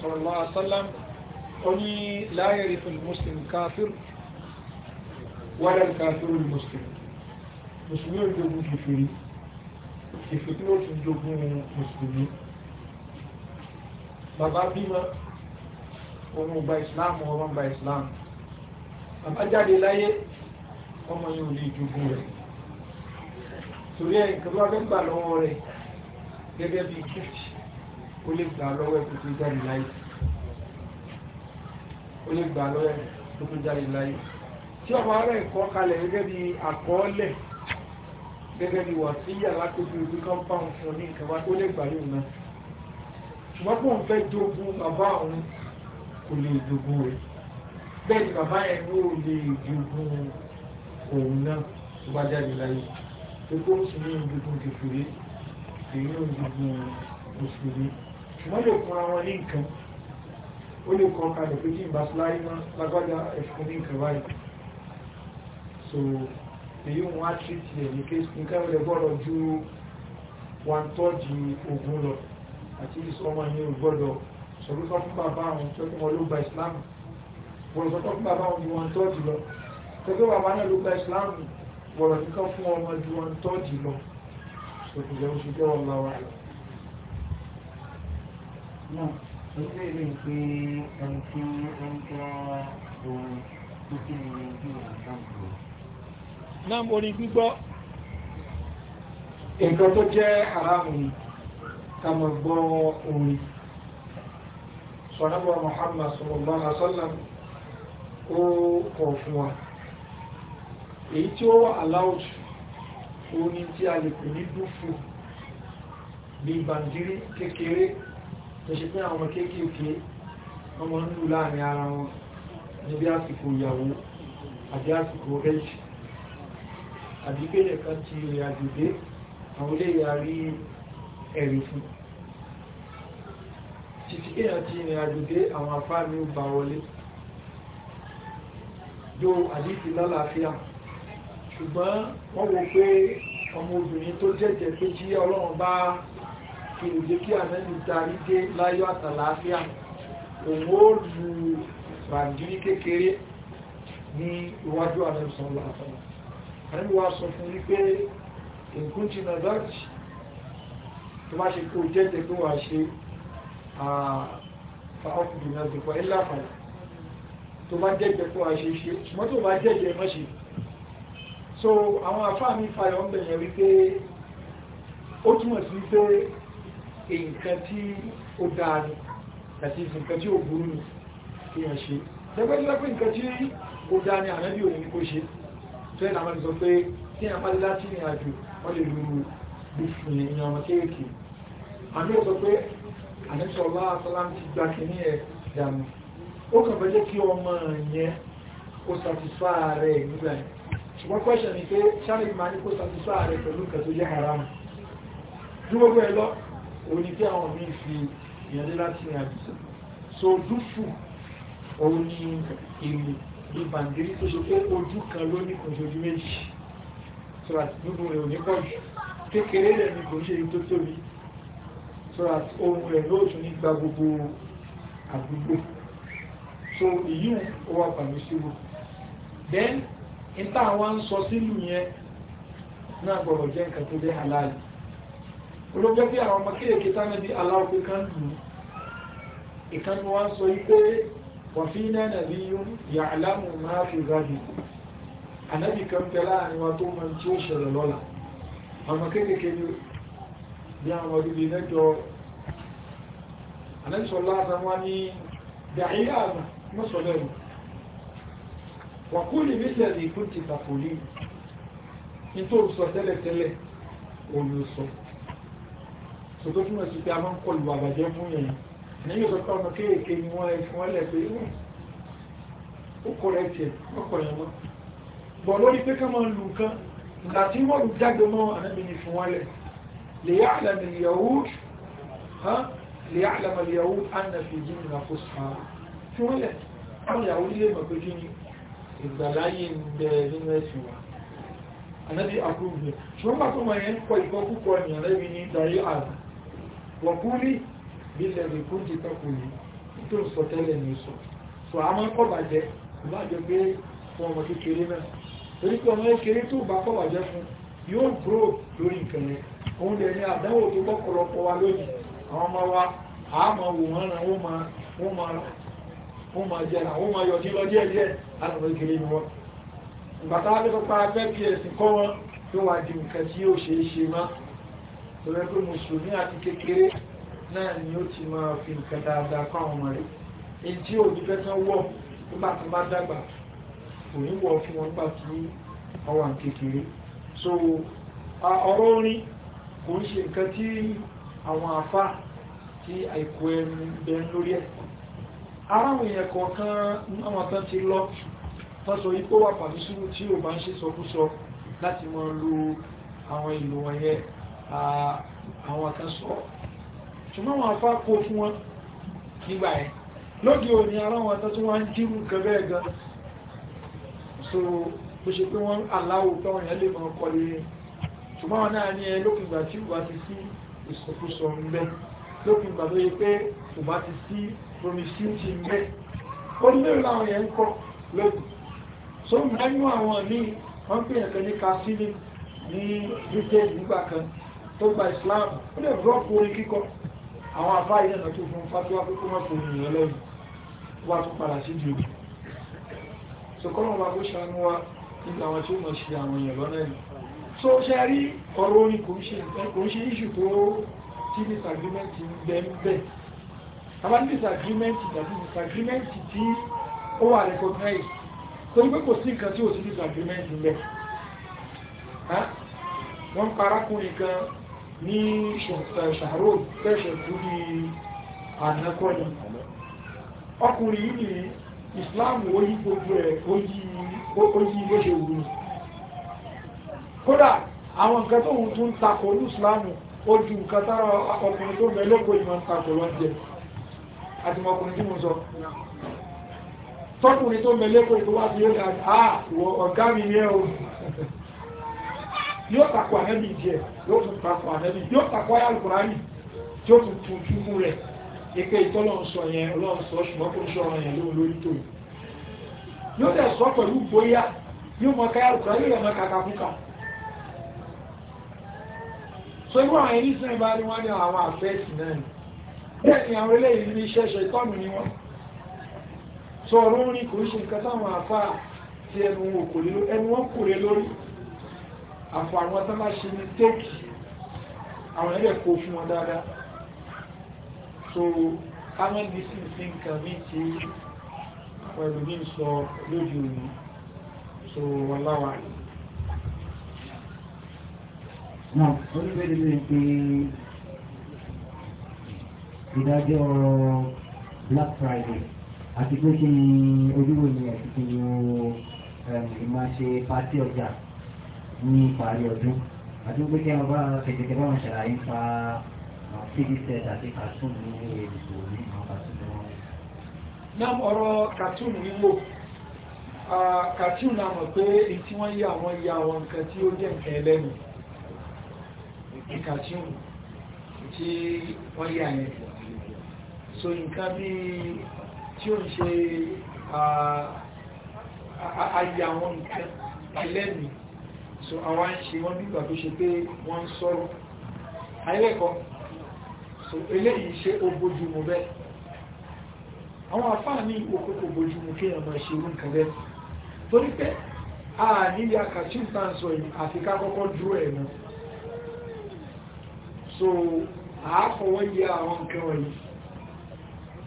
sallallahu alaihi wasallam oni la yarifu muslim kafir wala al-kafiru al-muslim musulmi yóò jogun kìfìrí kìfìrí yóò tún jogun musulmi bàbá bímọ òun ò gba ìsìláàmù ọmọ ń gba ìsìláàmù bàbá jáde láyé ọmọ yìí ò lè jogún rẹ̀ torí ẹ̀ nǹkan bá fẹ́ gbà lọ́wọ́ rẹ̀ gẹ́gẹ́ bí gift ó lè gbà lọ́wọ́ ẹ̀ kó tó jáde láyé ó lè gbà lọ́wọ́ ẹ̀ kó tó jáde láyé tí ọmọ ara ẹ̀kọ́ kalẹ̀ gẹ́gẹ́ bí àkọọ́lẹ̀ gẹ́gẹ́ bí wà sí ojú kan fún ọ ní nǹkan tó lè gbà yóò náà ṣùgbọ́n kò ń fẹ́ jogún bàbá òun kò lè jogún rẹ̀ bẹ́ẹ̀ ni bàbá yẹn ló lè jogún òun náà tó bá jáde láyé pé kó ń sinmi jogún kékeré èyí ò jogún mùsùlùmí wọ́n lè kún àwọn ní nǹkan ó lè kọ́ kalẹ̀ pé kí n bá síláyé lágbádá ẹ̀fún ní nǹkan báyìí so èyí wọn á tí tiẹ̀ ní kéésì ní káwọn lè gbọ́dọ̀ ju one third ogun lọ àti ìsọmọ yẹn gbọ́dọ̀ sọ̀rọ̀ sọ fún bàbá àwọn tó ní wọn ló gba islam bọ̀rọ̀ sọ fún bàbá àwọn ju wọn tọ́jú lọ tẹ́gbẹ́ bàbá náà ló gba islam bọ̀rọ̀ nìkan fún ọmọ ju wọn tọ́jú lọ sọ̀rọ̀ oṣù jẹ́ wọn lọ́wọ́ rẹ̀. náà ó sì rí i pé ẹni tí ó ń jẹ́ ohun tó kí ni ojú ìrìnàjò náà orin gbígbọ́ nǹkan tó jẹ́ haramu ni ká mọ̀ gbọ́ orin sọ̀nàbọ̀ Muhammad sallallahu alaihi wasallam ó kọ̀ fún wa èyí tí ó wà allowed ó ní tí a lè pè ní dúfù bí bàndírí kékeré tó ṣe pé àwọn kéékèèké ọmọ ń lù láàrin ara wọn níbi àsìkò ìyàwó àti àsìkò rẹ́jì àdígbélẹ̀ kan ti rẹ̀ àdìdé àwọn olè yà rí ẹ̀rì fún un títí kéèyàn ti ìrìn àjò dé àwọn afáàmì ó bá wọlé yóò àdífi lálàáfíà ṣùgbọ́n wọ́n wo pé ọmọbìnrin tó jẹ́jẹ́ pé jí ọlọ́run bá kèrèjé kí àmẹ́lì darí dé láyọ̀ àtàlàáfíà òun ó lu ràǹdírí kékeré ní iwájú àmẹ́sàn láàfọ́nà àríwá sọ fún wípé nǹkan jìnnà dájì tó bá ṣe kó jẹ́jẹ́ pé wà ṣe fàákù jùlọ dìpọ̀ ilá fàlà tó bá jẹ́jẹ́ fún àṣeṣe ṣùgbọ́n tó bá jẹ́jẹ́ mọ́ṣe so àwọn afáà mi fayọ̀ ń bẹ̀yẹ̀ wípé ó túmọ̀ sí pé nǹkan tí ó dáa ni àti nǹkan tí ó burú ni kí wọ́n ṣe tẹ́gbẹ́ tí wọ́n pé nǹkan tí ó dáa ni ànábì òun kó ṣe tó ẹ̀ làwọn sọ pé tí a máa láti ìrìn àjò wọ́n lè lu bùfù ìyàn ọmọ kéèkì àmì ò sọ pé àníṣọ́lá asálám ti gba kìíní ẹ̀ dànù ó kàn fẹ́ jẹ́ kí ọmọ yẹn kó satisfá rẹ̀ nígbà yẹn ṣùgbọ́n question ni pé ṣáàlì máa ní kó satisfá rẹ̀ pẹ̀lú nǹkan tó jẹ́ haram ju gbogbo ẹ̀ lọ òun ni kí àwọn míì fi ìyànjú láti rìn àjò so dúfù òun ni ìlú ní bàǹdírí tó ṣe pé ojú kan ló ní kò ṣojú méjì so àti gbogbo rẹ̀ ò pọ̀ jù kékeré rẹ̀ ni kò ṣe èyí tóbi so that ohun rẹ̀ ló tún ní gba gbogbo àdúgbò so ìyún ó wà pàmì síbò then níta àwọn ń sọ sílù yẹn náà gbọ́dọ̀ jẹ́ nǹkan tó dé halal olóògbé bí àwọn ọmọ kéèké tánà bí aláwọ̀ pé kan lù ìkànnì wa ń sọ yí wàfíìnà nàbí yún ya'lamu máa fi rábì ànábì kan bẹ láàrin wa tó mọ tí ó ṣẹlẹ̀ lọ́la ọmọ kéèké bí àwọn ọdún bíi mẹ́jọ àlẹ́sọ̀lá àtàwọn ní dàíyà àmà mọ́sọ̀lẹ́rù wàkúlì mílẹ̀ lè kún ti tàfòlì ní tó sọ tẹ́lẹ̀tẹ́lẹ̀ olùsọ so tó túnmọ̀ sí pé a máa ń kọlù àbàjẹ́ fún yẹn ní yóò sọpá ọmọ kéèké ni wọ́n ẹ̀fún pé ó kọ̀ rẹ̀ tiẹ̀ ọkọ̀ yẹn bọ̀ lórí pé ká máa lù nǹkan nígbà tí wọ́n lù jáde mọ́ ànábìnrin fún wọn lẹ̀ lè yá àlàmì ìyàwó ليعلم اليهود أن فيهن فسحة tí wọ́n lẹ̀ àwọn ìyàwó ilé mọ̀ pé kí ni ìgbàláyé ń bẹ nínú ẹ̀sùn wa anábí àkúrúgbẹ̀ ṣùgbọ́n bá tó mọ̀ yẹn ń kọ ìgbọ́ púpọ̀ ní àrẹ́bí ní darí àrùn wọ̀n kú rí bílẹ̀ rẹ̀ kó ti tọ́kù yìí tó ń sọ tẹ́lẹ̀ ní sọ sọ a máa ń kọ́ bàjẹ́ lájọ pé fún ọmọ kékeré náà torí pé ọmọ kékeré tó bá kọ́ bàjẹ́ fún yóò dúró lórí nǹkan yẹn òun dẹ̀ ní àdánwò tó bọ́ pọ̀lọpọ̀ wa lónìí àwọn ọmọ wa àmọ́ wò wọ́n ràn wọ́n ụmụ jẹ́ra wọ́n máa yọjí lọ díẹ̀ díẹ̀ alàmọ́ ìkèrè ni wọ́n fẹ́ kọ́ wọn tó wà di nǹkan tí ó ṣe é ṣe má tó rẹ́ pé mùsùlùmí àti kékeré náà ni ó ti máa fi nǹkan dáadáa kọ́ àwọn ọmọ rẹ̀ èyí tí òbí fẹ́ tán wọn so ọ̀rọ̀ orin kò ń ṣe àwọn àfá tí àìkò ẹnu bẹ lórí ẹ̀ aráwọ̀ èèyàn kọ̀ọ̀kan náwọn tán ti lọ tán sọ ipò wà pàmísírù tí ò bá ń ṣe sọkúsọ láti mọ́ lo àwọn ìlò wọ̀nyẹ àwọn kan sọ ṣùgbọ́n àwọn àfá kó fún wọn nígbà ẹ̀ lóde òní aráwọ̀ tán tí wọ́n ń dírù kẹ́bẹ́ gan so bó ṣe pé wọ́n aláwò táwọn èèyàn lè mọ́ kọ́lé ṣùgbọ́n wọn náà ní ẹ lókùngbà tí wà ti sí ìsọkúsọ ń bẹ lópin ìgbà tó yẹ pé kò bá ti sí promiscuity ń bẹ ó lè láwọn yẹn ń kọ lóògùn so mẹ́nu àwọn míì wọ́n pè ẹ̀kẹ́ ní kasili ní uk nígbà kan tó gba Islam ó lè rọ́pò orin kíkọ àwọn afá ilẹ̀ náà tó fún fatuwa pé kó má fò ènìyàn lẹ́yìn wá tó padà sí di òkú so kọ́lọ̀ wọn bá kó ṣàánú wa nígbà àwọn tí ó mọ̀ ṣe àwọn èèyàn lọ́nà yìí so ṣe rí ọ̀rọ̀ orin kò ń ṣe iṣu tó tí disagreement ń bẹ ń bẹ àbá ní disagreement tàbí disagreement tí ó wà recognize torí pé kò sí nǹkan tí ò sí disagreement ń bẹ wọ́n ń parákùnrin kan ní ṣàró tẹ́ṣẹ̀ tó ní ànákọ́ni ọkùnrin yìí ní Islam ó yí gbogbo ẹ̀ ó yí ló ṣe wù kódà àwọn nǹkan tó ń tún takò ní ìsìláàmù ó ju nǹkan tára ọkùnrin tó bẹ lóko ìmọ̀ ń takò lọ jẹ àti ọkùnrin tí mo sọ tọkùnrin tó bẹ lóko ìtò wá sí yóò dá a wọ ọ̀gá mi yẹ o yóò takò ànẹ́bì jẹ yóò tún takò ànẹ́bì yóò takò ayé alukùránì tí ó tún tún tún fún rẹ̀ ipe ìtọ́lọ́run yẹn ọlọ́run ṣùgbọ́n kò ń sọ ọ̀rọ̀ yẹn lóhun lórí tó yóò dẹ̀ sọ pẹ̀lú bóyá yóò mọ káyà alukùránì yóò mọ kàkà fúnkà so irú àwọn ẹni sìn bá rí wọ́n ní àwọn àfẹ́sì náà ni bẹ́ẹ̀ ni àwọn eléyìí ní ṣẹ́ṣẹ́ ìtọ́nù ni wọ́n so ọ̀rọ̀ orin kò ṣe nǹkan táwọn afá ti ẹnu wọn kò lè ẹnu wọn kò lè lórí àfọ àwọn tó bá ṣe ní téèkì àwọn ẹlẹ́ kó fún wọn dáadáa so káwọn bí sì sí nǹkan mí ti pẹ̀lú ní sọ lójú òní so wọ́n láwàá yìí náà oníbèrè lè pe ìdájọ́ black friday àti pé kí ni ojúwò ni ẹ̀sìn kí ni o máa ṣe pàtí ọjà ní ìparí ọdún àti pé kí ẹ bá kẹ̀kẹ́ bá wọn ṣàlàyé pa tv set àti cartoon ní èdè òní àwọn cartoon ní wọn. náà ọ̀rọ̀ cartoon wíwò ah, cartoon náà mọ̀ pé èyí tí wọ́n yí àwọn ya àwọn nǹkan tí ó jẹ́ nǹkan ẹlẹ́nu ìka tí ó tí wọ́n yà yẹn so nǹkan bí tí ó ń ṣe ayé àwọn nǹkan ẹlẹ́mì so àwọn ń ṣe wọ́n nígbà tó ṣe pé wọ́n ń sọ̀rọ̀ ayẹ́lẹ́kọ́ so eléyìí ṣe ó bójú mu bẹ́ẹ̀ àwọn afáà ní ìkókó kò kí èèyàn máa ṣe irú nǹkan bẹ́ẹ̀ torí pé a nílé akàtúntà ń sọ yìí àfi kọ́kọ́ dúró ẹ̀ náà so àáfọwọ́ yẹ àwọn nǹkan wọ̀nyí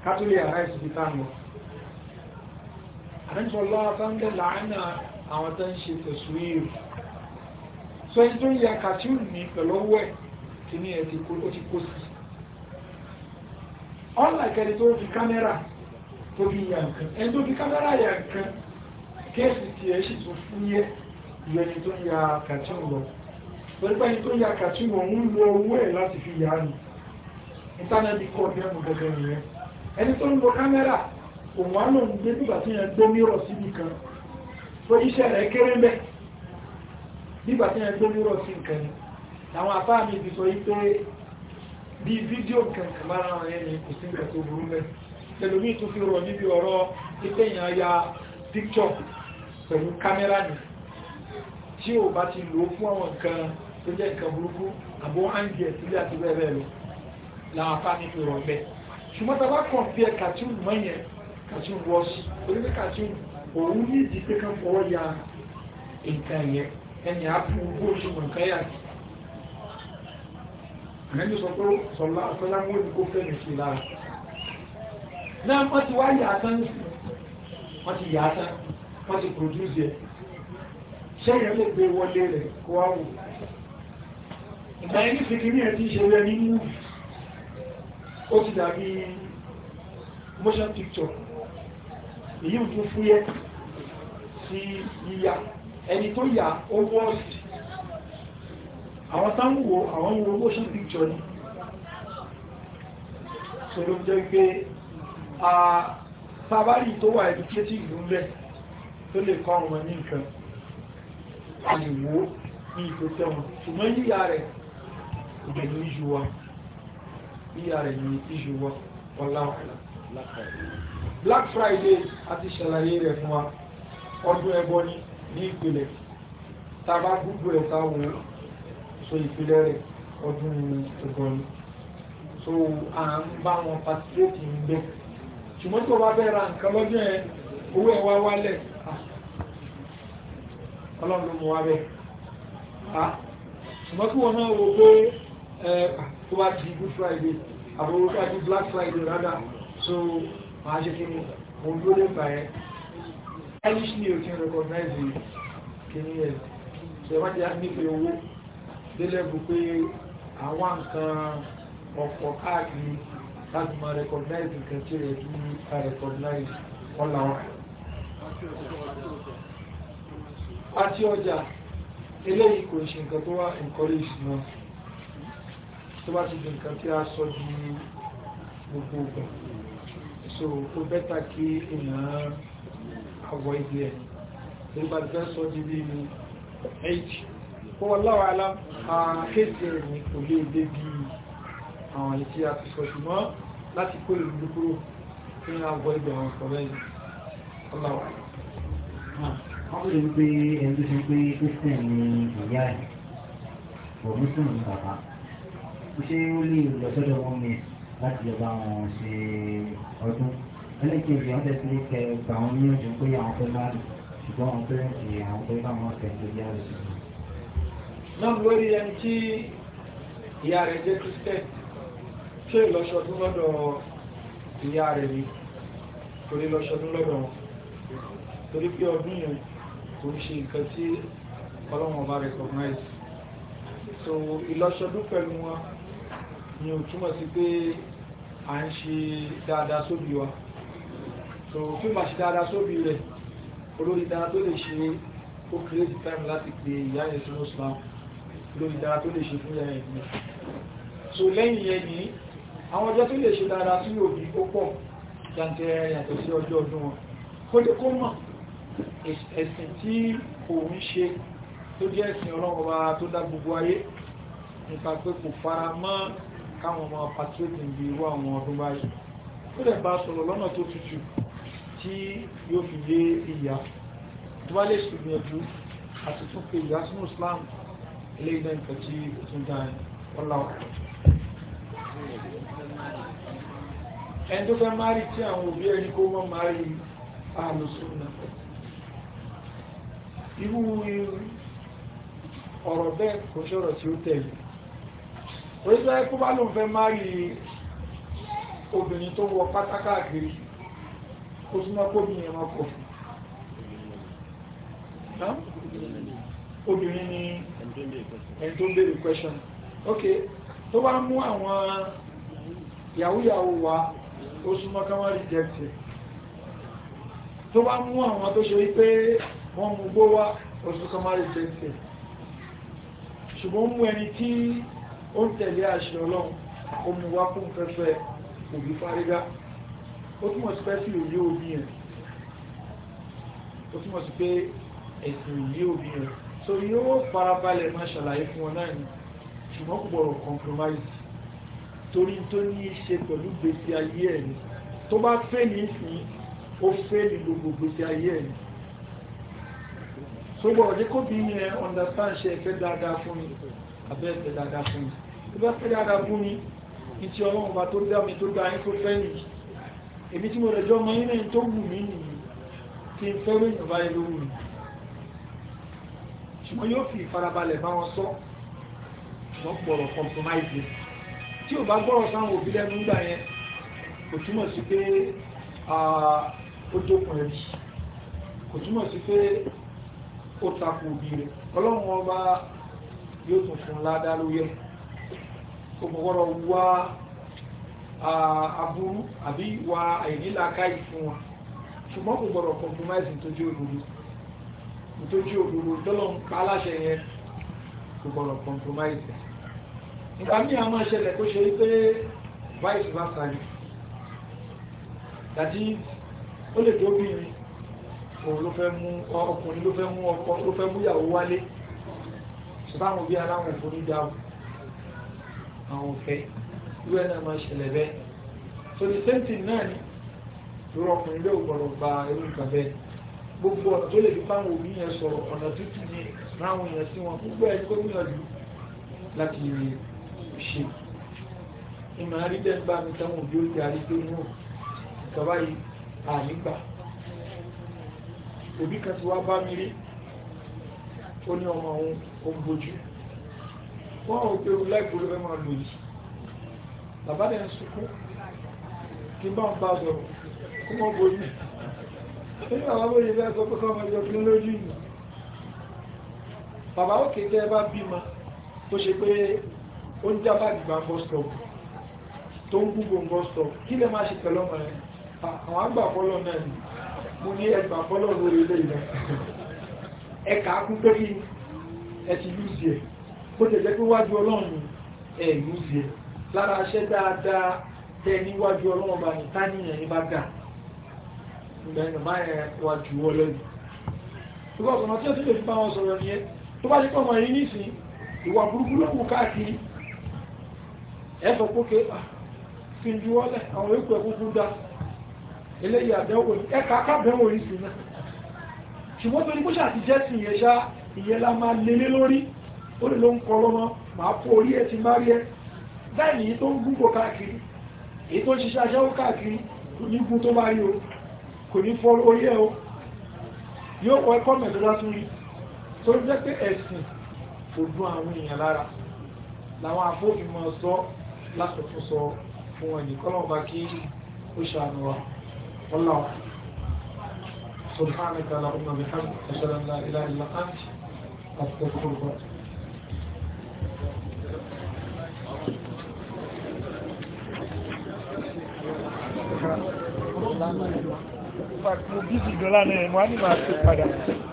kátólì àrá ìsìnkítà wọn àríṣọ́lá sáńdẹ̀ láàánà àwọn tó ń ṣe tẹ̀sùwìrì so ẹni tó ń ya kàtíù ní pẹ̀lọ́wọ́ ẹ̀ kí ní ẹ̀ ti kó sí ọ́nlàkẹ́ni tó fi kámẹ́rà tó fi yà nǹkan ẹni tó fi kámẹ́rà yà nǹkan kéèsì tí ẹ̀ sì tún fúyẹ́ ìyẹni tó ń ya kàtíù lọ́wọ́ torípé ẹni tó yà kàtí wọn ń lo owó ẹ̀ láti fi yà á nù ìtànẹ́ẹ̀tì kọ́ ní ẹ̀mú gẹ́gẹ́ nìyẹn ẹni tó ń lo kámẹ́rà òun á lòun gbé nígbà tí yẹn gbó mírọ̀ síbi kan tó iṣẹ́ rẹ̀ kéré mẹ́ nígbà tí yẹn gbó mírọ̀ sí nǹkan ni àwọn àbá mi ti sọ wípé bí fídíò nǹkan kan lára yẹn ni kò sí nǹkan tó burú mẹ́ tẹlifíì tó fi rọ̀ níbi ọ̀rọ̀ pípé yẹn ya píkṣọ̀ pẹ̀lú kámẹ́rà ni tí ò bá ti lò fún àwọn nǹkan tó jẹ́ nǹkan burúkú àbó áńgì ẹ̀ sílé àti bẹ́ẹ̀ bẹ́ẹ̀ lọ làwọn afá ní ìrọ̀ bẹ́ẹ̀ ṣùgbọ́n tá a bá kàn fi ẹ cartoon mọ́ yẹn cartoon wọ́ọ̀sì torí pé cartoon òun ní ìdí pé ká fọwọ́ ya nǹkan yẹn ẹni àpò owó oṣù nǹkan yà sí àmẹ́jọ sọ pé sọlá àtọ́lá mú ìdíkó fẹ́mi sí lára náà wọ́n ti wá yà tán wọ́n ti yà tán wọ́n ti produce yẹ ṣé yẹn lè gbé wọlé rẹ̀ kó wá wò ìgbà ẹni fìkìrí ẹ̀ tí ṣe rẹ ní múùfì ó ti dàbí motion picture èyí ò tún fúyẹ́ sí yíya ẹni tó yà ó wọ́ọ̀sì àwọn táwùwò àwọn wo motion picture ni so ló jẹ́ pé a sábárì tó wà educative ń bẹ́ tó lè kọ́ ọmọ ní nǹkan àìwò ní ìtòtẹ́wọ̀n ṣùgbọ́n yíya rẹ̀ ibẹ̀ ní iṣu wa ìyá rẹ̀ ní iṣu wa ọláwà black friday àti ṣàlàyé rẹ̀ fún wa ọdún ẹbọ ní ìpìlẹ̀ tàbá gbogbo ẹ̀ táwọn so ìpìlẹ̀ rẹ̀ ọdún ẹbọ ní so a ń bá wọn participate ń bẹ ṣùgbọ́n tó bá bẹ́ẹ̀ ra nǹkan lọ́dún ẹ̀ owó ẹ̀ wá wálẹ̀ ọlọ́run ló mú wa bẹ́ẹ̀ ṣùgbọ́n kí wọn náà wo pé tó bá ti good friday àbúrò tó bá ti black friday rádà so máa ṣe kí ni mo ń dúró lẹ́gbàá yẹn irish new kí n recognize kí ni ẹ̀ ṣe wá jẹ́ nífẹ̀ẹ́ owó délẹ̀ bù pé àwọn nǹkan ọ̀pọ̀ káàkiri láti máa recognize nǹkan tí rẹ̀ bí a recognize ọ̀la ọ̀rẹ́ àti ọjà eléyìí kò ṣe nǹkan tó wá encourage náà tó bá ti di nǹkan tí a sọ di gbogbo ọgbà so ó bẹ́ta kí èèyàn àwọ̀ ibi ẹ̀ lórí bá ti fẹ́ sọ di bí i h ó wọ́n láwọ̀ alá kéèsì ẹ̀ ní kò lè dé bí àwọn èyí tí a ti sọ ṣùgbọ́n láti kó ìlú dúkúrò kí ní àwọ̀ ibi àwọn ọ̀pọ̀ lẹ́yìn ọláwọ̀ alá wọ́n lè wípé ẹni tó ṣe pé kristian ṣé ó lè lọ sọ́dọ̀ wọn mi láti lọ bá wọn ṣe ọdún ẹlẹ́kẹ̀ẹ́jì wọn tẹ̀sí ní kẹ gbà wọn níyànjú pé àwọn fẹ́ máa lò ṣùgbọ́n àwọn pẹ́rẹ́ǹtì àwọn fẹ́ bá wọn fẹ́ lórí àrùsùn. náà lórí ẹni tí ìyá rẹ̀ jẹ́ kristẹ́ ṣé ìlọsọdún lọ́dọ̀ ìyá rẹ̀ ni torí lọ́sọdún lọ́dọ̀ wọn torí pé ọdún yẹn kò ń ṣe nǹkan tí ọlọ́wọ́n bá recognize so ìlọsọdún pẹ̀lú wọn ni ò túmọ̀ sí pé à ń ṣe dáadáa sóbi wa so kí o máa ṣe dáadáa sóbi rẹ̀ olórí dára tó lè ṣe ó create time láti pe ìyá yẹn sínú islam olórí dára tó lè ṣe fún ìyá yẹn ni so lẹ́yìn yẹn ni àwọn ọjọ́ tó lè ṣe dáadáa sí òbí ó pọ̀ jàǹtẹ̀rẹ̀ yàtọ̀ sí ọjọ́ ọdún wọn kódé kó mọ̀ ẹ̀sìn tí òun ṣe tó jẹ́ ẹ̀sìn ọlọ́run ọba tó dá gbogbo ayé nípa pé kò fara mọ́ káwọn ọmọ patriotin bí irú àwọn ọdún báyìí ó lè bá sọ̀rọ̀ lọ́nà tó tútù tí yóò fi lé ìyá tó bá lè ṣùgbìyànjú àti tún pé ìyá sínú Islam ilé iná nǹkan tí ó tún dáa ọláwà ẹni tó fẹ́ márì tí àwọn òbí ẹni kó mọ́ márì àlùsùnà irú ọ̀rọ̀ bẹ́ẹ̀ kò ṣọ̀rọ̀ tí ó tẹ̀lé torí tó ẹkú bá lóun fẹ́ má rí obìnrin tó wọ pátákàkiri kó súnmọ́ kóbìnrin wọn kọ̀ obìnrin ni ẹni tó ń béèrè question ok tó bá mú àwọn yàwóyàwó wa ó súnmọ́ ká wọ́n reject it tó bá mú àwọn tó ṣe wípé wọ́n mú gbó ó súnmọ́ ká reject ṣùgbọ́n mú ẹni tí ó ń tẹ̀lé àṣẹ ọlọ́run ó mú wá fún fẹ́fẹ́ òbí fárígá ó túnmọ̀ sí pé sí òye òbí yẹn ó túnmọ̀ sí pé ẹ̀sìn òye òbí yẹn so yóò farabalẹ̀ máa ṣàlàyé fún wọn náà ṣùgbọ́n kò gbọ́dọ̀ compromise torí tó ní í ṣe pẹ̀lú gbèsè ayé ẹ̀ ni tó bá fẹ́ ní ìsìn ó fẹ́ ní gbogbo gbèsè ayé ẹ̀ ni so gbọ́dọ̀ jẹ́ kó bí yẹn understand ṣe ẹ̀fẹ́ dáadáa fún mi abẹ́ẹ̀fẹ́ dáadáa fún mi tó bá fẹ́ dáadáa fún mi ní ti ọlọ́run bá tó dá mi tó dá yín tó fẹ́ nìyí èmi tí mo rẹ̀ jọ ọmọ yín náà tó wù mí nìyí tí n fẹ́ràn èèyàn bá yẹ ló wù mí ṣùgbọ́n yóò fi ìfarabalẹ̀ bá wọn sọ wọ́n gbọ́rọ̀ compromise tí ò bá gbọ́rọ̀ sáwọn òbí lẹ́nu nígbà yẹn kò túmọ̀ sí pé ó dókun ẹ̀rí kò túmọ̀ sí pé ó takò òbí rẹ̀ ọlọ́run ọba yóò tún fún ládá lórí ẹ̀ kò gbọ́dọ̀ wá aburú àbí wá àìnílàákàyè fún wọn ṣùgbọ́n kò gbọ́dọ̀ compromise nítorí òdodo nítorí òdodo tọ́lọ̀ ń pa aláṣẹ yẹn kò gbọ́dọ̀ compromise nígbà míì a máa ṣẹlẹ̀ kó ṣe pé vice versa ni dàtí ó lè tó bí mi òun ló fẹ́ mú ọkùnrin ló fẹ́ mú ọkọ ló fẹ́ mú ìyàwó wálé ṣùgbọ́n bí aláwọn òfin nígbà àwọn òfẹ́ ìwé náà máa ṣẹlẹ̀ bẹ́ẹ̀ so the same thing náà ni lórí ọkùnrin lé ògbọ̀rọ̀ gba irú nǹkan bẹ́ẹ̀ gbogbo ọ̀nà tó lè fi fáwọn òbí yẹn sọ̀rọ̀ ọ̀nà tútù ni ráwọn èèyàn sí wọn gbogbo ẹ̀ kó gbìyànjú láti ṣe ìmọ̀ àrídẹ́ ń bá mi táwọn òbí ó ti àrídé inú ìkàwá yìí àyígbà òbí kan ti wá bá mi rí ó ní ọmọ òun ó ń bójú wọ́n ò pé o láìpẹ́ olófẹ́ máa lò yìí bàbá rẹ̀ ń sunkún kí bá ń bá sọ̀rọ̀ kó mọ́ bójú nínú àwọn bójú bẹ́ẹ̀ sọ pé kọ́ ọmọ ìjọba lójú yìí bàbá ó kéde ẹ bá bímọ tó ṣe pé ó ń jábá dìgbà bọ́stọ̀ọ̀ tó ń gúgbò ń bọ́stọ̀ọ̀ kí lè máa ṣe pẹ̀lú ọmọ rẹ̀ àwọn àgbà ẹ ti lùzì ẹ̀ bó tẹ̀ jẹ́ pé wájú ọlọ́run ẹ̀ lùzì ẹ̀ lára aṣẹ́ dáadáa tẹ́ níwájú ọlọ́run bá ní táníyàn ní bá dà ìgbẹ̀yìn máa ẹ̀ wá jù wọ́ lẹ́nu ṣùgbọ́n ọ̀nà tí ó ti lè fi bá wọn sọ̀rọ̀ nìyẹn tó bá ṣe pọ̀ mọ̀ yìí nísìn ìwà burúkú ló kù káàkiri ẹ̀fọ́ pókè ah, fi ìyẹn la máa lélé lórí ó lè ló ń kọ lọ́mọ màá kó orí ẹ̀ ti máa rí ẹ bẹ́ẹ̀ ni èyí tó ń gúgbò káàkiri èyí tó ń ṣiṣẹ́ aṣẹ́wó káàkiri kò ní gún tó bá rí o kò ní fọ́ orí ẹ o yóò kọ ẹkọ́ mẹ́tọ́ látún rí tó ń jẹ́ pé ẹ̀sìn kò dùn àwọn èèyàn lára làwọn afọ́fin máa sọ lásọ̀tún sọ fún wọn yìí kọ́lọ̀ سبحانك اللهم بحمدك اشهد ان لا اله الا انت أستغفرك Mo bí ìgbọ́lá náà, mo á padà.